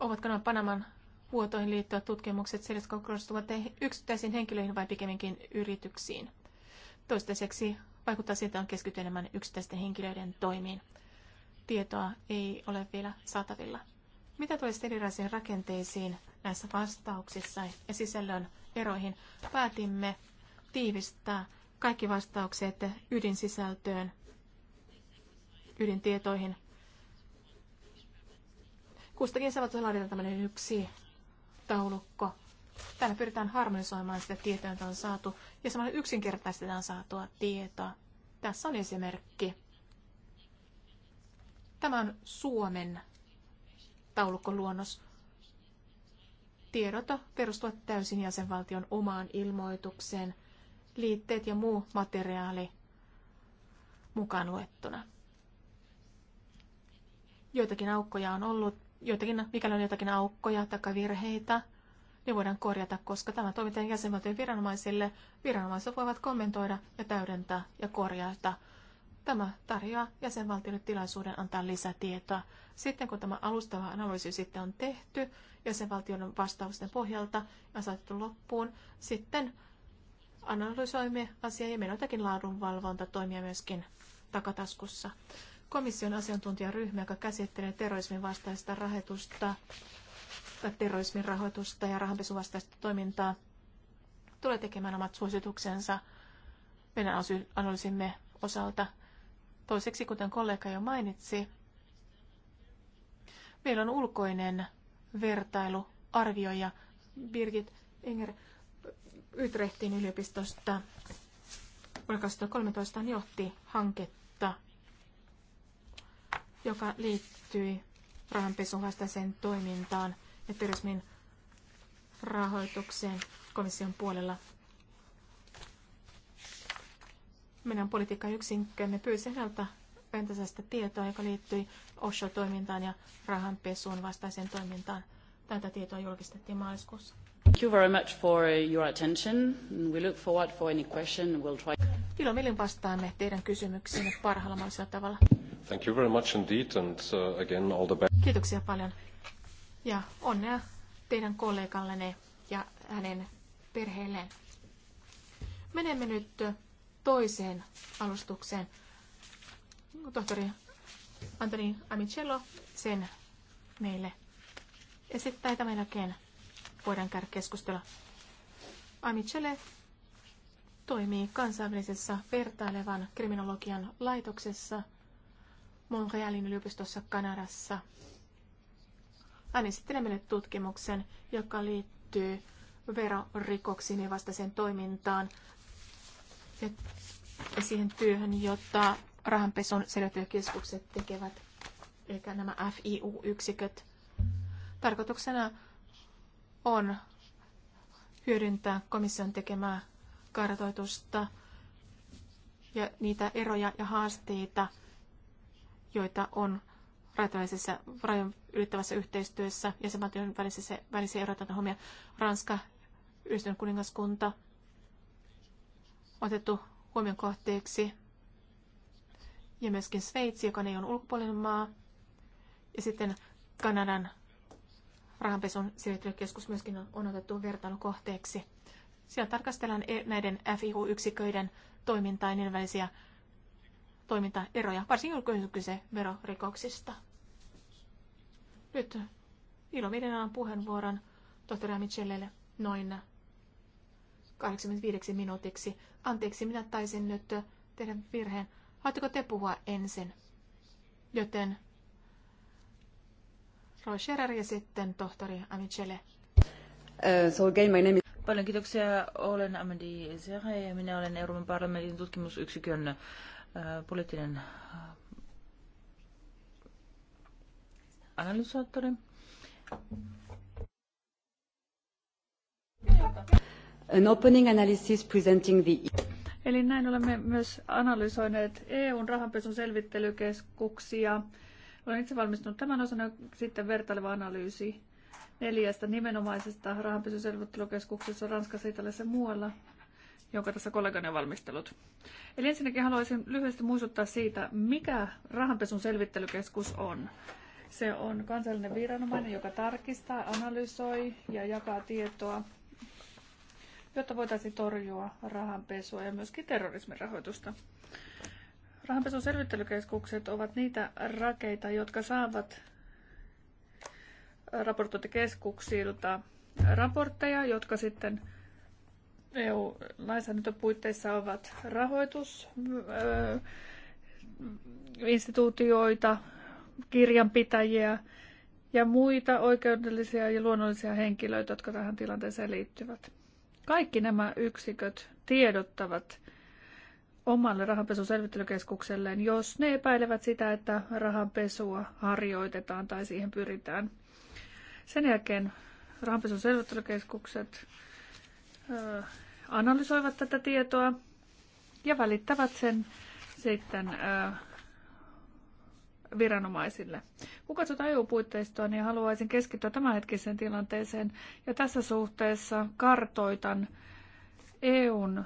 B: ovatko nämä Panaman vuotoihin liittyvät tutkimukset sellaiset, jotka korostuvat yksittäisiin henkilöihin vai pikemminkin yrityksiin. Toistaiseksi vaikuttaa siltä, on keskitytty enemmän yksittäisten henkilöiden toimiin. Tietoa ei ole vielä saatavilla. Mitä tulee erilaisiin rakenteisiin näissä vastauksissa ja sisällön eroihin, päätimme tiivistää kaikki vastaukset ydinsisältöön, ydintietoihin. Kustakin saavuttaa laaditaan tämmöinen yksi taulukko. Täällä pyritään harmonisoimaan sitä tietoa, jota on saatu, ja samalla yksinkertaistetaan saatua tietoa. Tässä on esimerkki. Tämä on Suomen taulukkoluonnos. Tiedot perustuvat täysin jäsenvaltion omaan ilmoitukseen – liitteet ja muu materiaali mukaan luettuna. Joitakin aukkoja on ollut, joitakin, mikäli on jotakin aukkoja tai virheitä, ne voidaan korjata, koska tämä toimitaan jäsenvaltion viranomaisille. Viranomaiset voivat kommentoida ja täydentää ja korjata. Tämä tarjoaa jäsenvaltiolle tilaisuuden antaa lisätietoa. Sitten kun tämä alustava analyysi sitten on tehty jäsenvaltion vastausten pohjalta ja saatettu loppuun, sitten analysoimme asiaa ja meillä on jotakin laadunvalvontatoimia myöskin takataskussa. Komission asiantuntijaryhmä, joka käsittelee terrorismin vastaista rahoitusta, tai terrorismin rahoitusta ja rahanpesuvastaista toimintaa, tulee tekemään omat suosituksensa meidän analyysimme osalta. Toiseksi, kuten kollega jo mainitsi, meillä on ulkoinen vertailuarvioija Birgit Enger Utrechtin yliopistosta vuonna 2013 johti hanketta, joka liittyi rahanpesun toimintaan ja terrorismin rahoitukseen komission puolella. Meidän yksinkömme pyysi häneltä pentasasta tietoa, joka liittyi Osho-toimintaan ja rahanpesuun vastaiseen toimintaan. Tätä tietoa julkistettiin maaliskuussa.
D: Thank you very much for your attention. We look forward for any question. We'll
A: try.
B: Ilomielin vastaamme teidän kysymyksiinne parhaalla mahdollisella tavalla.
A: Thank you very much indeed and uh, again all the best.
B: Kiitoksia paljon. Ja onnea teidän kollegallenne ja hänen perheelleen. Menemme nyt toiseen alustukseen. Tohtori Antoni Amicello sen meille esittää tämän jälkeen voidaan käydä keskustella. Amicele toimii kansainvälisessä vertailevan kriminologian laitoksessa Montrealin yliopistossa Kanadassa. Hän esittelee meille tutkimuksen, joka liittyy verorikoksiin ja vastaiseen toimintaan ja siihen työhön, jota rahanpesun selvityskeskukset tekevät, eli nämä FIU-yksiköt. Tarkoituksena on hyödyntää komission tekemää kartoitusta ja niitä eroja ja haasteita, joita on rajojen rajan ylittävässä yhteistyössä ja samantyön välisiä, välisiä eroja hommia Ranska, Yhdistynyt kuningaskunta otettu huomion kohteeksi ja myöskin Sveitsi, joka ei ole ulkopuolinen maa. Ja sitten Kanadan rahanpesun selvittelykeskus myöskin on, on otettu vertailukohteeksi. Siellä tarkastellaan e- näiden FIU-yksiköiden toimintaa ja välisiä toimintaeroja, varsinkin kun kyse verorikoksista. Nyt ilomielen annan puheenvuoron tohtori Michelille noin 85 minuutiksi. Anteeksi, minä taisin nyt tehdä virheen. Haluatteko te puhua ensin? Joten Rova Scherer ja sitten tohtori
D: Uh, so again, my name is...
B: Paljon kiitoksia. Olen
D: Amadi Zere ja minä olen Euroopan parlamentin tutkimusyksikön poliittinen äh, analysaattori. An opening
A: analysis presenting the...
E: Eli näin olemme myös analysoineet EUn rahanpesun selvittelykeskuksia olen itse valmistunut tämän osana sitten vertaileva analyysi neljästä nimenomaisesta rahanpesuselvittelukeskuksessa Ranskassa, Italiassa ja muualla, jonka tässä kollegani on valmistellut. Eli ensinnäkin haluaisin lyhyesti muistuttaa siitä, mikä rahanpesun selvittelykeskus on. Se on kansallinen viranomainen, joka tarkistaa, analysoi ja jakaa tietoa, jotta voitaisiin torjua rahanpesua ja myöskin terrorismin rahoitusta. Rahanpesun selvittelykeskukset ovat niitä rakeita, jotka saavat raportointikeskuksilta raportteja, jotka sitten EU-lainsäädäntöpuitteissa ovat rahoitusinstituutioita, kirjanpitäjiä ja muita oikeudellisia ja luonnollisia henkilöitä, jotka tähän tilanteeseen liittyvät. Kaikki nämä yksiköt tiedottavat omalle rahanpesuselvittelykeskukselleen, jos ne epäilevät sitä, että rahanpesua harjoitetaan tai siihen pyritään. Sen jälkeen rahanpesuselvittelykeskukset analysoivat tätä tietoa ja välittävät sen sitten viranomaisille. Kun katsotaan EU-puitteistoa, niin haluaisin keskittyä tämänhetkiseen tilanteeseen ja tässä suhteessa kartoitan EUn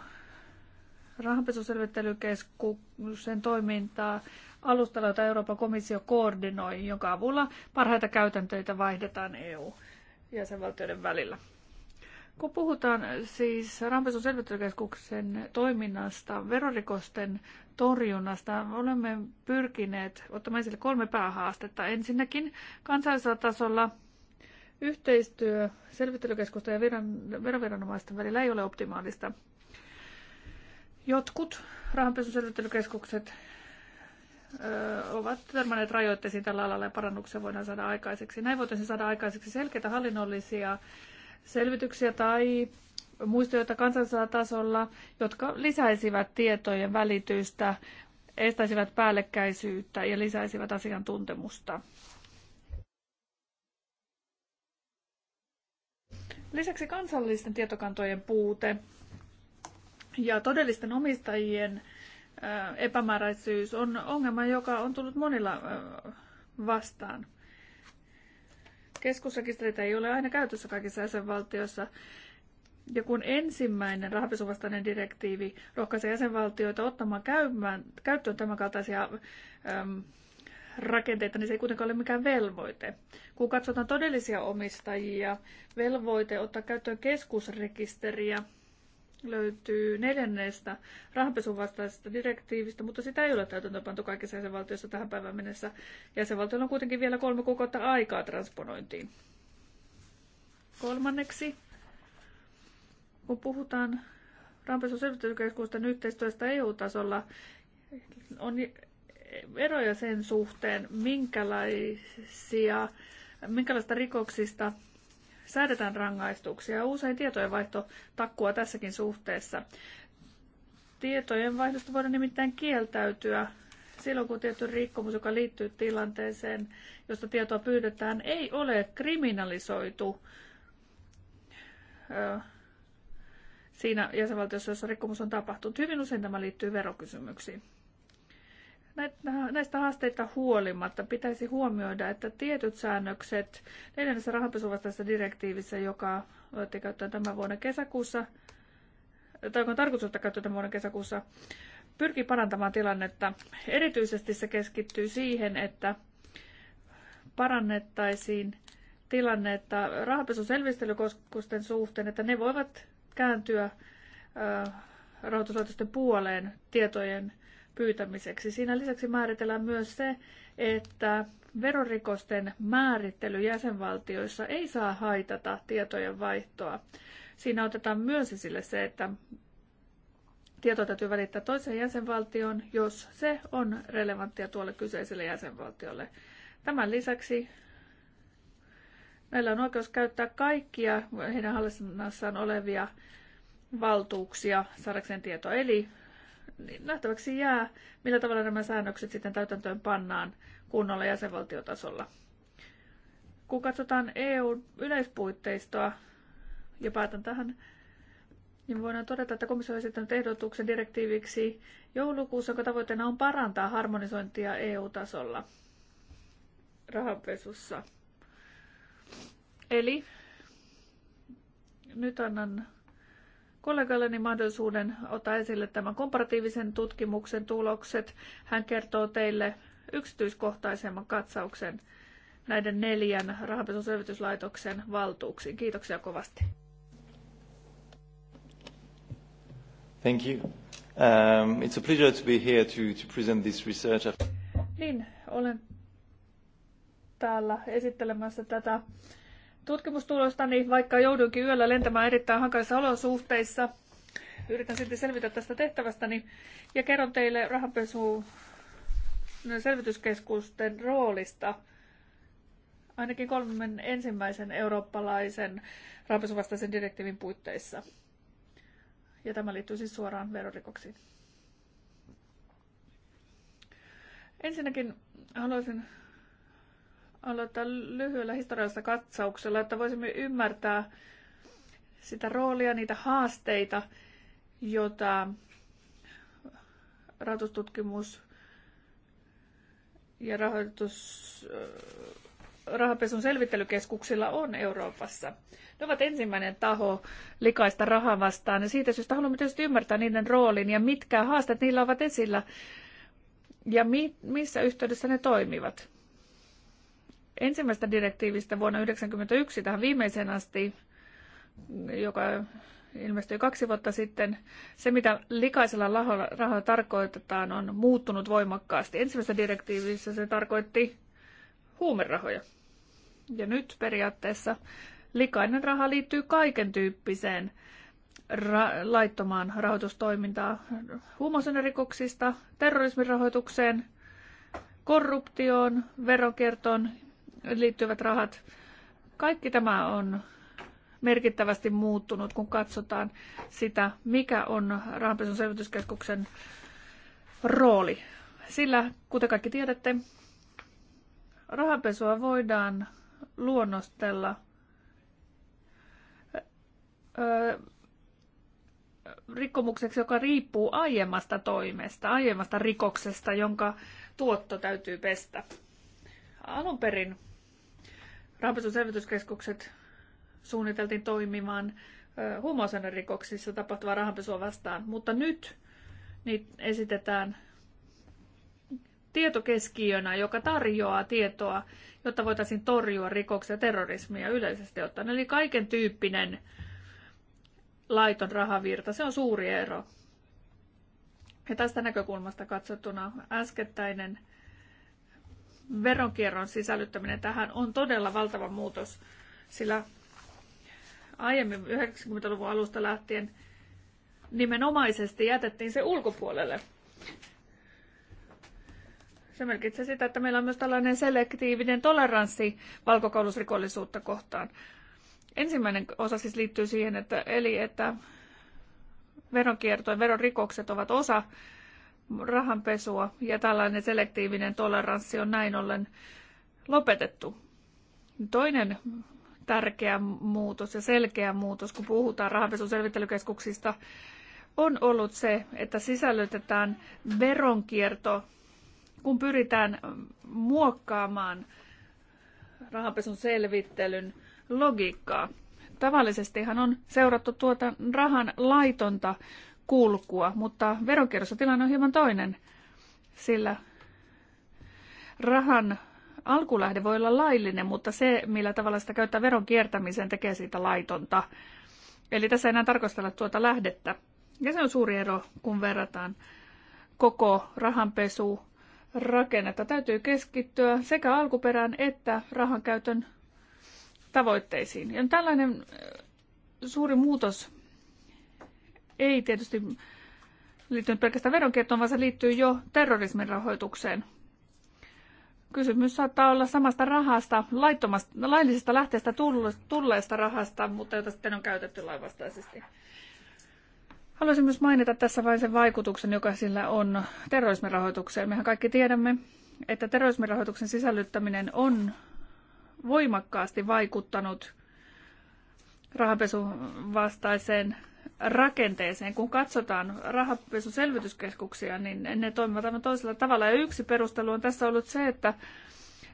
E: rahanpesuselvittelykeskuksen toimintaa alustalla, jota Euroopan komissio koordinoi, jonka avulla parhaita käytäntöitä vaihdetaan EU-jäsenvaltioiden välillä. Kun puhutaan siis Rampesun selvittelykeskuksen toiminnasta, verorikosten torjunnasta, olemme pyrkineet ottamaan esille kolme päähaastetta. Ensinnäkin kansallisella tasolla yhteistyö selvittelykeskusta ja veroviranomaisten välillä ei ole optimaalista. Jotkut rahanpesuselvittelykeskukset ovat törmänneet rajoitteisiin tällä alalla ja parannuksia voidaan saada aikaiseksi. Näin voitaisiin saada aikaiseksi selkeitä hallinnollisia selvityksiä tai muistioita kansallisella tasolla, jotka lisäisivät tietojen välitystä, estäisivät päällekkäisyyttä ja lisäisivät asiantuntemusta. Lisäksi kansallisten tietokantojen puute ja todellisten omistajien äh, epämääräisyys on ongelma, joka on tullut monilla äh, vastaan. Keskusrekisteritä ei ole aina käytössä kaikissa jäsenvaltioissa. Ja kun ensimmäinen rahapesuvastainen direktiivi rohkaisi jäsenvaltioita ottamaan käymään, käyttöön kaltaisia äm, rakenteita, niin se ei kuitenkaan ole mikään velvoite. Kun katsotaan todellisia omistajia, velvoite ottaa käyttöön keskusrekisteriä löytyy neljänneestä rahanpesun vastaisesta direktiivistä, mutta sitä ei ole täytäntöönpantu kaikissa jäsenvaltioissa tähän päivään mennessä. Jäsenvaltioilla on kuitenkin vielä kolme kuukautta aikaa transponointiin. Kolmanneksi, kun puhutaan rahanpesun selvityskeskusten yhteistyöstä EU-tasolla, on eroja sen suhteen, minkälaisia, minkälaista rikoksista säädetään rangaistuksia. Usein tietojenvaihto takkua tässäkin suhteessa. Tietojen voidaan nimittäin kieltäytyä silloin, kun tietty rikkomus, joka liittyy tilanteeseen, josta tietoa pyydetään, ei ole kriminalisoitu siinä jäsenvaltiossa, jossa rikkomus on tapahtunut. Hyvin usein tämä liittyy verokysymyksiin näistä haasteista huolimatta pitäisi huomioida, että tietyt säännökset neljännessä rahanpesuvastaisessa direktiivissä, joka otettiin käyttöön tämän vuoden kesäkuussa, tai on tarkoitus ottaa käyttöön tämän vuoden kesäkuussa, pyrkii parantamaan tilannetta. Erityisesti se keskittyy siihen, että parannettaisiin tilannetta rahanpesuselvistelykeskusten suhteen, että ne voivat kääntyä rahoituslaitosten puoleen tietojen pyytämiseksi. Siinä lisäksi määritellään myös se, että verorikosten määrittely jäsenvaltioissa ei saa haitata tietojen vaihtoa. Siinä otetaan myös esille se, että tieto täytyy välittää toiseen jäsenvaltioon, jos se on relevanttia tuolle kyseiselle jäsenvaltiolle. Tämän lisäksi meillä on oikeus käyttää kaikkia heidän hallinnassaan olevia valtuuksia saadakseen tietoa. Eli niin nähtäväksi jää, millä tavalla nämä säännökset sitten täytäntöön pannaan kunnolla jäsenvaltiotasolla. Kun katsotaan EU-yleispuitteistoa, ja päätän tähän, niin voidaan todeta, että komissio on esittänyt ehdotuksen direktiiviksi joulukuussa, jonka tavoitteena on parantaa harmonisointia EU-tasolla rahanpesussa. Eli nyt annan kollegalleni mahdollisuuden ottaa esille tämän komparatiivisen tutkimuksen tulokset. Hän kertoo teille yksityiskohtaisemman katsauksen näiden neljän rahapesuselvityslaitoksen valtuuksiin. Kiitoksia kovasti.
B: Thank you. Um, it's a pleasure to be here to, to present this research.
E: Niin, olen täällä esittelemässä tätä tutkimustulostani, niin vaikka jouduinkin yöllä lentämään erittäin hankalissa olosuhteissa. Yritän silti selvitä tästä tehtävästäni niin- ja kerron teille rahanpesu selvityskeskusten roolista ainakin kolmen ensimmäisen eurooppalaisen rahanpesuvastaisen direktiivin puitteissa. Ja tämä liittyy siis suoraan verorikoksiin. Ensinnäkin haluaisin aloittaa lyhyellä historiallisella katsauksella, että voisimme ymmärtää sitä roolia, niitä haasteita, jota rahoitustutkimus ja rahoitus, äh, rahapesun selvittelykeskuksilla on Euroopassa. Ne ovat ensimmäinen taho likaista rahaa vastaan ja siitä syystä haluamme tietysti ymmärtää niiden roolin ja mitkä haasteet niillä ovat esillä ja mi- missä yhteydessä ne toimivat ensimmäisestä direktiivistä vuonna 1991 tähän viimeiseen asti, joka ilmestyi kaksi vuotta sitten, se mitä likaisella rahalla tarkoitetaan on muuttunut voimakkaasti. Ensimmäisessä direktiivissä se tarkoitti huumerahoja. Ja nyt periaatteessa likainen raha liittyy kaiken tyyppiseen ra- laittomaan rahoitustoimintaan: huumausainerikoksista, terrorismin rahoitukseen, korruptioon, veronkiertoon, liittyvät rahat. Kaikki tämä on merkittävästi muuttunut, kun katsotaan sitä, mikä on Rahanpesun selvityskeskuksen rooli. Sillä, kuten kaikki tiedätte, rahanpesua voidaan luonnostella rikkomukseksi, joka riippuu aiemmasta toimesta, aiemmasta rikoksesta, jonka tuotto täytyy pestä. Alun perin rahanpesuselvityskeskukset suunniteltiin toimimaan huumausainerikoksissa tapahtuvaa rahanpesua vastaan, mutta nyt niitä esitetään tietokeskiönä, joka tarjoaa tietoa, jotta voitaisiin torjua rikoksia ja terrorismia yleisesti ottaen. Eli kaiken tyyppinen laiton rahavirta, se on suuri ero. Ja tästä näkökulmasta katsottuna äskettäinen veronkierron sisällyttäminen tähän on todella valtava muutos, sillä aiemmin 90-luvun alusta lähtien nimenomaisesti jätettiin se ulkopuolelle. Se merkitsee sitä, että meillä on myös tällainen selektiivinen toleranssi valkokoulusrikollisuutta kohtaan. Ensimmäinen osa siis liittyy siihen, että, eli että veronkierto ja veronrikokset ovat osa rahanpesua ja tällainen selektiivinen toleranssi on näin ollen lopetettu. Toinen tärkeä muutos ja selkeä muutos, kun puhutaan rahanpesuselvittelykeskuksista, on ollut se, että sisällytetään veronkierto, kun pyritään muokkaamaan rahanpesun selvittelyn logiikkaa. Tavallisestihan on seurattu tuota rahan laitonta kulkua, mutta veronkierrossa tilanne on hieman toinen, sillä rahan alkulähde voi olla laillinen, mutta se, millä tavalla sitä käyttää veron kiertämiseen, tekee siitä laitonta. Eli tässä ei enää tarkastella tuota lähdettä. Ja se on suuri ero, kun verrataan koko rahanpesu rakennetta. Täytyy keskittyä sekä alkuperään että rahan käytön tavoitteisiin. Ja tällainen eh, suuri muutos ei tietysti liittynyt pelkästään veronkiertoon, vaan se liittyy jo terrorismin rahoitukseen. Kysymys saattaa olla samasta rahasta, laittomasta, laillisesta lähteestä tulleesta rahasta, mutta jota sitten on käytetty lainvastaisesti. Haluaisin myös mainita tässä vain sen vaikutuksen, joka sillä on terrorismin rahoitukseen. Mehän kaikki tiedämme, että terrorismin rahoituksen sisällyttäminen on voimakkaasti vaikuttanut rahanpesun vastaiseen rakenteeseen. Kun katsotaan rahapesuselvityskeskuksia, niin ne toimivat aivan toisella tavalla. Ja yksi perustelu on tässä ollut se, että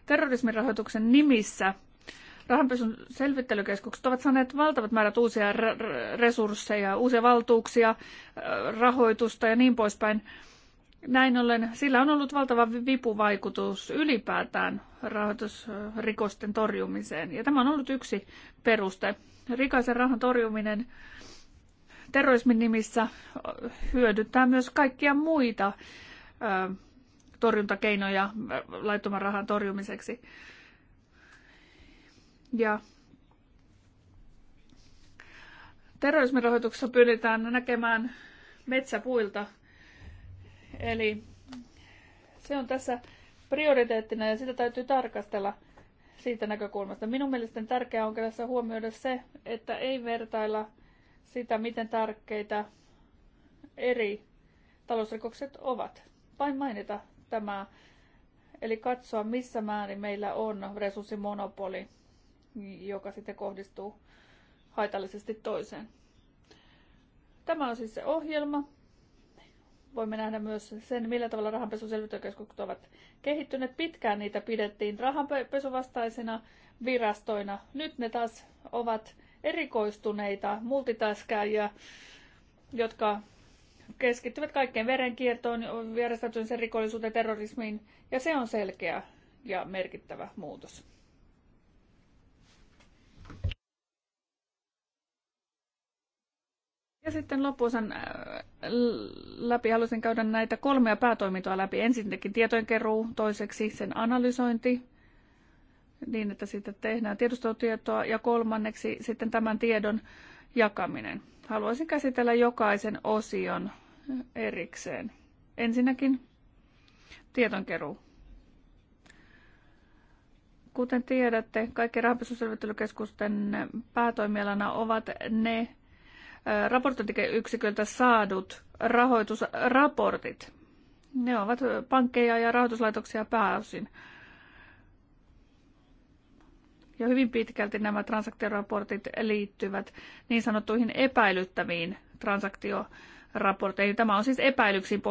E: terrorismirahoituksen nimissä rahanpesun selvittelykeskukset ovat saaneet valtavat määrät uusia resursseja, uusia valtuuksia, rahoitusta ja niin poispäin. Näin ollen sillä on ollut valtava vipuvaikutus ylipäätään rahoitusrikosten torjumiseen. Ja tämä on ollut yksi peruste. Rikaisen rahan torjuminen terrorismin nimissä hyödyttää myös kaikkia muita ö, torjuntakeinoja laittoman rahan torjumiseksi. Ja terrorismin rahoituksessa pyritään näkemään metsäpuilta. Eli se on tässä prioriteettina ja sitä täytyy tarkastella siitä näkökulmasta. Minun mielestäni tärkeää on tässä huomioida se, että ei vertailla – sitä, miten tärkeitä eri talousrikokset ovat. Vain mainita tämä, eli katsoa missä määrin meillä on resurssimonopoli, joka sitten kohdistuu haitallisesti toiseen. Tämä on siis se ohjelma. Voimme nähdä myös sen, millä tavalla rahanpesuselvityökeskukset ovat kehittyneet. Pitkään niitä pidettiin rahanpesuvastaisena virastoina. Nyt ne taas ovat erikoistuneita multitaskäjiä, jotka keskittyvät kaikkeen verenkiertoon, sen rikollisuuteen, terrorismiin, ja se on selkeä ja merkittävä muutos. Ja sitten lopuosan äh, läpi halusin käydä näitä kolmea päätoimintoa läpi. Ensinnäkin tietojenkeruu, toiseksi sen analysointi, niin, että siitä tehdään tiedustelutietoa ja kolmanneksi sitten tämän tiedon jakaminen. Haluaisin käsitellä jokaisen osion erikseen. Ensinnäkin tietonkeruu. Kuten tiedätte, kaikki rahanpesuselvittelykeskusten päätoimialana ovat ne raportointiyksiköltä saadut rahoitusraportit. Ne ovat pankkeja ja rahoituslaitoksia pääosin. Ja hyvin pitkälti nämä transaktioraportit liittyvät niin sanottuihin epäilyttäviin transaktioraporteihin. Tämä on siis epäilyksiin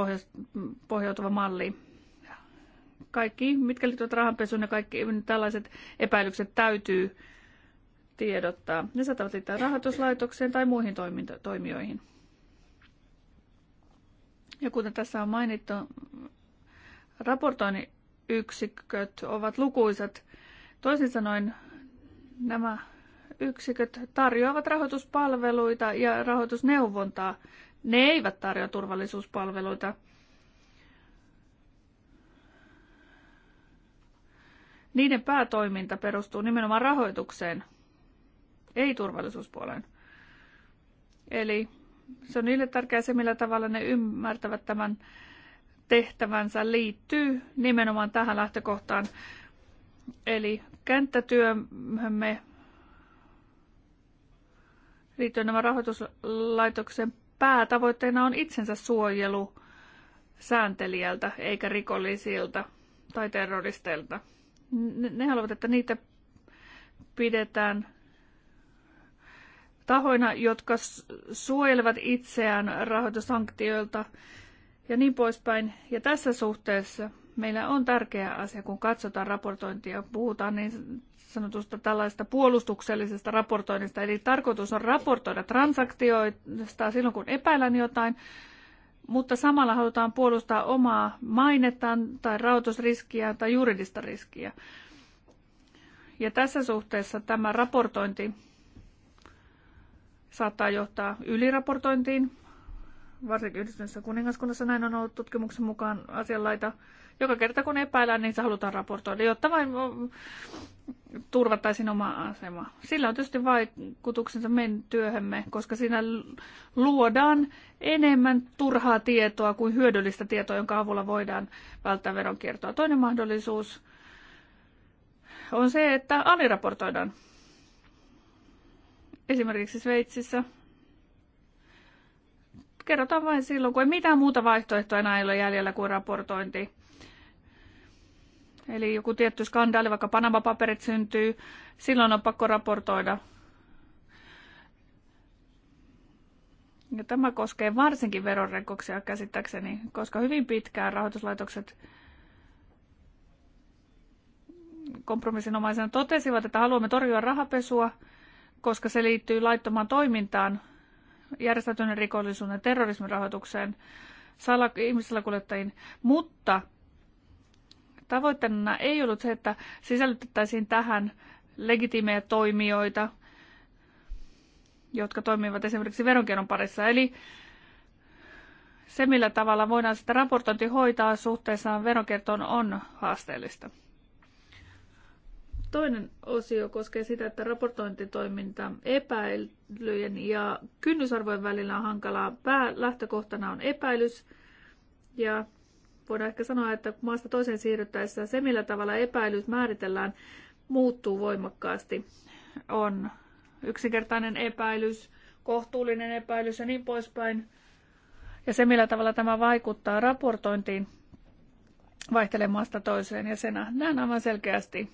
E: pohjautuva malli. Kaikki, mitkä liittyvät rahanpesuun ja kaikki tällaiset epäilykset täytyy tiedottaa. Ne saattavat liittyä rahoituslaitokseen tai muihin toimijoihin. Ja kuten tässä on mainittu, yksiköt ovat lukuisat. Toisin sanoen Nämä yksiköt tarjoavat rahoituspalveluita ja rahoitusneuvontaa. Ne eivät tarjoa turvallisuuspalveluita. Niiden päätoiminta perustuu nimenomaan rahoitukseen, ei turvallisuuspuoleen. Eli se on niille tärkeää se, millä tavalla ne ymmärtävät tämän tehtävänsä liittyy nimenomaan tähän lähtökohtaan. Eli kenttätyöhömme liittyen nämä rahoituslaitoksen päätavoitteena on itsensä suojelu sääntelijältä eikä rikollisilta tai terroristeilta. Ne haluavat, että niitä pidetään tahoina, jotka suojelevat itseään rahoitussanktioilta ja niin poispäin. Ja tässä suhteessa meillä on tärkeä asia, kun katsotaan raportointia, puhutaan niin sanotusta tällaista puolustuksellisesta raportoinnista. Eli tarkoitus on raportoida transaktioista silloin, kun epäillään jotain, mutta samalla halutaan puolustaa omaa mainettaan tai rahoitusriskiä tai juridista riskiä. Ja tässä suhteessa tämä raportointi saattaa johtaa yliraportointiin, varsinkin yhdistyneessä kuningaskunnassa näin on ollut tutkimuksen mukaan asianlaita. Joka kerta kun epäillään, niin se halutaan raportoida, jotta vain turvattaisiin oma asema. Sillä on tietysti vaikutuksensa meidän työhömme, koska siinä luodaan enemmän turhaa tietoa kuin hyödyllistä tietoa, jonka avulla voidaan välttää veronkiertoa. Toinen mahdollisuus on se, että aliraportoidaan. Esimerkiksi Sveitsissä kerrotaan vain silloin, kun ei mitään muuta vaihtoehtoa enää ei ole jäljellä kuin raportointi. Eli joku tietty skandaali, vaikka Panama-paperit syntyy, silloin on pakko raportoida. Ja tämä koskee varsinkin verorekoksia käsittääkseni, koska hyvin pitkään rahoituslaitokset kompromissinomaisena totesivat, että haluamme torjua rahapesua, koska se liittyy laittomaan toimintaan, järjestäytyneen rikollisuuden, terrorismin rahoitukseen, ihmissalakuljettajiin, mutta Tavoitteena ei ollut se, että sisällytettäisiin tähän legitiimejä toimijoita, jotka toimivat esimerkiksi veronkierron parissa. Eli se, millä tavalla voidaan sitä raportointi hoitaa suhteessaan veronkiertoon, on haasteellista. Toinen osio koskee sitä, että raportointitoiminta epäilyjen ja kynnysarvojen välillä on hankalaa. Lähtökohtana on epäilys ja voidaan ehkä sanoa, että maasta toiseen siirryttäessä se, millä tavalla epäilyt määritellään, muuttuu voimakkaasti. On yksinkertainen epäilys, kohtuullinen epäilys ja niin poispäin. Ja se, millä tavalla tämä vaikuttaa raportointiin, vaihtelee maasta toiseen ja se nähdään aivan selkeästi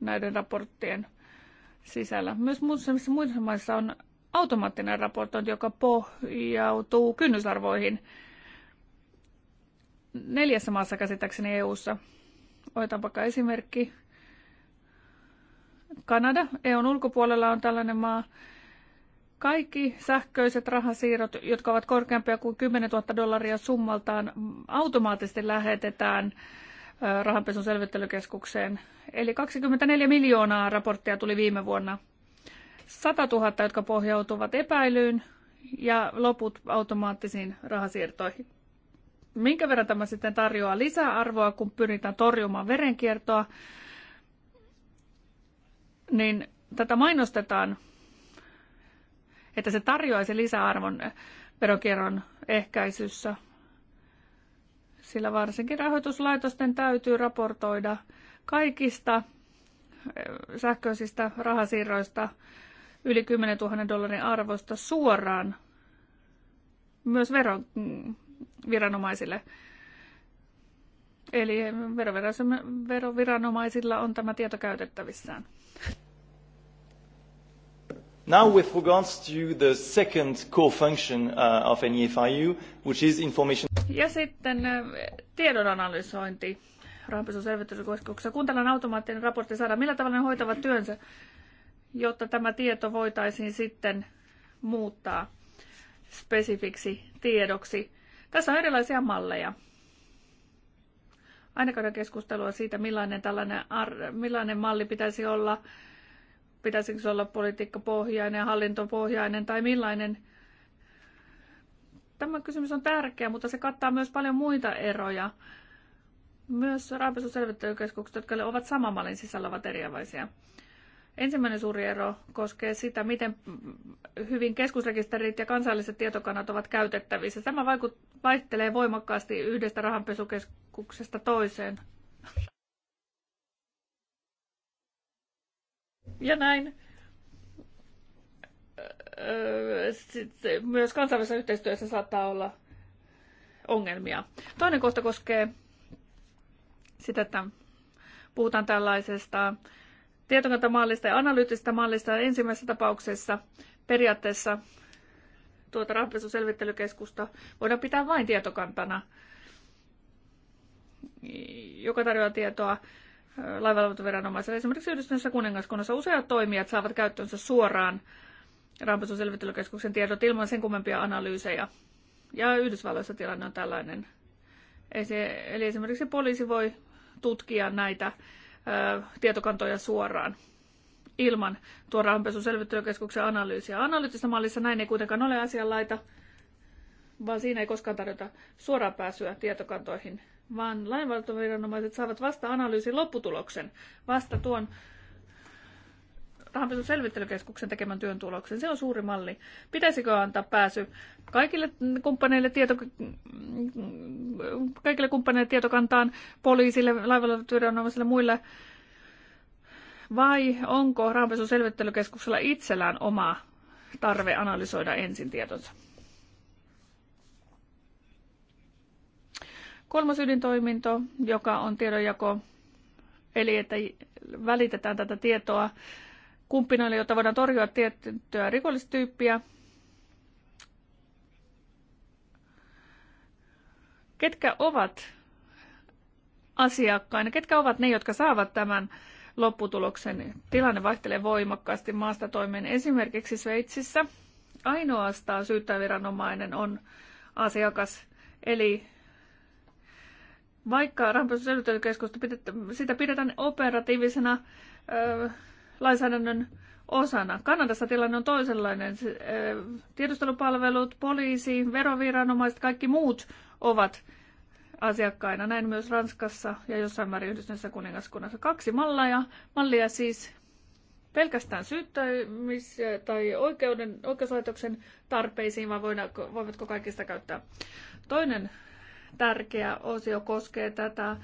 E: näiden raporttien sisällä. Myös muutamissa muissa maissa on automaattinen raportointi, joka pohjautuu kynnysarvoihin – neljässä maassa käsittääkseni EU-ssa. Otan vaikka esimerkki. Kanada, EUn ulkopuolella on tällainen maa. Kaikki sähköiset rahasiirrot, jotka ovat korkeampia kuin 10 000 dollaria summaltaan, automaattisesti lähetetään rahanpesun selvittelykeskukseen. Eli 24 miljoonaa raporttia tuli viime vuonna. 100 000, jotka pohjautuvat epäilyyn ja loput automaattisiin rahasiirtoihin minkä verran tämä sitten tarjoaa lisäarvoa, kun pyritään torjumaan verenkiertoa, niin tätä mainostetaan, että se tarjoaisi lisäarvon verokierron ehkäisyssä, sillä varsinkin rahoituslaitosten täytyy raportoida kaikista eh, sähköisistä rahasiirroista yli 10 000 dollarin arvosta suoraan myös veron mm, viranomaisille. Eli veroviranomaisilla on tämä tieto käytettävissään.
B: Now with regards to the second core function uh, of NEFIU, which is information...
E: Ja sitten uh, tiedon analysointi rahanpesuselvityskeskuksessa. Kun tällainen automaattinen raportti saadaan, millä tavalla ne hoitavat työnsä, jotta tämä tieto voitaisiin sitten muuttaa spesifiksi tiedoksi tässä on erilaisia malleja. Aina käydään keskustelua siitä, millainen, tällainen, millainen malli pitäisi olla, pitäisikö se olla politiikkapohjainen, hallintopohjainen tai millainen. Tämä kysymys on tärkeä, mutta se kattaa myös paljon muita eroja. Myös rahanpesuselvittelykeskukset, jotka ovat saman mallin sisällä, ovat eriäväisiä. Ensimmäinen suuri ero koskee sitä, miten hyvin keskusrekisterit ja kansalliset tietokannat ovat käytettävissä. Tämä vaikuttaa vaihtelee voimakkaasti yhdestä rahanpesukeskuksesta toiseen. Ja näin öö, sitten myös kansainvälisessä yhteistyössä saattaa olla ongelmia. Toinen kohta koskee sitä, että puhutaan tällaisesta tietokantamallista ja analyyttisestä mallista ensimmäisessä tapauksessa periaatteessa tuota rahanpesuselvittelykeskusta voidaan pitää vain tietokantana, joka tarjoaa tietoa laivavalvontaviranomaiselle. Esimerkiksi yhdistyneessä kuningaskunnassa useat toimijat saavat käyttöönsä suoraan rahanpesuselvittelykeskuksen tiedot ilman sen kummempia analyysejä. Ja Yhdysvalloissa tilanne on tällainen. Eli esimerkiksi poliisi voi tutkia näitä tietokantoja suoraan ilman tuo rahanpesuselvittelykeskuksen analyysiä. Analyyttisessa mallissa näin ei kuitenkaan ole asianlaita, vaan siinä ei koskaan tarjota suoraa pääsyä tietokantoihin, vaan lainvalvontaviranomaiset saavat vasta analyysin lopputuloksen, vasta tuon rahanpesun selvittelykeskuksen tekemän työn tuloksen. Se on suuri malli. Pitäisikö antaa pääsy kaikille kumppaneille, tieto, kaikille kumppaneille tietokantaan, poliisille, laivalla viranomaisille, muille vai onko rahanpesun selvittelykeskuksella itsellään oma tarve analysoida ensin tietonsa? Kolmas ydintoiminto, joka on tiedonjako, eli että välitetään tätä tietoa kumppinoille, jotta voidaan torjua tiettyä rikollistyyppiä. Ketkä ovat asiakkaina, ketkä ovat ne, jotka saavat tämän lopputuloksen. Tilanne vaihtelee voimakkaasti maasta toimeen. Esimerkiksi Sveitsissä ainoastaan syyttäjäviranomainen on asiakas, eli vaikka rahanpesuselvittelykeskusta sitä pidetään operatiivisena ö, lainsäädännön osana. Kanadassa tilanne on toisenlainen. Tiedustelupalvelut, poliisi, veroviranomaiset, kaikki muut ovat asiakkaina. Näin myös Ranskassa ja jossain määrin Yhdistyneessä kuningaskunnassa. Kaksi mallia, mallia siis pelkästään syyttämis- tai oikeuden, oikeuslaitoksen tarpeisiin, vai voidaanko, voivatko kaikista käyttää. Toinen tärkeä osio koskee tätä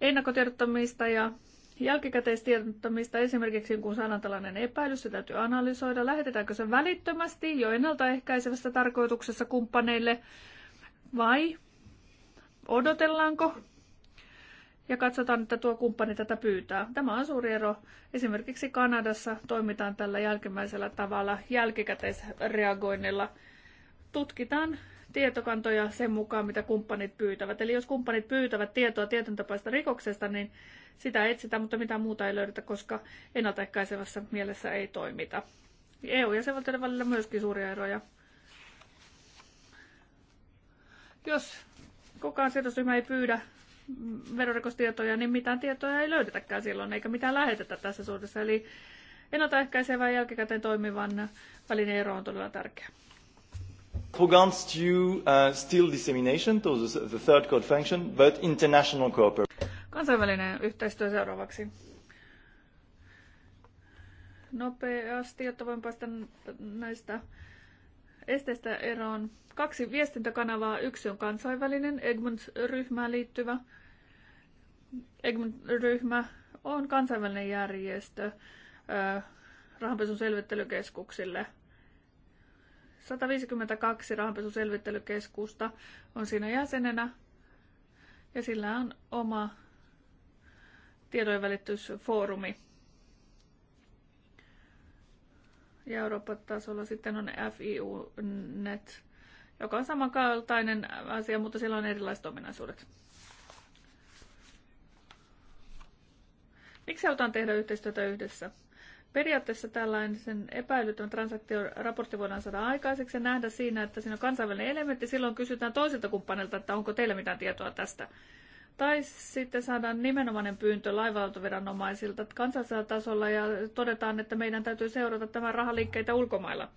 E: ennakkotiedottamista ja jälkikäteistiedottamista. Esimerkiksi kun saadaan tällainen epäilys, se täytyy analysoida. Lähetetäänkö se välittömästi jo ennaltaehkäisevässä tarkoituksessa kumppaneille vai odotellaanko ja katsotaan, että tuo kumppani tätä pyytää. Tämä on suuri ero. Esimerkiksi Kanadassa toimitaan tällä jälkimmäisellä tavalla jälkikäteisreagoinnilla. Tutkitaan tietokantoja sen mukaan, mitä kumppanit pyytävät. Eli jos kumppanit pyytävät tietoa tietyn tapaista rikoksesta, niin sitä etsitään, mutta mitään muuta ei löydetä, koska ennaltaehkäisevässä mielessä ei toimita. EU-jäsenvaltioiden välillä myöskin suuria eroja. Jos kukaan sidosryhmä ei pyydä verorikostietoja, niin mitään tietoja ei löydetäkään silloin, eikä mitään lähetetä tässä suhteessa. Eli ennaltaehkäisevän jälkikäteen toimivan välinen ero on todella tärkeä.
B: Regards to uh, still dissemination, to the third code function, but international cooperation.
E: Kansainvälinen yhteistyö seuraavaksi. Nopeasti, jotta voin päästä näistä esteistä eroon kaksi viestintäkanavaa. Yksi on kansainvälinen Egmont-ryhmään liittyvä. Egmont-ryhmä on kansainvälinen järjestö rahanpesun selvittelykeskuksille. 152 rahanpesun selvittelykeskusta on siinä jäsenenä ja sillä on oma tiedonvälitysfoorumi. Ja Euroopan tasolla sitten on FIU-net, joka on samankaltainen asia, mutta sillä on erilaiset ominaisuudet. Miksi halutaan tehdä yhteistyötä yhdessä? Periaatteessa tällainen epäilytön transaktioraportti voidaan saada aikaiseksi ja nähdä siinä, että siinä on kansainvälinen elementti. Silloin kysytään toiselta kumppanilta, että onko teillä mitään tietoa tästä. Tai sitten saadaan nimenomainen pyyntö laivautoviranomaisilta kansallisella tasolla ja todetaan, että meidän täytyy seurata tämän rahaliikkeitä ulkomailla.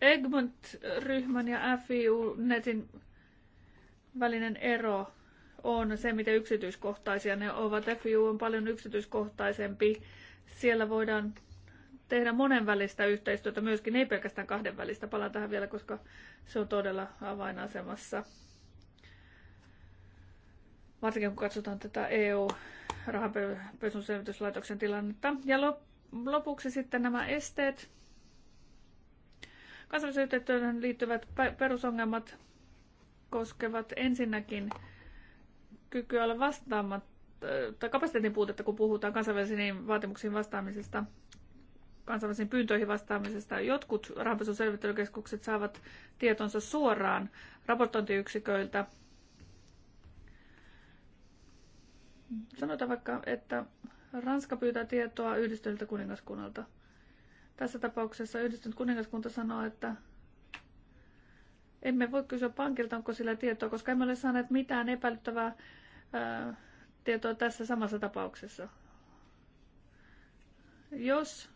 E: Egmont-ryhmän ja FIU-netin välinen ero on se, miten yksityiskohtaisia ne ovat. FIU on paljon yksityiskohtaisempi. Siellä voidaan tehdä monenvälistä yhteistyötä myöskin, ei pelkästään kahdenvälistä. Palaan tähän vielä, koska se on todella avainasemassa varsinkin kun katsotaan tätä eu rahapesun selvityslaitoksen tilannetta. Ja lopuksi sitten nämä esteet. Kansalliseen yhteistyöhön liittyvät perusongelmat koskevat ensinnäkin kykyä olla vastaamatta, tai kapasiteetin puutetta, kun puhutaan kansainvälisiin niin vaatimuksiin vastaamisesta, kansainvälisiin pyyntöihin vastaamisesta. Jotkut rahanpesuselvittelykeskukset saavat tietonsa suoraan raportointiyksiköiltä, Sanotaan vaikka, että Ranska pyytää tietoa yhdistyneeltä kuningaskunnalta. Tässä tapauksessa yhdistynyt kuningaskunta sanoo, että emme voi kysyä pankilta, onko sillä tietoa, koska emme ole saaneet mitään epäilyttävää ää, tietoa tässä samassa tapauksessa. Jos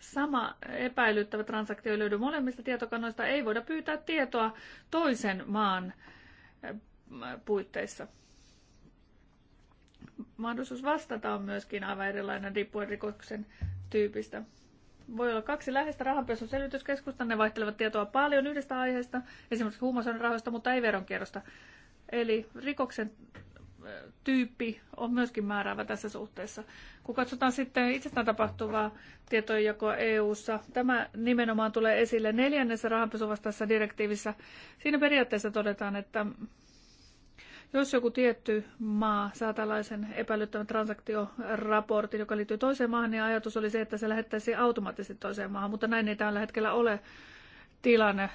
E: sama epäilyttävä transaktio löydy molemmista tietokannoista, ei voida pyytää tietoa toisen maan puitteissa mahdollisuus vastata on myöskin aivan erilainen riippuen rikoksen tyypistä. Voi olla kaksi läheistä rahanpesun selvityskeskusta, ne vaihtelevat tietoa paljon yhdestä aiheesta, esimerkiksi rahoista, mutta ei veronkierrosta. Eli rikoksen äh, tyyppi on myöskin määräävä tässä suhteessa. Kun katsotaan sitten itsestään tapahtuvaa tietojenjakoa EU-ssa, tämä nimenomaan tulee esille neljännessä rahanpesuvastaisessa direktiivissä. Siinä periaatteessa todetaan, että jos joku tietty maa saa tällaisen epäilyttävän transaktioraportin, joka liittyy toiseen maahan, niin ajatus oli se, että se lähettäisi automaattisesti toiseen maahan, mutta näin ei tällä hetkellä ole tilanne.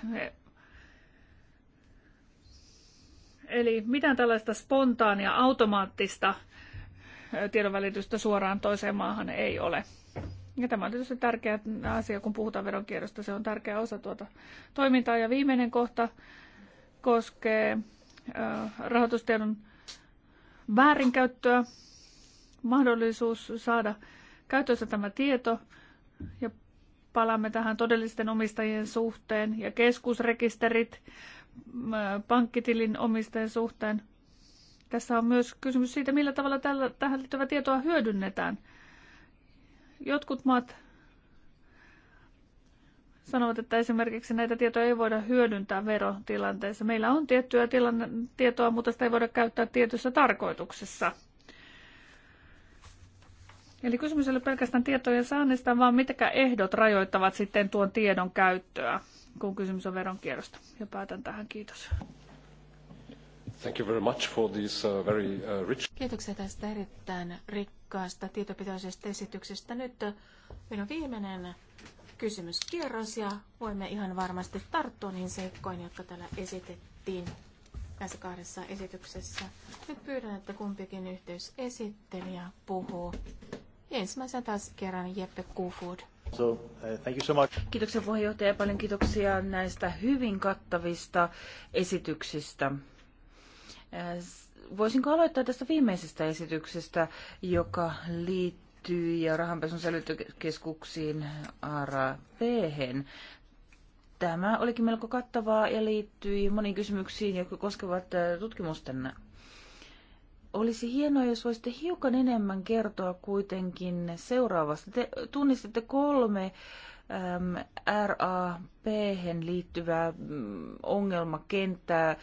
E: Eli mitään tällaista spontaania, automaattista tiedonvälitystä suoraan toiseen maahan ei ole. Ja tämä on tietysti tärkeä asia, kun puhutaan veronkierrosta. Se on tärkeä osa tuota toimintaa. Ja viimeinen kohta koskee rahoitustiedon väärinkäyttöä, mahdollisuus saada käytössä tämä tieto ja palaamme tähän todellisten omistajien suhteen ja keskusrekisterit pankkitilin omistajien suhteen. Tässä on myös kysymys siitä, millä tavalla tällä, tähän liittyvää tietoa hyödynnetään. Jotkut maat sanovat, että esimerkiksi näitä tietoja ei voida hyödyntää verotilanteessa. Meillä on tiettyä tilanne, tietoa, mutta sitä ei voida käyttää tietyssä tarkoituksessa. Eli kysymys ei ole pelkästään tietojen saannista, vaan mitkä ehdot rajoittavat sitten tuon tiedon käyttöä, kun kysymys on veronkierrosta. Ja päätän tähän. Kiitos.
A: Thank you very much for this uh, very uh, rich...
B: Kiitoksia tästä erittäin rikkaasta tietopitoisesta esityksestä. Nyt uh, meidän viimeinen kysymyskierros ja voimme ihan varmasti tarttua niihin seikkoihin, jotka täällä esitettiin näissä kahdessa esityksessä. Nyt pyydän, että kumpikin yhteys esitteli Ja ensimmäisen taas kerran Jeppe Kufud. So, uh, thank you so much. Kiitoksia puheenjohtaja paljon kiitoksia näistä hyvin
D: kattavista esityksistä. Äh, voisinko aloittaa tästä viimeisestä esityksestä, joka liittyy liittyy ja rahanpesun säilytykeskuksiin arp Tämä olikin melko kattavaa ja liittyi moniin kysymyksiin, jotka koskevat äh, tutkimusten. Olisi hienoa, jos voisitte hiukan enemmän kertoa kuitenkin seuraavasta. Te tunnistitte kolme äh, Ähm, RAP liittyvää mm, ongelmakenttää äh,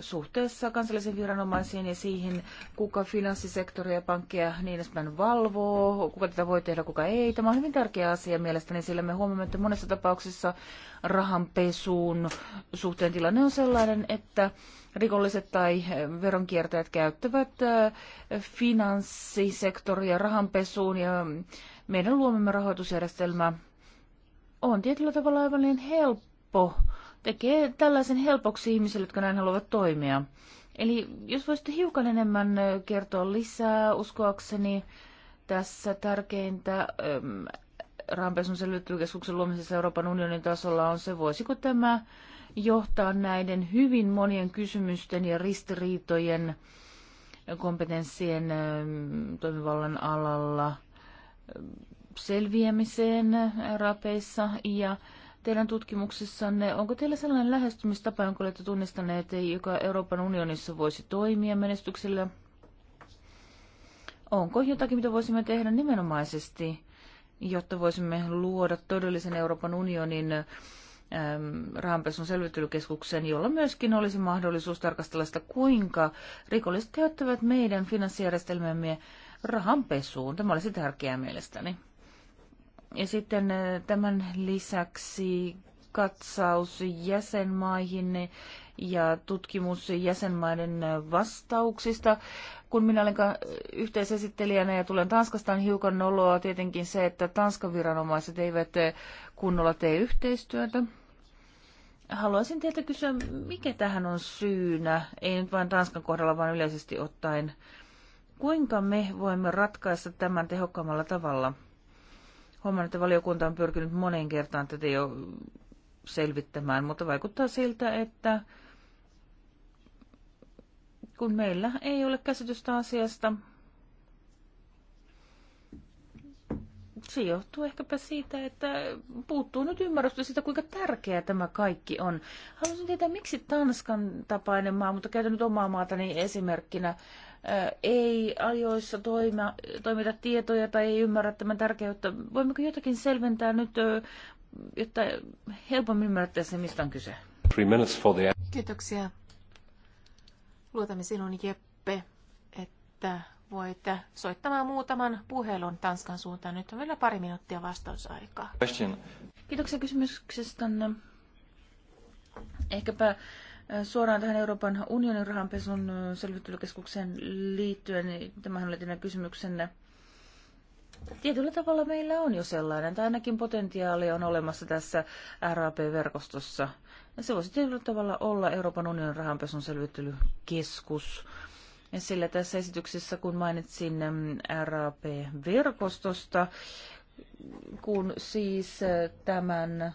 D: suhteessa kansallisen viranomaisiin ja siihen, kuka finanssisektori ja pankkeja niin edespäin valvoo, kuka tätä voi tehdä, kuka ei. Tämä on hyvin tärkeä asia mielestäni, sillä me huomaamme, että monessa tapauksessa rahanpesuun suhteen tilanne on sellainen, että rikolliset tai veronkiertäjät käyttävät äh, finanssisektoria rahanpesuun ja meidän luomamme rahoitusjärjestelmä on tietyllä tavalla aivan niin helppo, tekee tällaisen helpoksi ihmisille, jotka näin haluavat toimia. Eli jos voisitte hiukan enemmän kertoa lisää, uskoakseni tässä tärkeintä rampesun selvittelykeskuksen luomisessa Euroopan unionin tasolla on se, voisiko tämä johtaa näiden hyvin monien kysymysten ja ristiriitojen kompetenssien toimivallan alalla selviämiseen rapeissa ja teidän tutkimuksessanne, onko teillä sellainen lähestymistapa, jonka olette tunnistaneet, joka Euroopan unionissa voisi toimia menestyksellä? Onko jotakin, mitä voisimme tehdä nimenomaisesti, jotta voisimme luoda todellisen Euroopan unionin ähm, rahanpesun selvittelykeskuksen, jolla myöskin olisi mahdollisuus tarkastella sitä, kuinka rikolliset käyttävät meidän finanssijärjestelmämme rahanpesuun. Tämä olisi tärkeää mielestäni. Ja sitten äh, tämän lisäksi katsaus jäsenmaihin ja tutkimus jäsenmaiden äh, vastauksista. Kun minä olen yhteisesittelijänä ja tulen Tanskasta, on hiukan noloa tietenkin se, että Tanskan viranomaiset eivät äh, kunnolla tee yhteistyötä. Haluaisin teiltä kysyä, mikä tähän on syynä, ei nyt vain Tanskan kohdalla, vaan yleisesti ottaen. Kuinka me voimme ratkaista tämän tehokkaammalla tavalla? Huomaan, että valiokunta on pyrkinyt moneen kertaan tätä jo selvittämään, mutta vaikuttaa siltä, että kun meillä ei ole käsitystä asiasta, se johtuu ehkäpä siitä, että puuttuu nyt ymmärrystä siitä, kuinka tärkeää tämä kaikki on. Haluaisin tietää, miksi Tanskan tapainen maa, mutta käytän nyt omaa maatani esimerkkinä, ei ajoissa toima, toimita tietoja tai ei ymmärrä tämän tärkeyttä. Voimmeko jotakin selventää nyt, jotta helpommin se, mistä on kyse?
B: Kiitoksia. Luotamme sinun, Jeppe, että voit soittamaan muutaman puhelun Tanskan suuntaan. Nyt on vielä pari minuuttia vastausaikaa. Question. Kiitoksia kysymyksestänne.
D: Ehkäpä Suoraan tähän Euroopan unionin rahanpesun selvittelykeskukseen liittyen, niin tämähän oli teidän kysymyksenne. Tietyllä tavalla meillä on jo sellainen, tai ainakin potentiaali on olemassa tässä RAP-verkostossa. Ja se voisi tietyllä tavalla olla Euroopan unionin rahanpesun selvittelykeskus. Ja sillä tässä esityksessä, kun mainitsin mm, RAP-verkostosta, kun siis tämän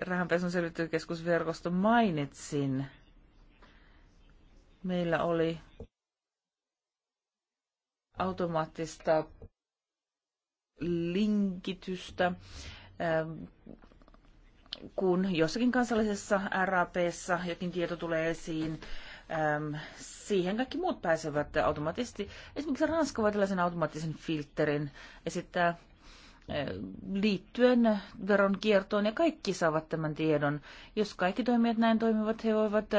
D: rahanpesun selvittelykeskusverkosto mainitsin. Meillä oli automaattista linkitystä, ähm, kun jossakin kansallisessa RAPssa jokin tieto tulee esiin, ähm, siihen kaikki muut pääsevät automaattisesti. Esimerkiksi Ranska voi tällaisen automaattisen filterin esittää liittyen veronkiertoon ja kaikki saavat tämän tiedon. Jos kaikki toimijat näin toimivat, he voivat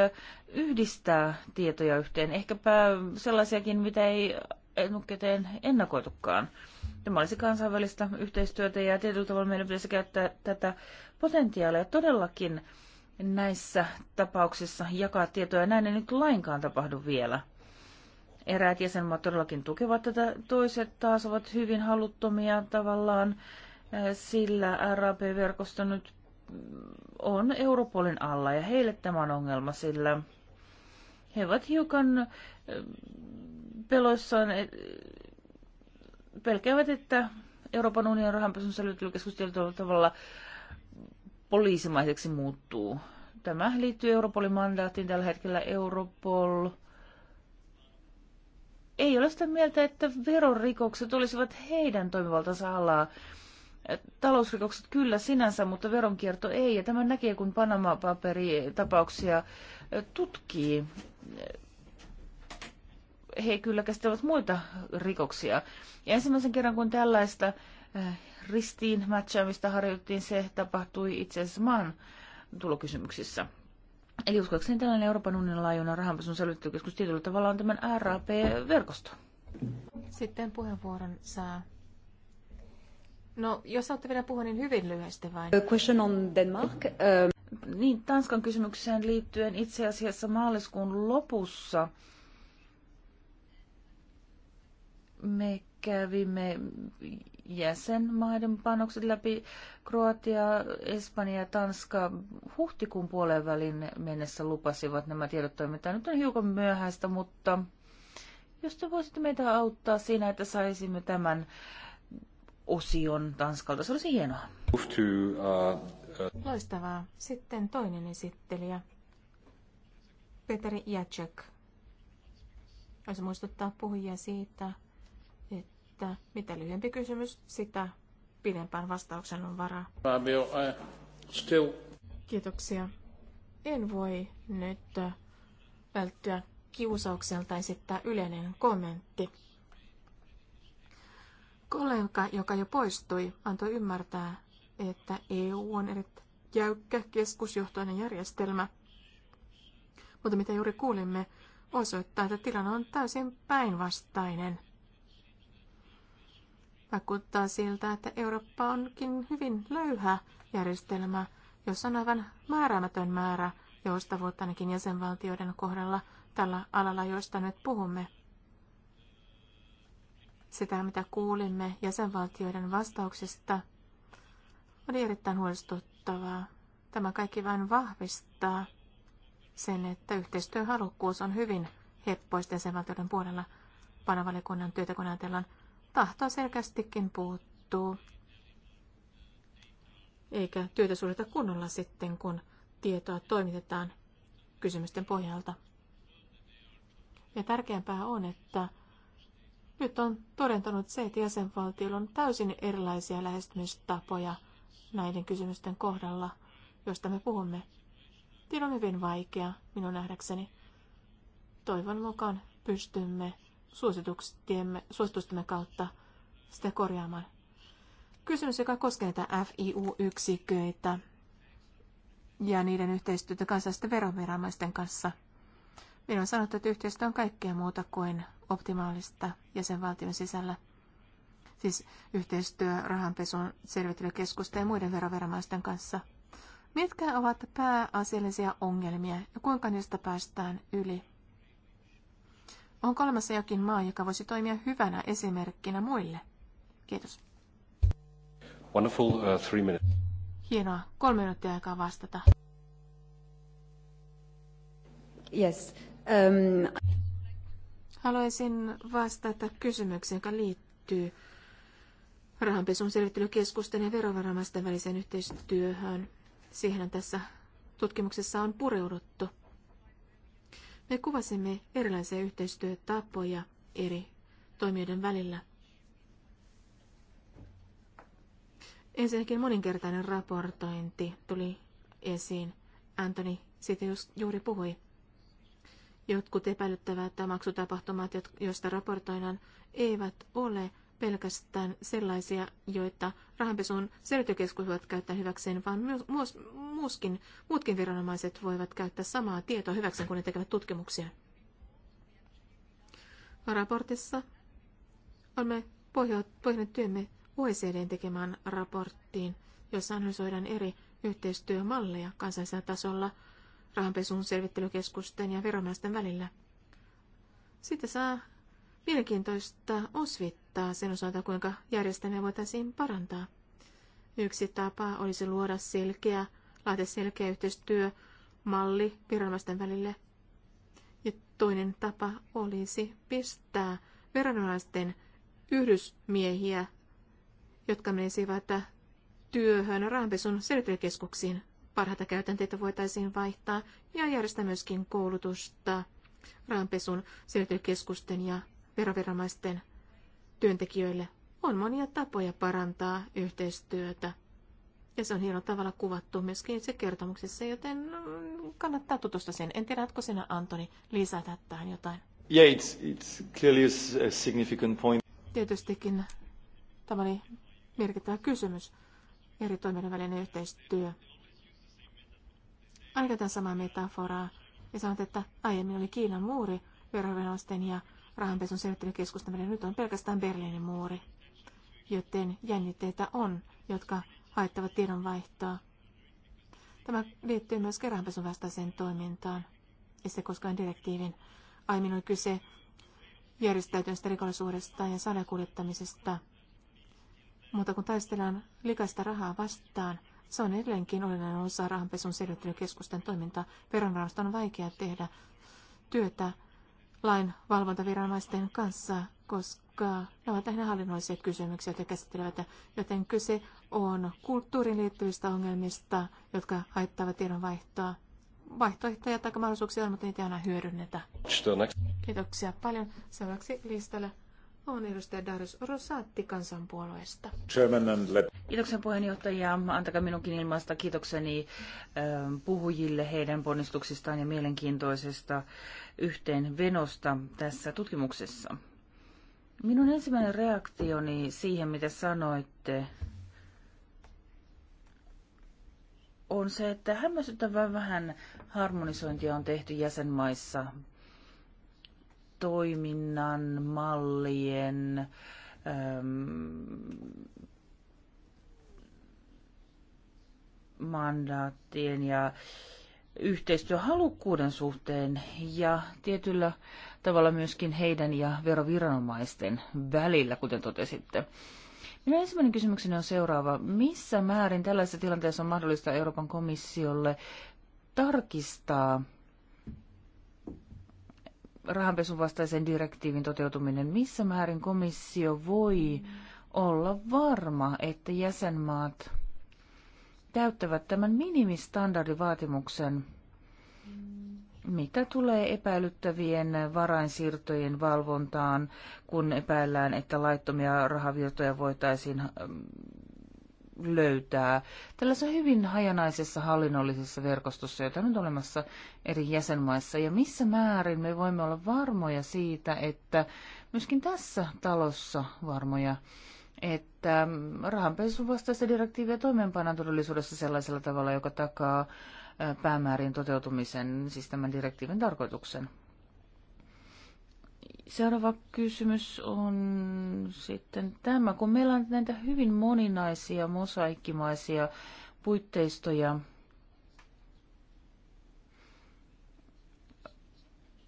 D: yhdistää tietoja yhteen, ehkäpä sellaisiakin, mitä ei etukäteen ennakoitukaan. Tämä olisi kansainvälistä yhteistyötä ja tietyllä tavalla meidän pitäisi käyttää tätä potentiaalia todellakin näissä tapauksissa jakaa tietoja. Näin ei nyt lainkaan tapahdu vielä. Eräät jäsenmaat todellakin tukevat tätä, toiset taas ovat hyvin haluttomia tavallaan, äh, sillä RAP-verkosto nyt on Europolin alla ja heille tämä on ongelma, sillä he ovat hiukan äh, peloissaan, pelkäävät, että Euroopan unionin rahanpesun selvittelykeskus tietyllä tavalla poliisimaiseksi muuttuu. Tämä liittyy Europolin mandaattiin tällä hetkellä Europol ei ole sitä mieltä, että veronrikokset olisivat heidän toimivaltansa alaa. Talousrikokset kyllä sinänsä, mutta veronkierto ei. Ja tämän näkee, kun Panama-paperitapauksia tutkii. He kyllä käsittävät muita rikoksia. Ja ensimmäisen kerran, kun tällaista äh, ristiin matchaamista harjoittiin, se tapahtui itse asiassa maan tulokysymyksissä. Eli uskoakseni tällainen Euroopan unionin laajuinen rahanpesun selvittelykeskus tietyllä
B: tavalla on tämän RAP-verkosto. Sitten puheenvuoron saa. No, jos saatte vielä puhua, niin hyvin lyhyesti vain. A
D: question on Denmark. Um... Niin, Tanskan kysymykseen liittyen itse asiassa maaliskuun lopussa me kävimme jäsenmaiden panokset läpi Kroatia, Espanja ja Tanska huhtikuun puolen välin mennessä lupasivat nämä tiedot toimittaa. Nyt on hiukan myöhäistä, mutta jos te voisitte meitä auttaa siinä, että saisimme tämän osion Tanskalta,
B: se olisi hienoa.
A: Uh, uh,
B: Loistavaa. Sitten toinen esittelijä, Peteri Jacek. Voisi muistuttaa puhujia siitä, että mitä lyhyempi kysymys, sitä pidempään vastauksen on varaa.
A: Fabio, still...
B: Kiitoksia. En voi nyt välttyä kiusaukselta esittää yleinen kommentti. Kollega, joka jo poistui, antoi ymmärtää, että EU on erittäin jäykkä keskusjohtoinen järjestelmä. Mutta mitä juuri kuulimme, osoittaa, että tilanne on täysin päinvastainen. Vaikuttaa siltä, että Eurooppa onkin hyvin löyhä järjestelmä, jossa on aivan määräämätön määrä joustavuutta ainakin jäsenvaltioiden kohdalla tällä alalla, josta nyt puhumme. Sitä, mitä kuulimme jäsenvaltioiden vastauksista, oli erittäin huolestuttavaa. Tämä kaikki vain vahvistaa sen, että yhteistyöhalukkuus on hyvin heppoisten jäsenvaltioiden puolella. Panavalikunnan työtä, kun ajatellaan tahtoa selkeästikin puuttuu. Eikä työtä suljeta kunnolla sitten, kun tietoa toimitetaan kysymysten pohjalta. Ja tärkeämpää on, että nyt on todentanut se, että jäsenvaltiolla on täysin erilaisia lähestymistapoja näiden kysymysten kohdalla, joista me puhumme. Tilanne on hyvin vaikea, minun nähdäkseni. Toivon mukaan pystymme suositustemme kautta sitä korjaamaan. Kysymys, joka koskee näitä FIU-yksiköitä ja niiden yhteistyötä kansallisten veroviranomaisten kanssa. Minun on sanottu, että yhteistyö on kaikkea muuta kuin optimaalista jäsenvaltion sisällä. Siis yhteistyö rahanpesun selvittelykeskusten ja muiden veroviranomaisten kanssa. Mitkä ovat pääasiallisia ongelmia ja kuinka niistä päästään yli? On olemassa jokin maa, joka voisi toimia hyvänä esimerkkinä muille? Kiitos.
A: Wonderful, uh, three minutes.
B: Hienoa. Kolme minuuttia aikaa vastata. Yes. Um... Haluaisin vastata kysymykseen, joka liittyy rahanpesun selvittelykeskusten ja verovaramaisten väliseen yhteistyöhön. Siihen tässä tutkimuksessa on pureuduttu. Me kuvasimme erilaisia yhteistyötapoja eri toimijoiden välillä. Ensinnäkin moninkertainen raportointi tuli esiin. Anthony siitä juuri puhui. Jotkut epäilyttävät maksutapahtumat, joista raportoidaan, eivät ole pelkästään sellaisia, joita rahanpesun selvityskeskus voivat käyttää hyväkseen, vaan myös, muuskin, muutkin viranomaiset voivat käyttää samaa tietoa hyväksi, kun ne tekevät tutkimuksia. Raportissa olemme pohjanneet työmme OECDn tekemään raporttiin, jossa analysoidaan eri yhteistyömalleja kansallisella tasolla rahanpesun selvittelykeskusten ja veromaisten välillä. Sitten saa mielenkiintoista osvittaa sen osalta, kuinka järjestelmiä voitaisiin parantaa. Yksi tapa olisi luoda selkeä laite selkeä yhteistyömalli viranomaisten välille. Ja toinen tapa olisi pistää viranomaisten yhdysmiehiä, jotka menisivät työhön rahanpesun selvittelykeskuksiin. Parhaita käytänteitä voitaisiin vaihtaa ja järjestää myöskin koulutusta rahanpesun selvittelykeskusten ja veroviranomaisten työntekijöille. On monia tapoja parantaa yhteistyötä. Ja se on hienolla tavalla kuvattu myöskin itse kertomuksessa, joten mm, kannattaa tutustua sen. En tiedä, oletko sinä Antoni lisätä tähän jotain.
A: Yeah, it's, it's clearly a significant point.
B: Tietystikin tämä oli merkittävä kysymys. Eri toimijoiden välinen yhteistyö. Aikataan samaa metaforaa ja sanot, että aiemmin oli Kiinan muuri verovenosten ja rahanpesun selvittelykeskustaminen, Nyt on pelkästään Berliinin muuri, joten jännitteitä on, jotka haettava tiedonvaihtoa. Tämä liittyy myös kerranpesun vastaiseen toimintaan ja se koskaan direktiivin. Aiemmin oli kyse järjestäytyneestä rikollisuudesta ja salakuljettamisesta. Mutta kun taistellaan likaista rahaa vastaan, se on edelleenkin olennainen osa rahanpesun selvittelykeskusten toimintaa. Veronvarausta on vaikea tehdä työtä lain valvontaviranomaisten kanssa koska ne ovat lähinnä hallinnollisia kysymyksiä, joita käsittelevät, joten kyse on kulttuuriin liittyvistä ongelmista, jotka haittaavat tiedonvaihtoa. Vaihtoehtoja tai mahdollisuuksia on, mutta niitä ei aina hyödynnetä. Kiitoksia paljon. Seuraavaksi listalla on edustaja Darius Rosatti kansanpuolueesta.
D: Kiitoksen puheenjohtaja. Antakaa minunkin ilmaista kiitokseni ähm, puhujille heidän ponnistuksistaan ja mielenkiintoisesta yhteenvenosta tässä tutkimuksessa. Minun ensimmäinen reaktioni siihen, mitä sanoitte, on se, että hämmästyttävän vähän harmonisointia on tehty jäsenmaissa toiminnan, mallien, ähm, mandaattien ja äh, yhteistyöhalukkuuden suhteen ja tietyllä tavalla myöskin heidän ja veroviranomaisten välillä, kuten totesitte. Minun ensimmäinen kysymykseni on seuraava. Missä määrin tällaisessa tilanteessa on mahdollista Euroopan komissiolle tarkistaa rahanpesun vastaisen direktiivin toteutuminen? Missä määrin komissio voi olla varma, että jäsenmaat täyttävät tämän minimistandardivaatimuksen, mitä tulee epäilyttävien varainsiirtojen valvontaan, kun epäillään, että laittomia rahavirtoja voitaisiin ähm, löytää tällaisessa hyvin hajanaisessa hallinnollisessa verkostossa, jota nyt on olemassa eri jäsenmaissa, ja missä määrin me voimme olla varmoja siitä, että myöskin tässä talossa varmoja että ähm, rahanpesun vastaista direktiiviä toimeenpannaan todellisuudessa sellaisella tavalla, joka takaa äh, päämäärin toteutumisen, siis tämän direktiivin tarkoituksen. Seuraava kysymys on sitten tämä, kun meillä on näitä hyvin moninaisia mosaikkimaisia puitteistoja,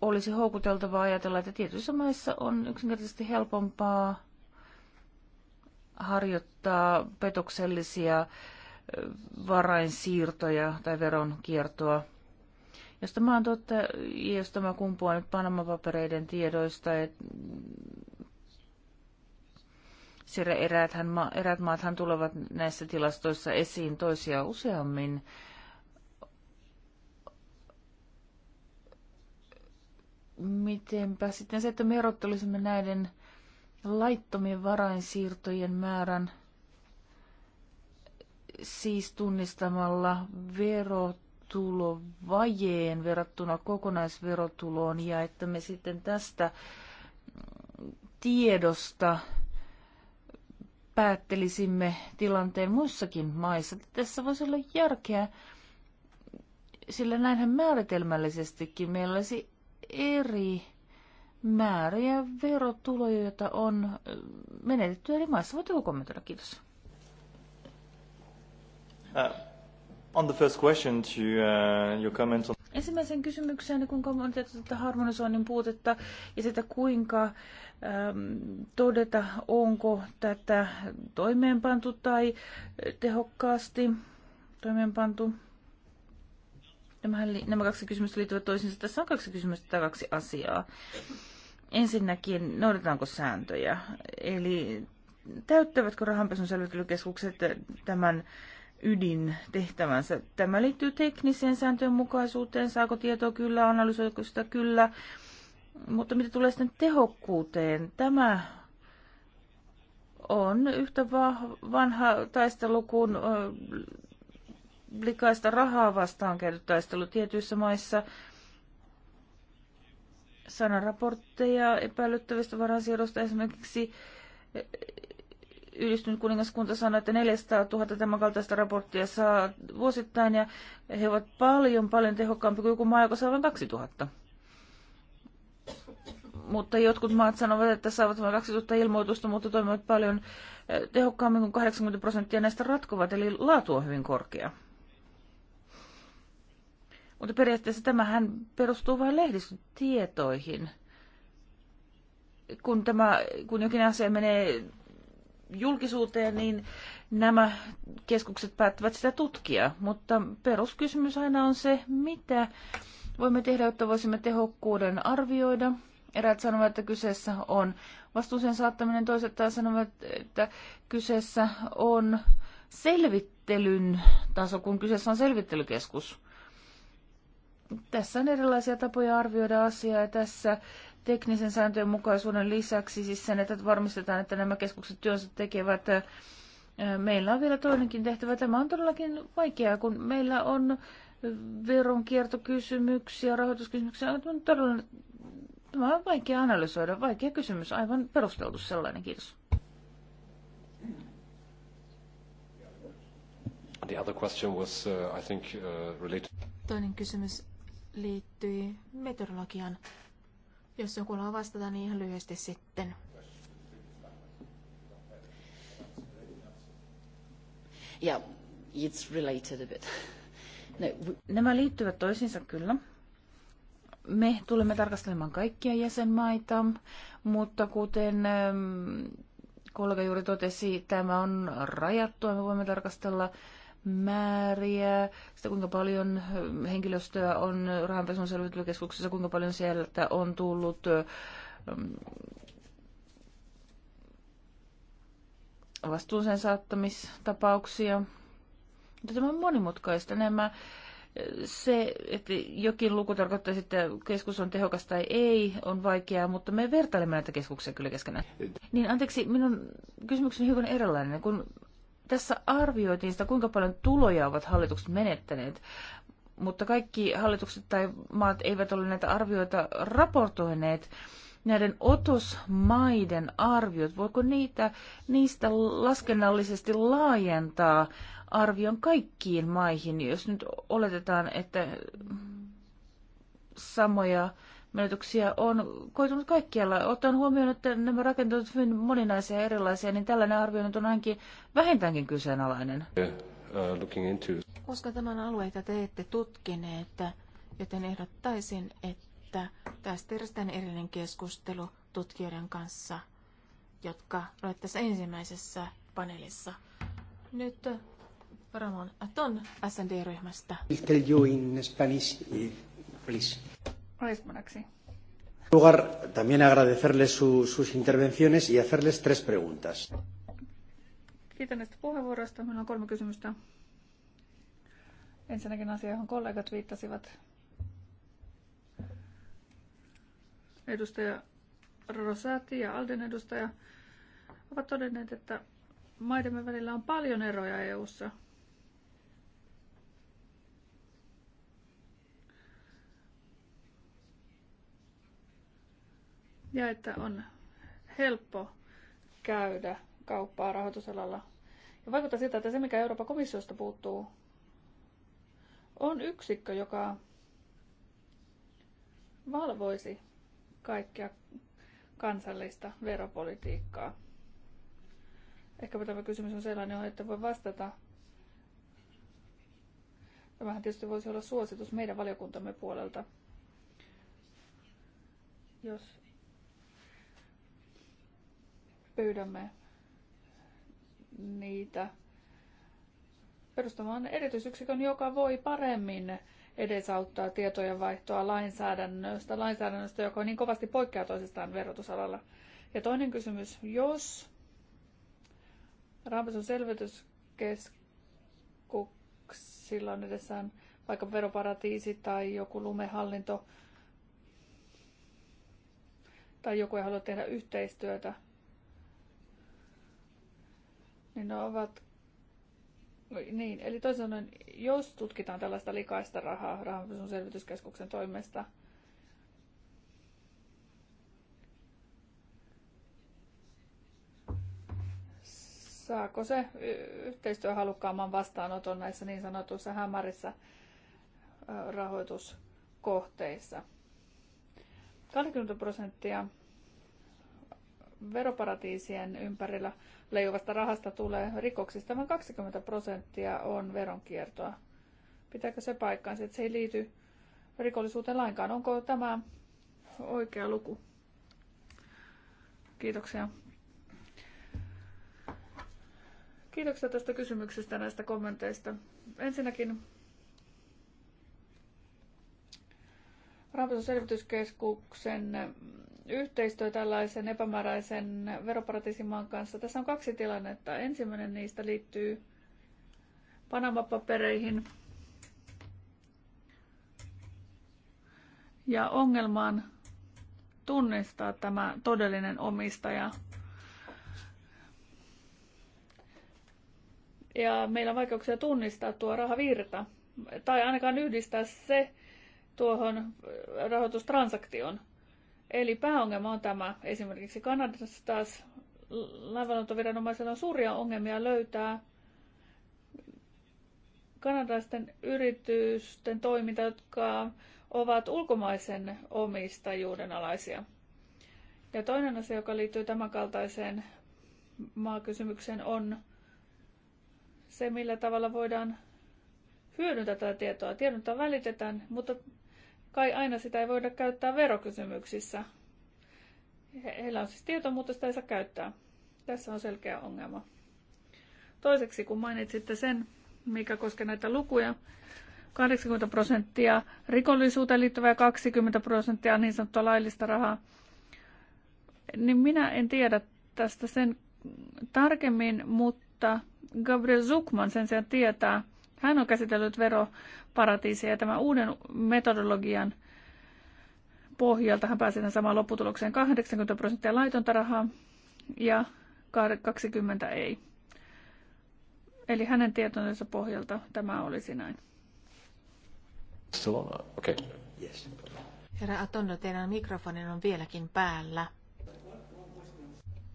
D: olisi houkuteltavaa ajatella, että tietyissä maissa on yksinkertaisesti helpompaa harjoittaa petoksellisia varainsiirtoja tai veronkiertoa. Jos tämä on totta, jos tämä kumpuaa nyt Panama-papereiden tiedoista, että sillä eräät maathan tulevat näissä tilastoissa esiin toisia useammin, mitenpä sitten se, että me erottelisimme näiden laittomien varainsiirtojen määrän siis tunnistamalla verotulovajeen verrattuna kokonaisverotuloon ja että me sitten tästä tiedosta päättelisimme tilanteen muissakin maissa. Tässä voisi olla järkeä, sillä näinhän määritelmällisestikin meillä olisi eri määriä verotuloja, joita on menetetty eri maissa. Voitteko kommentoida?
C: Kiitos. Uh, on the first question to uh, your comment
D: Ensimmäisen kysymykseen, kun kommentoitte tätä harmonisoinnin puutetta ja sitä kuinka todeta, onko tätä toimeenpantu tai tehokkaasti toimeenpantu. nämä kaksi kysymystä liittyvät toisiinsa. Tässä on kaksi kysymystä tai kaksi asiaa ensinnäkin, noudataanko sääntöjä? Eli täyttävätkö rahanpesun selvittelykeskukset tämän ydintehtävänsä? Tämä liittyy tekniseen sääntöjen mukaisuuteen, saako tietoa kyllä, analysoiko sitä kyllä, mutta mitä tulee sitten tehokkuuteen, tämä on yhtä vanha taistelu kuin likaista rahaa vastaan käyty taistelu tietyissä maissa sanaraportteja epäilyttävistä varansiirroista. Esimerkiksi yhdistynyt kuningaskunta sanoi, että 400 000 tämän kaltaista raporttia saa vuosittain ja he ovat paljon, paljon tehokkaampi kuin joku maa, joka saa vain 2000. Mutta jotkut maat sanovat, että saavat vain 2000 ilmoitusta, mutta toimivat paljon eh, tehokkaammin kuin 80 prosenttia näistä ratkovat, eli laatu on hyvin korkea. Mutta periaatteessa tämähän perustuu vain lehdistötietoihin. Kun, tämä, kun jokin asia menee julkisuuteen, niin nämä keskukset päättävät sitä tutkia. Mutta peruskysymys aina on se, mitä voimme tehdä, jotta voisimme tehokkuuden arvioida. Eräät sanovat, että kyseessä on vastuuseen saattaminen, toiset taas sanovat, että kyseessä on selvittelyn taso, kun kyseessä on selvittelykeskus tässä on erilaisia tapoja arvioida asiaa ja tässä teknisen sääntöjen mukaisuuden lisäksi siis sen, että varmistetaan, että nämä keskukset työnsä tekevät. Meillä on vielä toinenkin tehtävä. Tämä on todellakin vaikeaa, kun meillä on veronkiertokysymyksiä, rahoituskysymyksiä. On todella, tämä on vaikea analysoida. Vaikea kysymys, aivan perusteltu sellainen. Kiitos.
A: The other question was, uh, I think, uh, related...
B: Toinen kysymys liittyi meteorologian. Jos joku haluaa vastata, niin ihan lyhyesti sitten. Yeah,
D: it's related a bit. No, we... Nämä liittyvät toisiinsa kyllä. Me tulemme tarkastelemaan kaikkia jäsenmaita, mutta kuten ähm, kollega juuri totesi, tämä on rajattua. Me voimme tarkastella määriä, sitä kuinka paljon henkilöstöä on rahanpesun selvittelykeskuksessa, kuinka paljon sieltä on tullut mm, vastuuseen saattamistapauksia. tämä on monimutkaista. Nämä, se, että jokin luku tarkoittaa, että keskus on tehokas tai ei, on vaikeaa, mutta me vertailemme näitä keskuksia kyllä keskenään. Niin anteeksi, minun kysymykseni on hiukan erilainen. Kun tässä arvioitiin sitä, kuinka paljon tuloja ovat hallitukset menettäneet, mutta kaikki hallitukset tai maat eivät ole näitä arvioita raportoineet. Näiden otosmaiden arviot, voiko niitä, niistä laskennallisesti laajentaa arvion kaikkiin maihin, jos nyt oletetaan, että samoja menetyksiä on koitunut kaikkialla. Ottaen huomioon, että nämä rakenteet ovat hyvin moninaisia ja erilaisia, niin tällainen arviointi on ainakin vähintäänkin kyseenalainen.
A: Uh,
B: Koska tämän alueita te ette tutkineet, joten ehdottaisin, että tästä järjestetään erillinen keskustelu tutkijoiden kanssa, jotka olette tässä ensimmäisessä paneelissa. Nyt Ramon Aton SND-ryhmästä.
C: Eh, please.
E: Roismanaksi.
C: lugar, también agradecerles su, sus intervenciones y hacerles tres preguntas.
E: Kiitän näistä puheenvuoroista. Minulla on kolme kysymystä. Ensinnäkin asia, johon kollegat viittasivat. Edustaja Rosati ja Alden edustaja ovat todenneet, että maidemme välillä on paljon eroja EU:ssa. ssa ja että on helppo käydä kauppaa rahoitusalalla. Ja vaikuttaa siltä, että se mikä Euroopan komissiosta puuttuu, on yksikkö, joka valvoisi kaikkia kansallista veropolitiikkaa. Ehkäpä tämä kysymys on sellainen, että voi vastata. Tämähän tietysti voisi olla suositus meidän valiokuntamme puolelta, jos pyydämme niitä perustamaan erityisyksikön, joka voi paremmin edesauttaa tietojen vaihtoa lainsäädännöstä, lainsäädännöstä, joka on niin kovasti poikkeaa toisistaan verotusalalla. Ja toinen kysymys, jos rahanpesun selvityskeskuksilla on edessään vaikka veroparatiisi tai joku lumehallinto, tai joku ei halua tehdä yhteistyötä niin ne no, ovat niin, eli toisin sanoen, jos tutkitaan tällaista likaista rahaa rahanpesun selvityskeskuksen toimesta, saako se yhteistyöhalukkaamman vastaanoton näissä niin sanotuissa hämärissä rahoituskohteissa? 20 prosenttia veroparatiisien ympärillä leijuvasta rahasta tulee rikoksista, vaan 20 prosenttia on veronkiertoa. Pitääkö se paikkaansa, että se ei liity rikollisuuteen lainkaan? Onko tämä oikea luku? Kiitoksia. Kiitoksia tästä kysymyksestä näistä kommenteista. Ensinnäkin Rahoituselvityskeskuksen yhteistyö tällaisen epämääräisen veroparatiisimaan kanssa. Tässä on kaksi tilannetta. Ensimmäinen niistä liittyy Panama-papereihin ja ongelmaan tunnistaa tämä todellinen omistaja. Ja meillä on vaikeuksia tunnistaa tuo rahavirta tai ainakaan yhdistää se tuohon rahoitustransaktioon. Eli pääongelma on tämä. Esimerkiksi Kanadassa taas laivanantoviranomaisilla on suuria ongelmia löytää kanadalaisten yritysten toiminta, jotka ovat ulkomaisen omistajuuden alaisia. Ja toinen asia, joka liittyy tämänkaltaiseen maakysymykseen, on se, millä tavalla voidaan hyödyntää tätä tietoa. Tiedontaa välitetään, mutta kai aina sitä ei voida käyttää verokysymyksissä. Heillä on siis tieto, mutta sitä ei saa käyttää. Tässä on selkeä ongelma. Toiseksi, kun mainitsitte sen, mikä koskee näitä lukuja, 80 prosenttia rikollisuuteen liittyvää ja 20 prosenttia niin sanottua laillista rahaa, niin minä en tiedä tästä sen tarkemmin, mutta Gabriel Zuckman sen sijaan tietää, hän on käsitellyt veroparatiiseja tämän uuden metodologian pohjalta. Hän pääsi tämän samaan lopputulokseen 80 prosenttia laitonta rahaa ja 20 ei. Eli hänen tietonsa pohjalta tämä olisi näin.
A: Salona, Okay. Yes.
E: Herra Atonno, teidän mikrofonin on vieläkin päällä.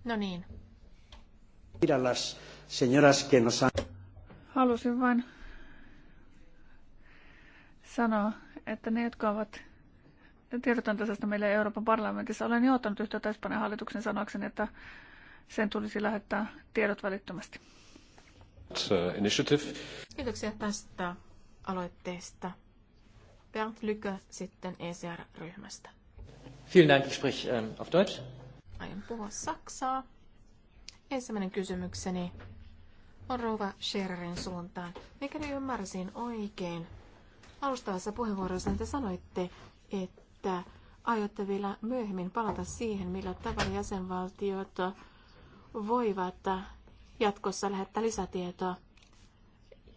E: No niin. Halusin vain sanoa, että ne, jotka ovat tiedotan tasasta meille Euroopan parlamentissa, olen jo ottanut yhteyttä Espanjan hallituksen sanoakseen, että sen tulisi lähettää tiedot välittömästi.
A: Uh, initiative.
E: Kiitoksia tästä aloitteesta.
B: Bernd Lykö sitten ECR-ryhmästä.
C: Vielen Dank, ich sprich ähm, auf Deutsch.
B: Aion puhua saksaa. Ensimmäinen kysymykseni on rouva Schererin suuntaan. Mikäli ymmärsin oikein, alustavassa puheenvuorossa te sanoitte, että aiotte vielä myöhemmin palata siihen, millä tavalla jäsenvaltiot voivat jatkossa lähettää lisätietoa.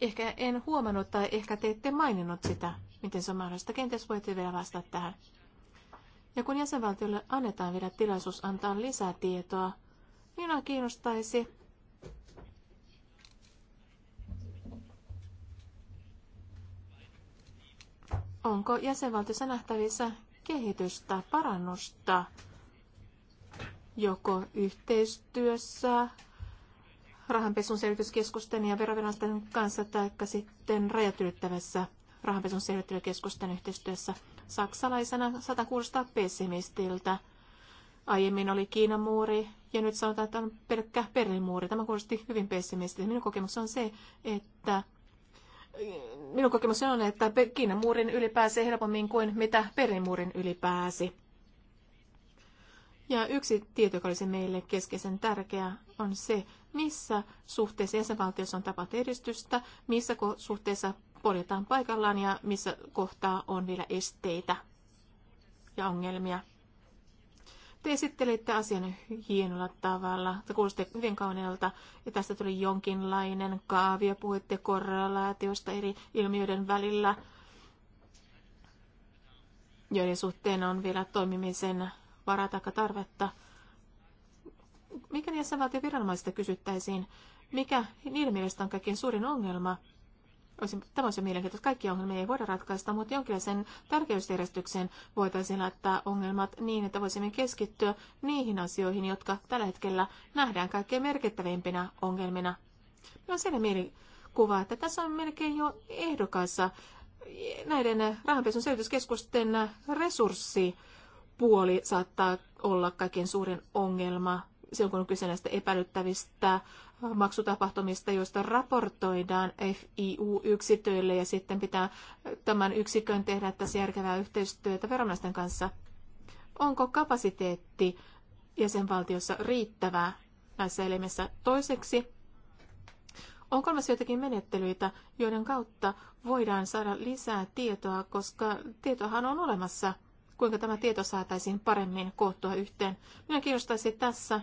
B: Ehkä en huomannut tai ehkä te ette maininnut sitä, miten se on mahdollista. Kenties voitte vielä vastata tähän. Ja kun jäsenvaltiolle annetaan vielä tilaisuus antaa lisätietoa, minua kiinnostaisi, Onko jäsenvaltiossa nähtävissä kehitystä, parannusta joko yhteistyössä rahanpesun selvityskeskusten ja veroviranomaisten kanssa tai sitten rajat ylittävässä rahanpesun selvityskeskusten yhteistyössä saksalaisena 160 pessimistiltä. Aiemmin oli Kiinan muuri ja nyt sanotaan, että on pelkkä Berliin muuri. Tämä kuulosti hyvin pessimistiltä. Minun kokemus on se, että minun kokemus on, että Kiinan muurin yli pääsee helpommin kuin mitä perin muurin yli pääsi. Ja yksi tieto, joka olisi meille keskeisen tärkeä, on se, missä suhteessa jäsenvaltiossa on tapahtunut edistystä, missä suhteessa poljetaan paikallaan ja missä kohtaa on vielä esteitä ja ongelmia. Te esittelitte asian hienolla tavalla. Te kuulosti hyvin kauniilta. Ja tästä tuli jonkinlainen kaavio. Puhuitte korrelaatiosta eri ilmiöiden välillä, joiden suhteen on vielä toimimisen varaa tarvetta. Mikä niissä valtioviranomaisista kysyttäisiin, mikä ilmiöistä on kaikkein suurin ongelma – olisi, tämä olisi mielenkiintoista. Kaikki ongelmia ei voida ratkaista, mutta jonkinlaisen tärkeysjärjestykseen voitaisiin laittaa ongelmat niin, että voisimme keskittyä niihin asioihin, jotka tällä hetkellä nähdään kaikkein merkittävimpinä ongelmina. Minä on sellainen mielikuva, että tässä on melkein jo ehdokassa näiden rahanpesun selvityskeskusten resurssi puoli saattaa olla kaikkein suurin ongelma silloin kun on kyse näistä epäilyttävistä maksutapahtumista, joista raportoidaan FIU-yksityille ja sitten pitää tämän yksikön tehdä tässä järkevää yhteistyötä veronmaisten kanssa. Onko kapasiteetti jäsenvaltiossa riittävää näissä elimissä? Toiseksi, onko olemassa jotakin menettelyitä, joiden kautta voidaan saada lisää tietoa, koska tietohan on olemassa kuinka tämä tieto saataisiin paremmin koottua yhteen. Minä kiinnostaisin tässä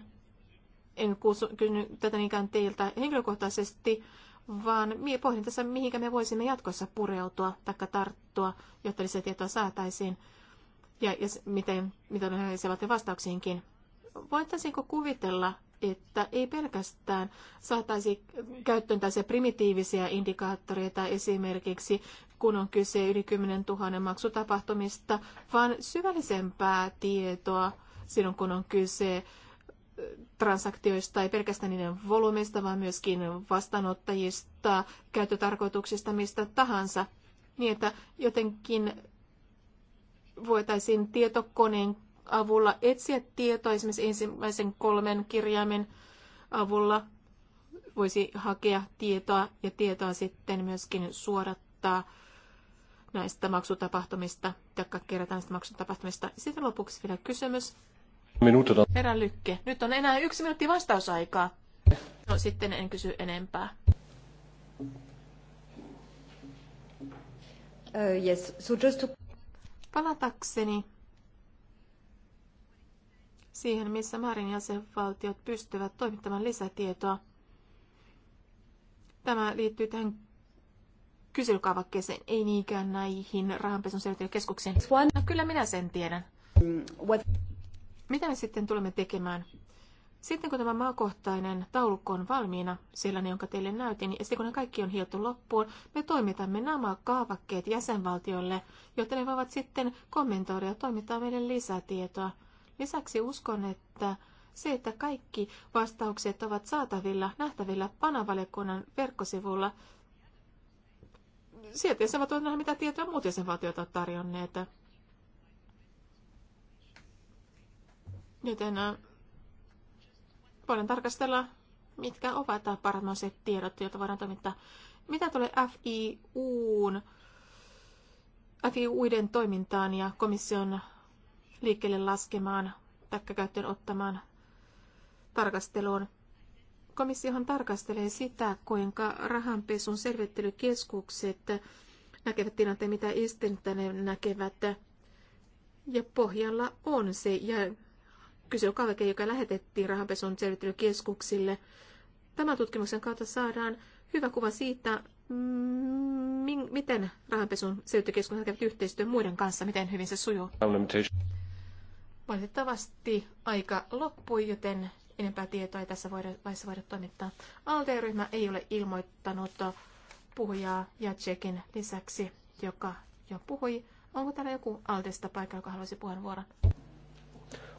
B: en kysynyt tätä niinkään teiltä henkilökohtaisesti, vaan minä pohdin tässä, mihinkä me voisimme jatkossa pureutua tai tarttua, jotta tietoa saataisiin ja, ja miten, mitä ne saavat vastauksiinkin. Voitaisiinko kuvitella, että ei pelkästään saataisi käyttöön tässä primitiivisiä indikaattoreita esimerkiksi, kun on kyse yli 10 000 maksutapahtumista, vaan syvällisempää tietoa silloin, kun on kyse transaktioista, ei pelkästään niiden volyymeista, vaan myöskin vastaanottajista, käyttötarkoituksista, mistä tahansa, niin että jotenkin voitaisiin tietokoneen avulla etsiä tietoa esimerkiksi ensimmäisen kolmen kirjaimen avulla voisi hakea tietoa ja tietoa sitten myöskin suorattaa näistä maksutapahtumista, jotka kerätään näistä maksutapahtumista. Sitten lopuksi vielä kysymys. Minuutilla. Herra Lykke, nyt on enää yksi minuutti vastausaikaa. No sitten en kysy enempää. Uh, yes. so just to... Palatakseni siihen, missä määrin jäsenvaltiot pystyvät toimittamaan lisätietoa. Tämä liittyy tähän kyselykaavakkeeseen, ei niinkään näihin rahanpesun selvittelykeskuksiin. No, kyllä minä sen tiedän. Mm, what... Mitä me sitten tulemme tekemään? Sitten kun tämä maakohtainen taulukko on valmiina, sellainen, jonka teille näytin, ja sitten kun ne kaikki on hiottu loppuun, me toimitamme nämä kaavakkeet jäsenvaltiolle, jotta ne voivat sitten kommentoida ja toimittaa meille lisätietoa. Lisäksi uskon, että se, että kaikki vastaukset ovat saatavilla, nähtävillä panavaliokunnan verkkosivulla, sieltä saavat nähdä, mitä tietoa muut jäsenvaltiot ovat tarjonneet. Nyt enää äh, voidaan tarkastella, mitkä ovat parhaat tiedot, joita voidaan toimittaa. Mitä tulee FIUn, FIUiden toimintaan ja komission liikkeelle laskemaan tai käyttöön ottamaan tarkasteluun? Komissiohan tarkastelee sitä, kuinka rahanpesun selvittelykeskukset näkevät tilanteen, mitä estettä ne näkevät. Ja pohjalla on se ja kaveke, joka lähetettiin rahanpesun selvittelykeskuksille. Tämän tutkimuksen kautta saadaan hyvä kuva siitä, mm, miten rahanpesun selvittelykeskus tekevät yhteistyön muiden kanssa, miten hyvin se sujuu. Valitettavasti aika loppui, joten enempää tietoa ei tässä voida, vaiheessa voida toimittaa. ALDE-ryhmä ei ole ilmoittanut puhujaa Jaczekin lisäksi, joka jo puhui. Onko täällä joku Aldesta paikka, joka haluaisi puheenvuoron?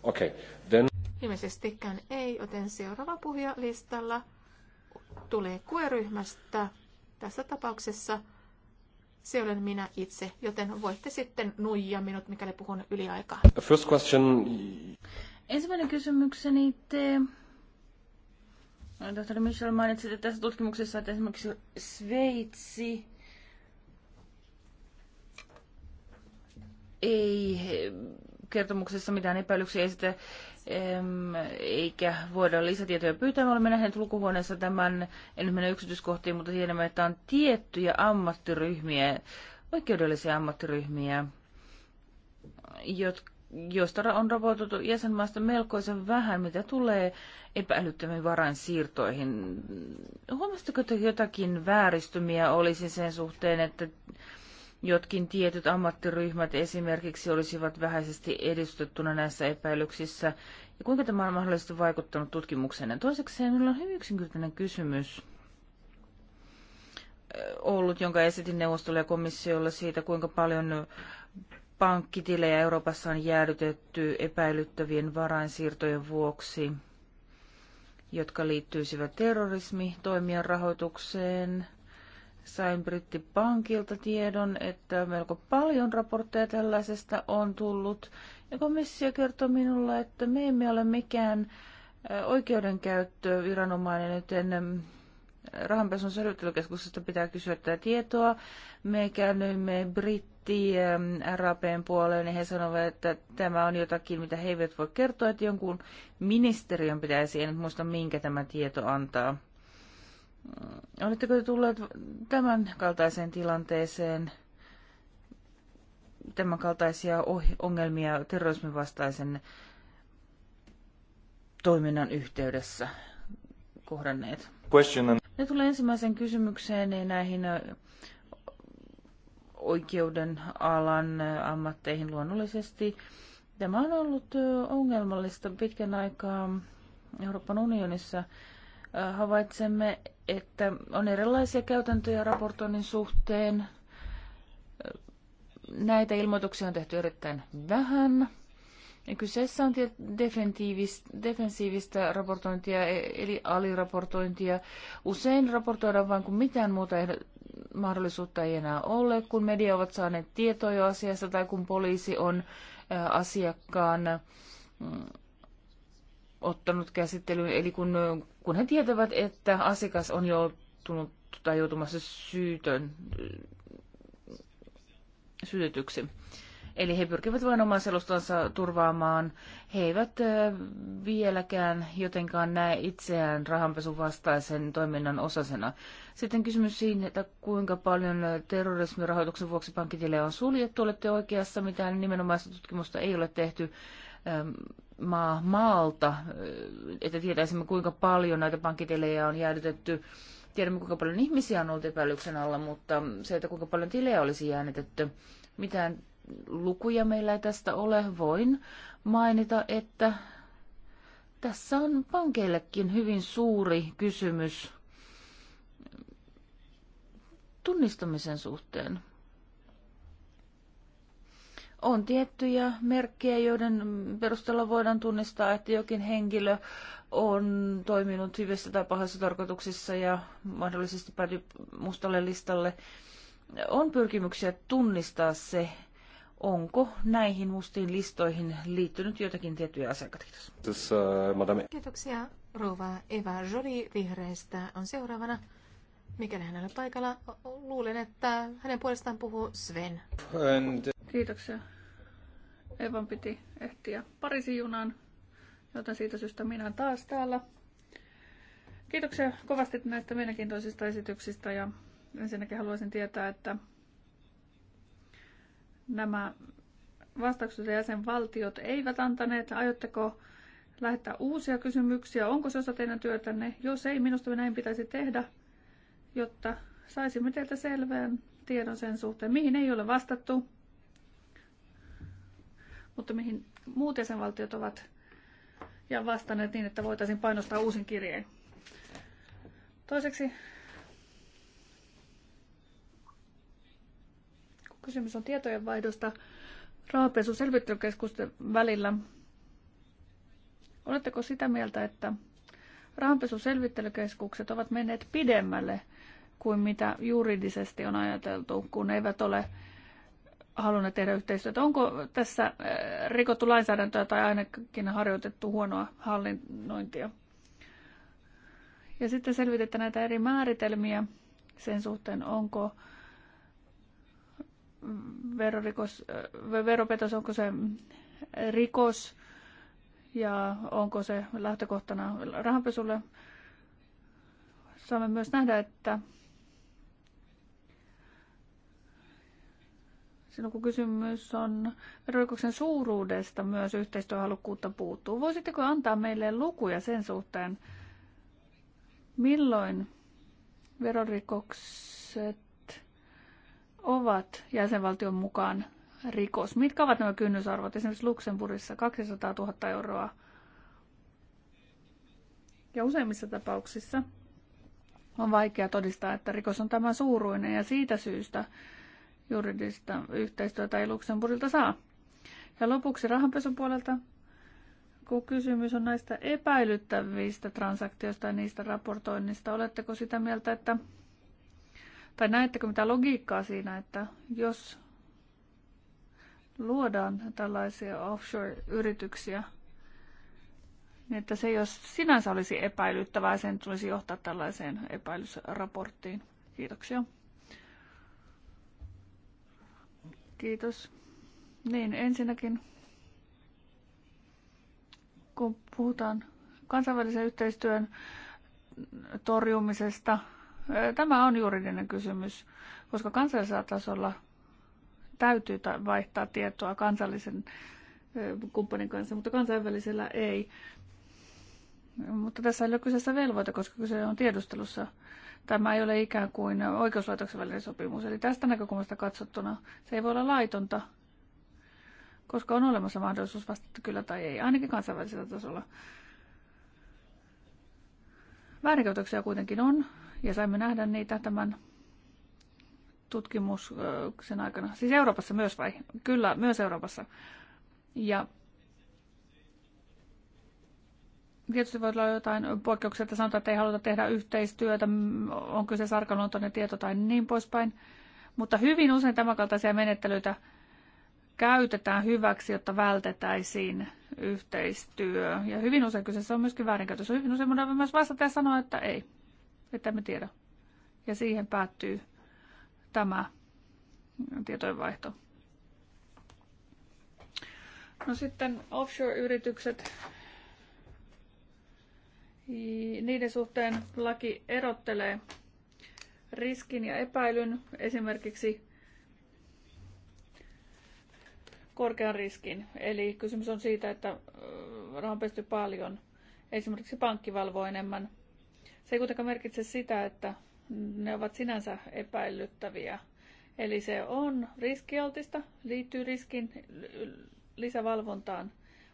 A: Okay, then...
B: Ilmeisestikään ei, joten seuraava puhuja listalla tulee kueryhmästä. Tässä tapauksessa se olen minä itse, joten voitte sitten nuijia minut, mikäli puhun yliaikaa.
A: First question...
B: Ensimmäinen
D: kysymykseni te... No, tohtori Michel mainitsi, että tässä tutkimuksessa, että esimerkiksi Sveitsi ei kertomuksessa mitään epäilyksiä sitä, eikä voida lisätietoja pyytää. Me olemme nähneet lukuhuoneessa tämän, en nyt mene yksityiskohtiin, mutta tiedämme, että on tiettyjä ammattiryhmiä, oikeudellisia ammattiryhmiä, jotka on raportoitu jäsenmaasta melkoisen vähän, mitä tulee epäilyttömiin varainsiirtoihin. Huomasitteko, että jotakin vääristymiä olisi sen suhteen, että Jotkin tietyt ammattiryhmät esimerkiksi olisivat vähäisesti edustettuna näissä epäilyksissä. Ja kuinka tämä on mahdollisesti vaikuttanut tutkimukseen? Toiseksi minulla on hyvin yksinkertainen kysymys ollut, jonka esitin neuvostolle ja komissiolle siitä, kuinka paljon pankkitilejä Euroopassa on jäädytetty epäilyttävien varainsiirtojen vuoksi, jotka liittyisivät terrorismitoimien rahoitukseen, sain brittipankilta tiedon, että melko paljon raportteja tällaisesta on tullut. Ja komissio kertoi minulle, että me emme ole mikään oikeudenkäyttöviranomainen, joten rahanpesun selvittelykeskuksesta pitää kysyä tätä tietoa. Me käännyimme britti RAPn puoleen ja he sanovat, että tämä on jotakin, mitä he eivät voi kertoa, että jonkun ministeriön pitäisi, en muista minkä tämä tieto antaa. Oletteko te tulleet tämän kaltaiseen tilanteeseen, tämän kaltaisia ongelmia terrorismin vastaisen toiminnan yhteydessä kohdanneet? Question. Ne tulee ensimmäiseen kysymykseen niin näihin oikeuden alan ammatteihin luonnollisesti. Tämä on ollut ongelmallista pitkän aikaa Euroopan unionissa. Havaitsemme, että on erilaisia käytäntöjä raportoinnin suhteen. Näitä ilmoituksia on tehty erittäin vähän. Ja kyseessä on defensiivistä raportointia, e- eli aliraportointia. Usein raportoidaan vain, kun mitään muuta mahdollisuutta ei enää ole, kun media ovat saaneet tietoja asiasta tai kun poliisi on asiakkaan mm, ottanut käsittelyyn. Eli kun, kun he tietävät, että asiakas on joutunut tai joutumassa syytön, syytetyksi. Eli he pyrkivät vain oman selustansa turvaamaan. He eivät vieläkään jotenkaan näe itseään rahanpesun vastaisen toiminnan osasena. Sitten kysymys siinä, että kuinka paljon terrorismirahoituksen vuoksi pankkitilejä on suljettu. Olette oikeassa, mitään nimenomaista tutkimusta ei ole tehty maa maalta, että tietäisimme kuinka paljon näitä pankkitilejä on jäädytetty. Tiedämme kuinka paljon ihmisiä on ollut epäilyksen alla, mutta se, että kuinka paljon tilejä olisi jäädytetty, mitään lukuja meillä ei tästä ole. Voin mainita, että tässä on pankeillekin hyvin suuri kysymys tunnistamisen suhteen on tiettyjä merkkejä, joiden perusteella voidaan tunnistaa, että jokin henkilö on toiminut hyvissä tai pahassa tarkoituksissa ja mahdollisesti päätyy mustalle listalle. On pyrkimyksiä tunnistaa se, onko näihin mustiin listoihin liittynyt jotakin tiettyjä asiakkaita.
A: Kiitos. Uh,
B: Kiitoksia. Rouva Eva Jori vihreistä on seuraavana. Mikäli hän on paikalla, luulen, että hänen puolestaan puhuu Sven.
A: And...
E: Kiitoksia. Evan piti ehtiä Pariisin junaan, joten siitä syystä minä taas täällä. Kiitoksia kovasti näistä mielenkiintoisista esityksistä ja ensinnäkin haluaisin tietää, että nämä vastaukset ja jäsenvaltiot eivät antaneet. Aiotteko lähettää uusia kysymyksiä? Onko se osa teidän työtänne? Jos ei, minusta näin pitäisi tehdä jotta saisimme teiltä selvän tiedon sen suhteen, mihin ei ole vastattu, mutta mihin muut jäsenvaltiot ovat ja vastanneet niin, että voitaisiin painostaa uusin kirjeen. Toiseksi, kun kysymys on tietojenvaihdosta rahapesun selvittelykeskusten välillä, oletteko sitä mieltä, että rahanpesuselvittelykeskukset ovat menneet pidemmälle – kuin mitä juridisesti on ajateltu, kun eivät ole halunneet tehdä yhteistyötä. Onko tässä äh, rikottu lainsäädäntöä tai ainakin harjoitettu huonoa hallinnointia? Ja sitten selvitetään näitä eri määritelmiä sen suhteen, onko verorikos, äh, veropetos, onko se rikos ja onko se lähtökohtana rahanpesulle. Saamme myös nähdä, että silloin kun kysymys on verorikoksen suuruudesta, myös yhteistyöhalukkuutta puuttuu. Voisitteko antaa meille lukuja sen suhteen, milloin verorikokset ovat jäsenvaltion mukaan rikos? Mitkä ovat nämä kynnysarvot? Esimerkiksi Luxemburgissa 200 000 euroa. Ja useimmissa tapauksissa on vaikea todistaa, että rikos on tämä suuruinen ja siitä syystä juridista yhteistyötä ei Luxemburgilta saa. Ja lopuksi rahanpesupuolelta, kun kysymys on näistä epäilyttävistä transaktioista ja niistä raportoinnista, oletteko sitä mieltä, että tai näettekö mitä logiikkaa siinä, että jos luodaan tällaisia offshore-yrityksiä, niin että se jos sinänsä olisi epäilyttävää, sen tulisi johtaa tällaiseen epäilysraporttiin. Kiitoksia. Kiitos. Niin, ensinnäkin kun puhutaan kansainvälisen yhteistyön torjumisesta, eh, tämä on juridinen kysymys, koska kansallisella tasolla täytyy vaihtaa tietoa kansallisen eh, kumppanin kanssa, mutta kansainvälisellä ei. Mutta tässä ei ole kyseessä velvoite, koska kyse on tiedustelussa tämä ei ole ikään kuin oikeuslaitoksen välinen sopimus. Eli tästä näkökulmasta katsottuna se ei voi olla laitonta, koska on olemassa mahdollisuus vastata kyllä tai ei, ainakin kansainvälisellä tasolla. Väärinkäytöksiä kuitenkin on, ja saimme nähdä niitä tämän tutkimuksen aikana. Siis Euroopassa myös vai? Kyllä, myös Euroopassa. Ja Tietysti voi olla jotain poikkeuksia, että sanotaan, että ei haluta tehdä yhteistyötä, mm, on kyse sarkaluontoinen tieto tai niin poispäin. Mutta hyvin usein tämänkaltaisia menettelyitä käytetään hyväksi, jotta vältetäisiin yhteistyö. Ja hyvin usein kyseessä on myöskin väärinkäytös. Hyvin usein voidaan myös vastata ja sanoa, että ei, että me tiedä. Ja siihen päättyy tämä tietojenvaihto. No sitten offshore-yritykset. Niiden suhteen laki erottelee riskin ja epäilyn esimerkiksi korkean riskin. Eli kysymys on siitä, että rahaa on pesty paljon. Esimerkiksi pankki valvoo enemmän. Se ei kuitenkaan merkitse sitä, että ne ovat sinänsä epäilyttäviä. Eli se on riskialtista, liittyy riskin lisävalvontaan,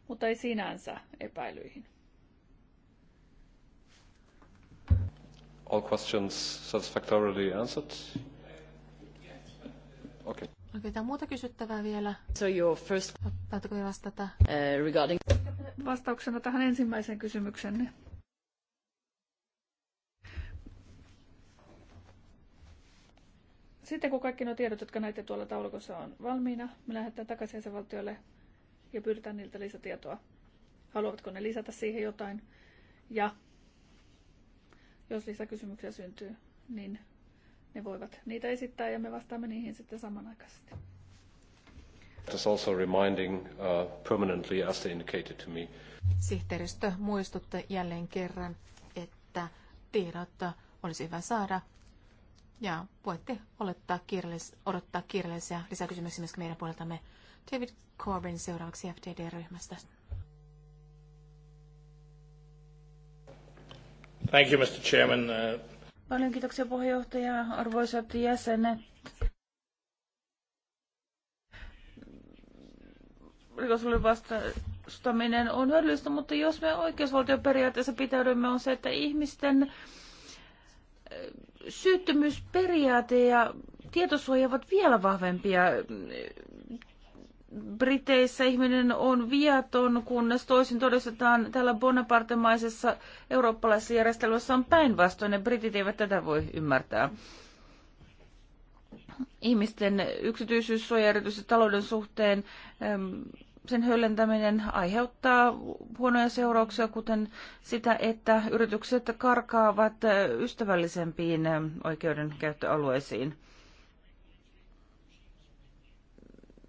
E: mutta ei sinänsä epäilyihin.
A: all questions satisfactorily answered? Okay.
B: Onko tämä muuta kysyttävää vielä? So your first...
E: Taatko vastata?
B: Uh, regarding...
E: Vastauksena tähän ensimmäiseen kysymykseen. Sitten kun kaikki nuo tiedot, jotka näitte tuolla taulukossa on valmiina, me lähdetään takaisin jäsenvaltiolle ja pyydetään niiltä lisätietoa. Haluavatko ne lisätä siihen jotain? Ja jos lisäkysymyksiä syntyy, niin ne voivat niitä esittää ja me vastaamme niihin sitten samanaikaisesti.
A: Uh, Sihteeristö
B: muistuttaa jälleen kerran, että tiedot olisi hyvä saada ja voitte olettaa kirjallis- odottaa kirjallisia lisäkysymyksiä myös meidän puoleltamme. David Corbyn seuraavaksi FTD-ryhmästä.
A: Thank you, Mr. Chairman. Uh,
B: Paljon kiitoksia
D: puheenjohtaja, arvoisat jäsenet. Rikosullin vastustaminen on hyödyllistä, mutta jos me oikeusvaltioperiaatteessa pitäydymme, on se, että ihmisten äh, syyttömyysperiaate ja tietosuoja ovat vielä vahvempia. Briteissä ihminen on viaton, kunnes toisin todistetaan täällä Bonapartemaisessa eurooppalaisessa järjestelmässä on päinvastoin, ja britit eivät tätä voi ymmärtää. Ihmisten yksityisyyssuoja erityisesti talouden suhteen, ähm, sen höllentäminen aiheuttaa huonoja seurauksia, kuten sitä, että yritykset karkaavat äh, ystävällisempiin ähm, oikeudenkäyttöalueisiin.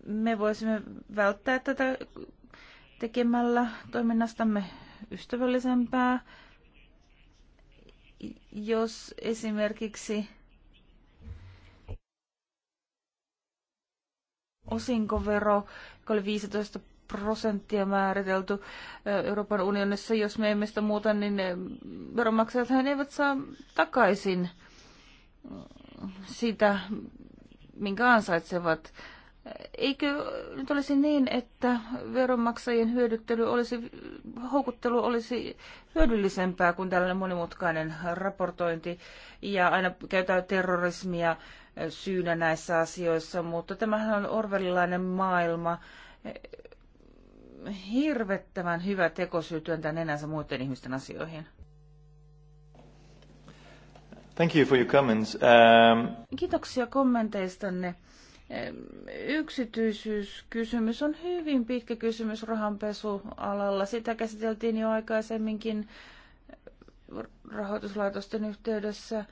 D: me voisimme välttää tätä tekemällä toiminnastamme ystävällisempää. Jos esimerkiksi osinkovero, joka oli 15 prosenttia määritelty Euroopan unionissa, jos me emme sitä muuta, niin veronmaksajat eivät saa takaisin sitä, minkä ansaitsevat Eikö nyt olisi niin, että veronmaksajien hyödyttely olisi, houkuttelu olisi hyödyllisempää kuin tällainen monimutkainen raportointi ja aina käytetään terrorismia syynä näissä asioissa, mutta tämähän on orvelilainen maailma. Hirvettävän hyvä teko työntää nenänsä muiden ihmisten asioihin.
B: Thank you for your comments.
E: Um...
D: Kiitoksia kommenteistanne. Yksityisyyskysymys on hyvin pitkä kysymys rahanpesualalla. Sitä käsiteltiin jo aikaisemminkin rahoituslaitosten yhteydessä.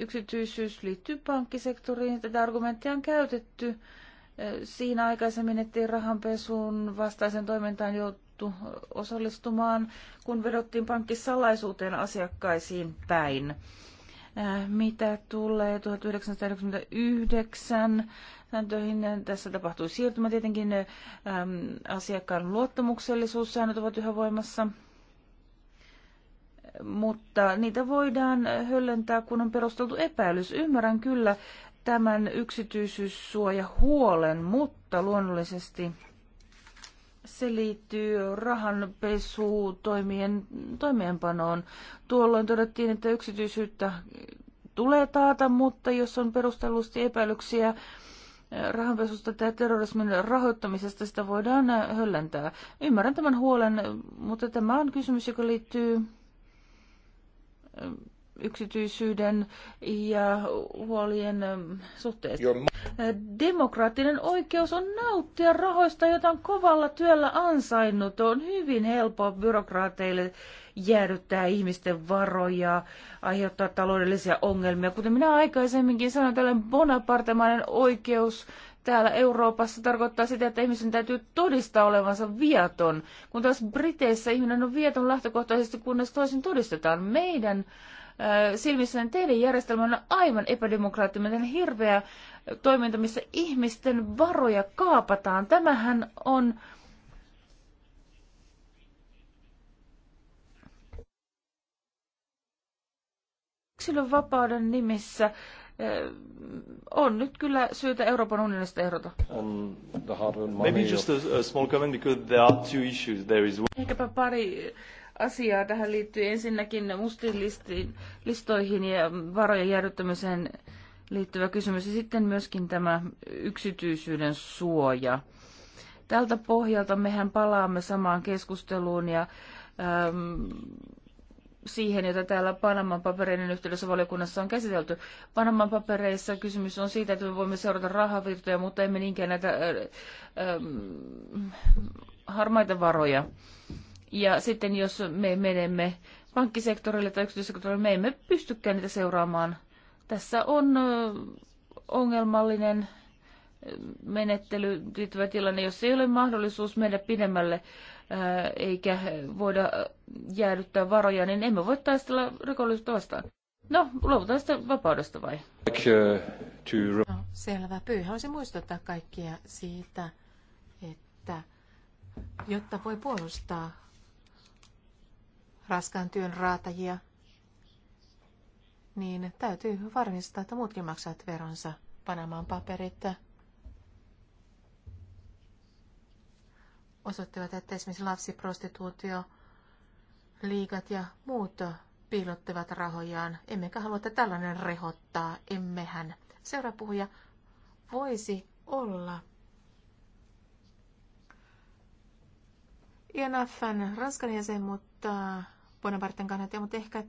D: Yksityisyys liittyy pankkisektoriin. Tätä argumenttia on käytetty eh, siinä aikaisemmin, ettei rahanpesuun vastaisen toimintaan joutu osallistumaan, kun vedottiin pankkisalaisuuteen asiakkaisiin päin. Äh, mitä tulee 1999 sääntöihin. Tässä tapahtui siirtymä tietenkin. Ähm, asiakkaan luottamuksellisuussäännöt ovat yhä voimassa. Mutta niitä voidaan höllentää, kun on perusteltu epäilys. Ymmärrän kyllä tämän yksityisyyssuoja huolen, mutta luonnollisesti se liittyy rahanpesutoimien toimeenpanoon. Tuolloin todettiin, että yksityisyyttä tulee taata, mutta jos on perustellusti epäilyksiä eh, rahanpesusta tai terrorismin rahoittamisesta, sitä voidaan eh, höllentää. Ymmärrän tämän huolen, mutta tämä on kysymys, joka liittyy eh, yksityisyyden ja huolien ähm, suhteesta. Demokraattinen oikeus on nauttia rahoista, joita on kovalla työllä ansainnut. On hyvin helppo byrokraateille jäädyttää ihmisten varoja, aiheuttaa taloudellisia ongelmia. Kuten minä aikaisemminkin sanoin, tällainen bonapartemainen oikeus täällä Euroopassa tarkoittaa sitä, että ihmisen täytyy todistaa olevansa viaton, kun taas Briteissä ihminen on viaton lähtökohtaisesti, kunnes toisin todistetaan. Meidän äh, silmissään teidän järjestelmä on aivan epädemokraattinen, hirveä toiminta, missä ihmisten varoja kaapataan. Tämähän on yksilön vapauden nimissä on nyt kyllä syytä Euroopan unionista erota.
A: Maybe just a, a small comment because there are two issues. There is
D: Ehkäpä pari asiaa tähän liittyy. Ensinnäkin mustiin listiin, listoihin ja varojen jäädyttämiseen liittyvä kysymys ja sitten myöskin tämä yksityisyyden suoja. Tältä pohjalta mehän palaamme samaan keskusteluun ja äm, siihen, jota täällä Panaman papereiden yhteydessä valiokunnassa on käsitelty. Panaman papereissa kysymys on siitä, että me voimme seurata rahavirtoja, mutta emme niinkään näitä ää, äh, ähm, harmaita varoja. Ja sitten jos me menemme pankkisektorille tai yksityissektorille, me emme pystykään niitä seuraamaan. Tässä on ongelmallinen menettely liittyvä tilanne, jos ei ole mahdollisuus mennä pidemmälle eikä voida jäädyttää varoja, niin emme voi taistella rikollisuutta vastaan. No, luovutaan sitä
B: vapaudesta vai?
A: Uh, no,
B: selvä. Pyyhä olisi muistuttaa kaikkia siitä, että jotta voi puolustaa raskaan työn raatajia, niin täytyy varmistaa, että muutkin maksavat veronsa. Panamaan paperit osoittivat, että esimerkiksi lapsiprostituutio, liikat ja muut piilottivat rahojaan. Emmekä halua, että tällainen rehottaa, emmehän. puhuja voisi olla INFn Ranskan jäsen, mutta Bonavarten kannalta, mutta ehkä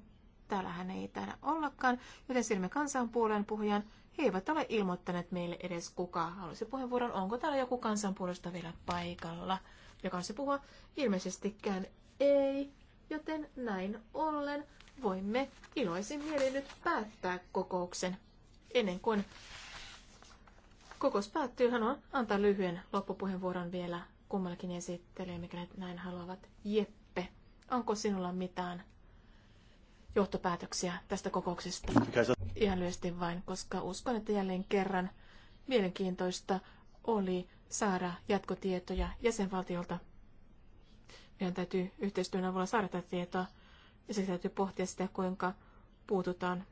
B: täällähän ei täällä ollakaan, joten siirrymme kansanpuolen puhujan. He eivät ole ilmoittaneet meille edes kuka halusi puheenvuoron. Onko täällä joku kansanpuolesta vielä paikalla, joka halusi puhua? Ilmeisestikään ei, joten näin ollen voimme iloisin mielin nyt päättää kokouksen. Ennen kuin kokous päättyy, haluan antaa lyhyen loppupuheenvuoron vielä kummallakin esittelee, mikä näin haluavat. Jep. Onko sinulla mitään johtopäätöksiä tästä kokouksesta? Ihan lyhyesti vain, koska uskon, että jälleen kerran mielenkiintoista oli saada jatkotietoja jäsenvaltiolta. Meidän täytyy yhteistyön avulla saada tätä tietoa ja se täytyy pohtia sitä, kuinka puututaan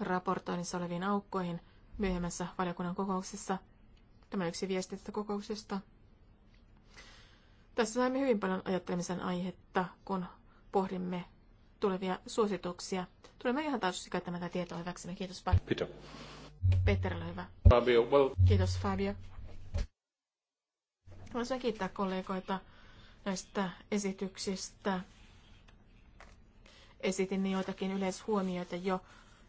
B: raportoinnissa oleviin aukkoihin myöhemmässä valiokunnan kokouksessa. Tämä yksi viesti tästä kokouksesta. Tässä saimme hyvin paljon ajattelemisen aihetta, kun pohdimme tulevia suosituksia. Tulemme ihan taas käyttämään tätä tietoa hyväksemme. Kiitos paljon. Peter. Peter, ole hyvä.
A: Fabio, well...
B: Kiitos Fabio. Haluaisin kiittää kollegoita näistä esityksistä. Esitin joitakin yleishuomioita jo,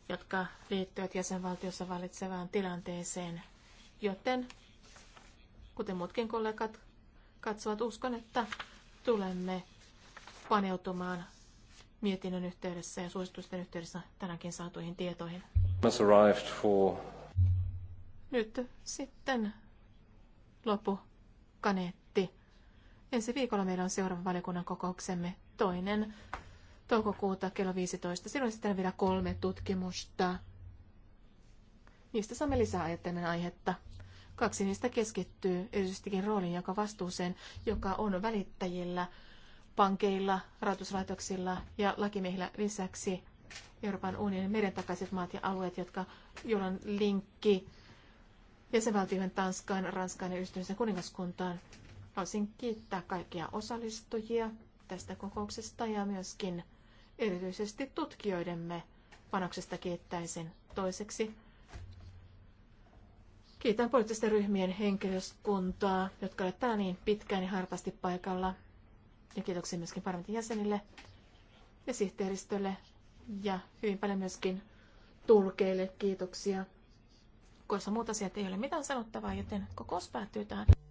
B: jotka liittyvät jäsenvaltiossa valitsevaan tilanteeseen, joten kuten muutkin kollegat, katsovat. Uskon, että tulemme paneutumaan mietinnön yhteydessä ja suositusten yhteydessä tänäänkin saatuihin tietoihin. Nyt sitten lopu kaneetti. Ensi viikolla meillä on seuraavan valiokunnan kokouksemme toinen toukokuuta kello 15. Silloin sitten vielä kolme tutkimusta. Niistä saamme lisää ajattelun aihetta. Kaksi niistä keskittyy erityisestikin roolin joka vastuuseen, joka on välittäjillä, pankeilla, rahoituslaitoksilla ja lakimiehillä lisäksi Euroopan unionin meren takaiset maat ja alueet, jotka, joilla on linkki jäsenvaltioihin Tanskaan, Ranskaan ja yhdistyneeseen kuningaskuntaan. Haluaisin kiittää kaikkia osallistujia tästä kokouksesta ja myöskin erityisesti tutkijoidemme panoksesta kiittäisin. Toiseksi Kiitän poliittisten ryhmien henkilöskuntaa, jotka ovat täällä niin pitkään ja hartaasti paikalla. Ja kiitoksia myöskin parlamentin jäsenille ja sihteeristölle ja hyvin paljon myöskin tulkeille kiitoksia. Koska muuta asiat ei ole mitään sanottavaa, joten kokous päättyy tähän.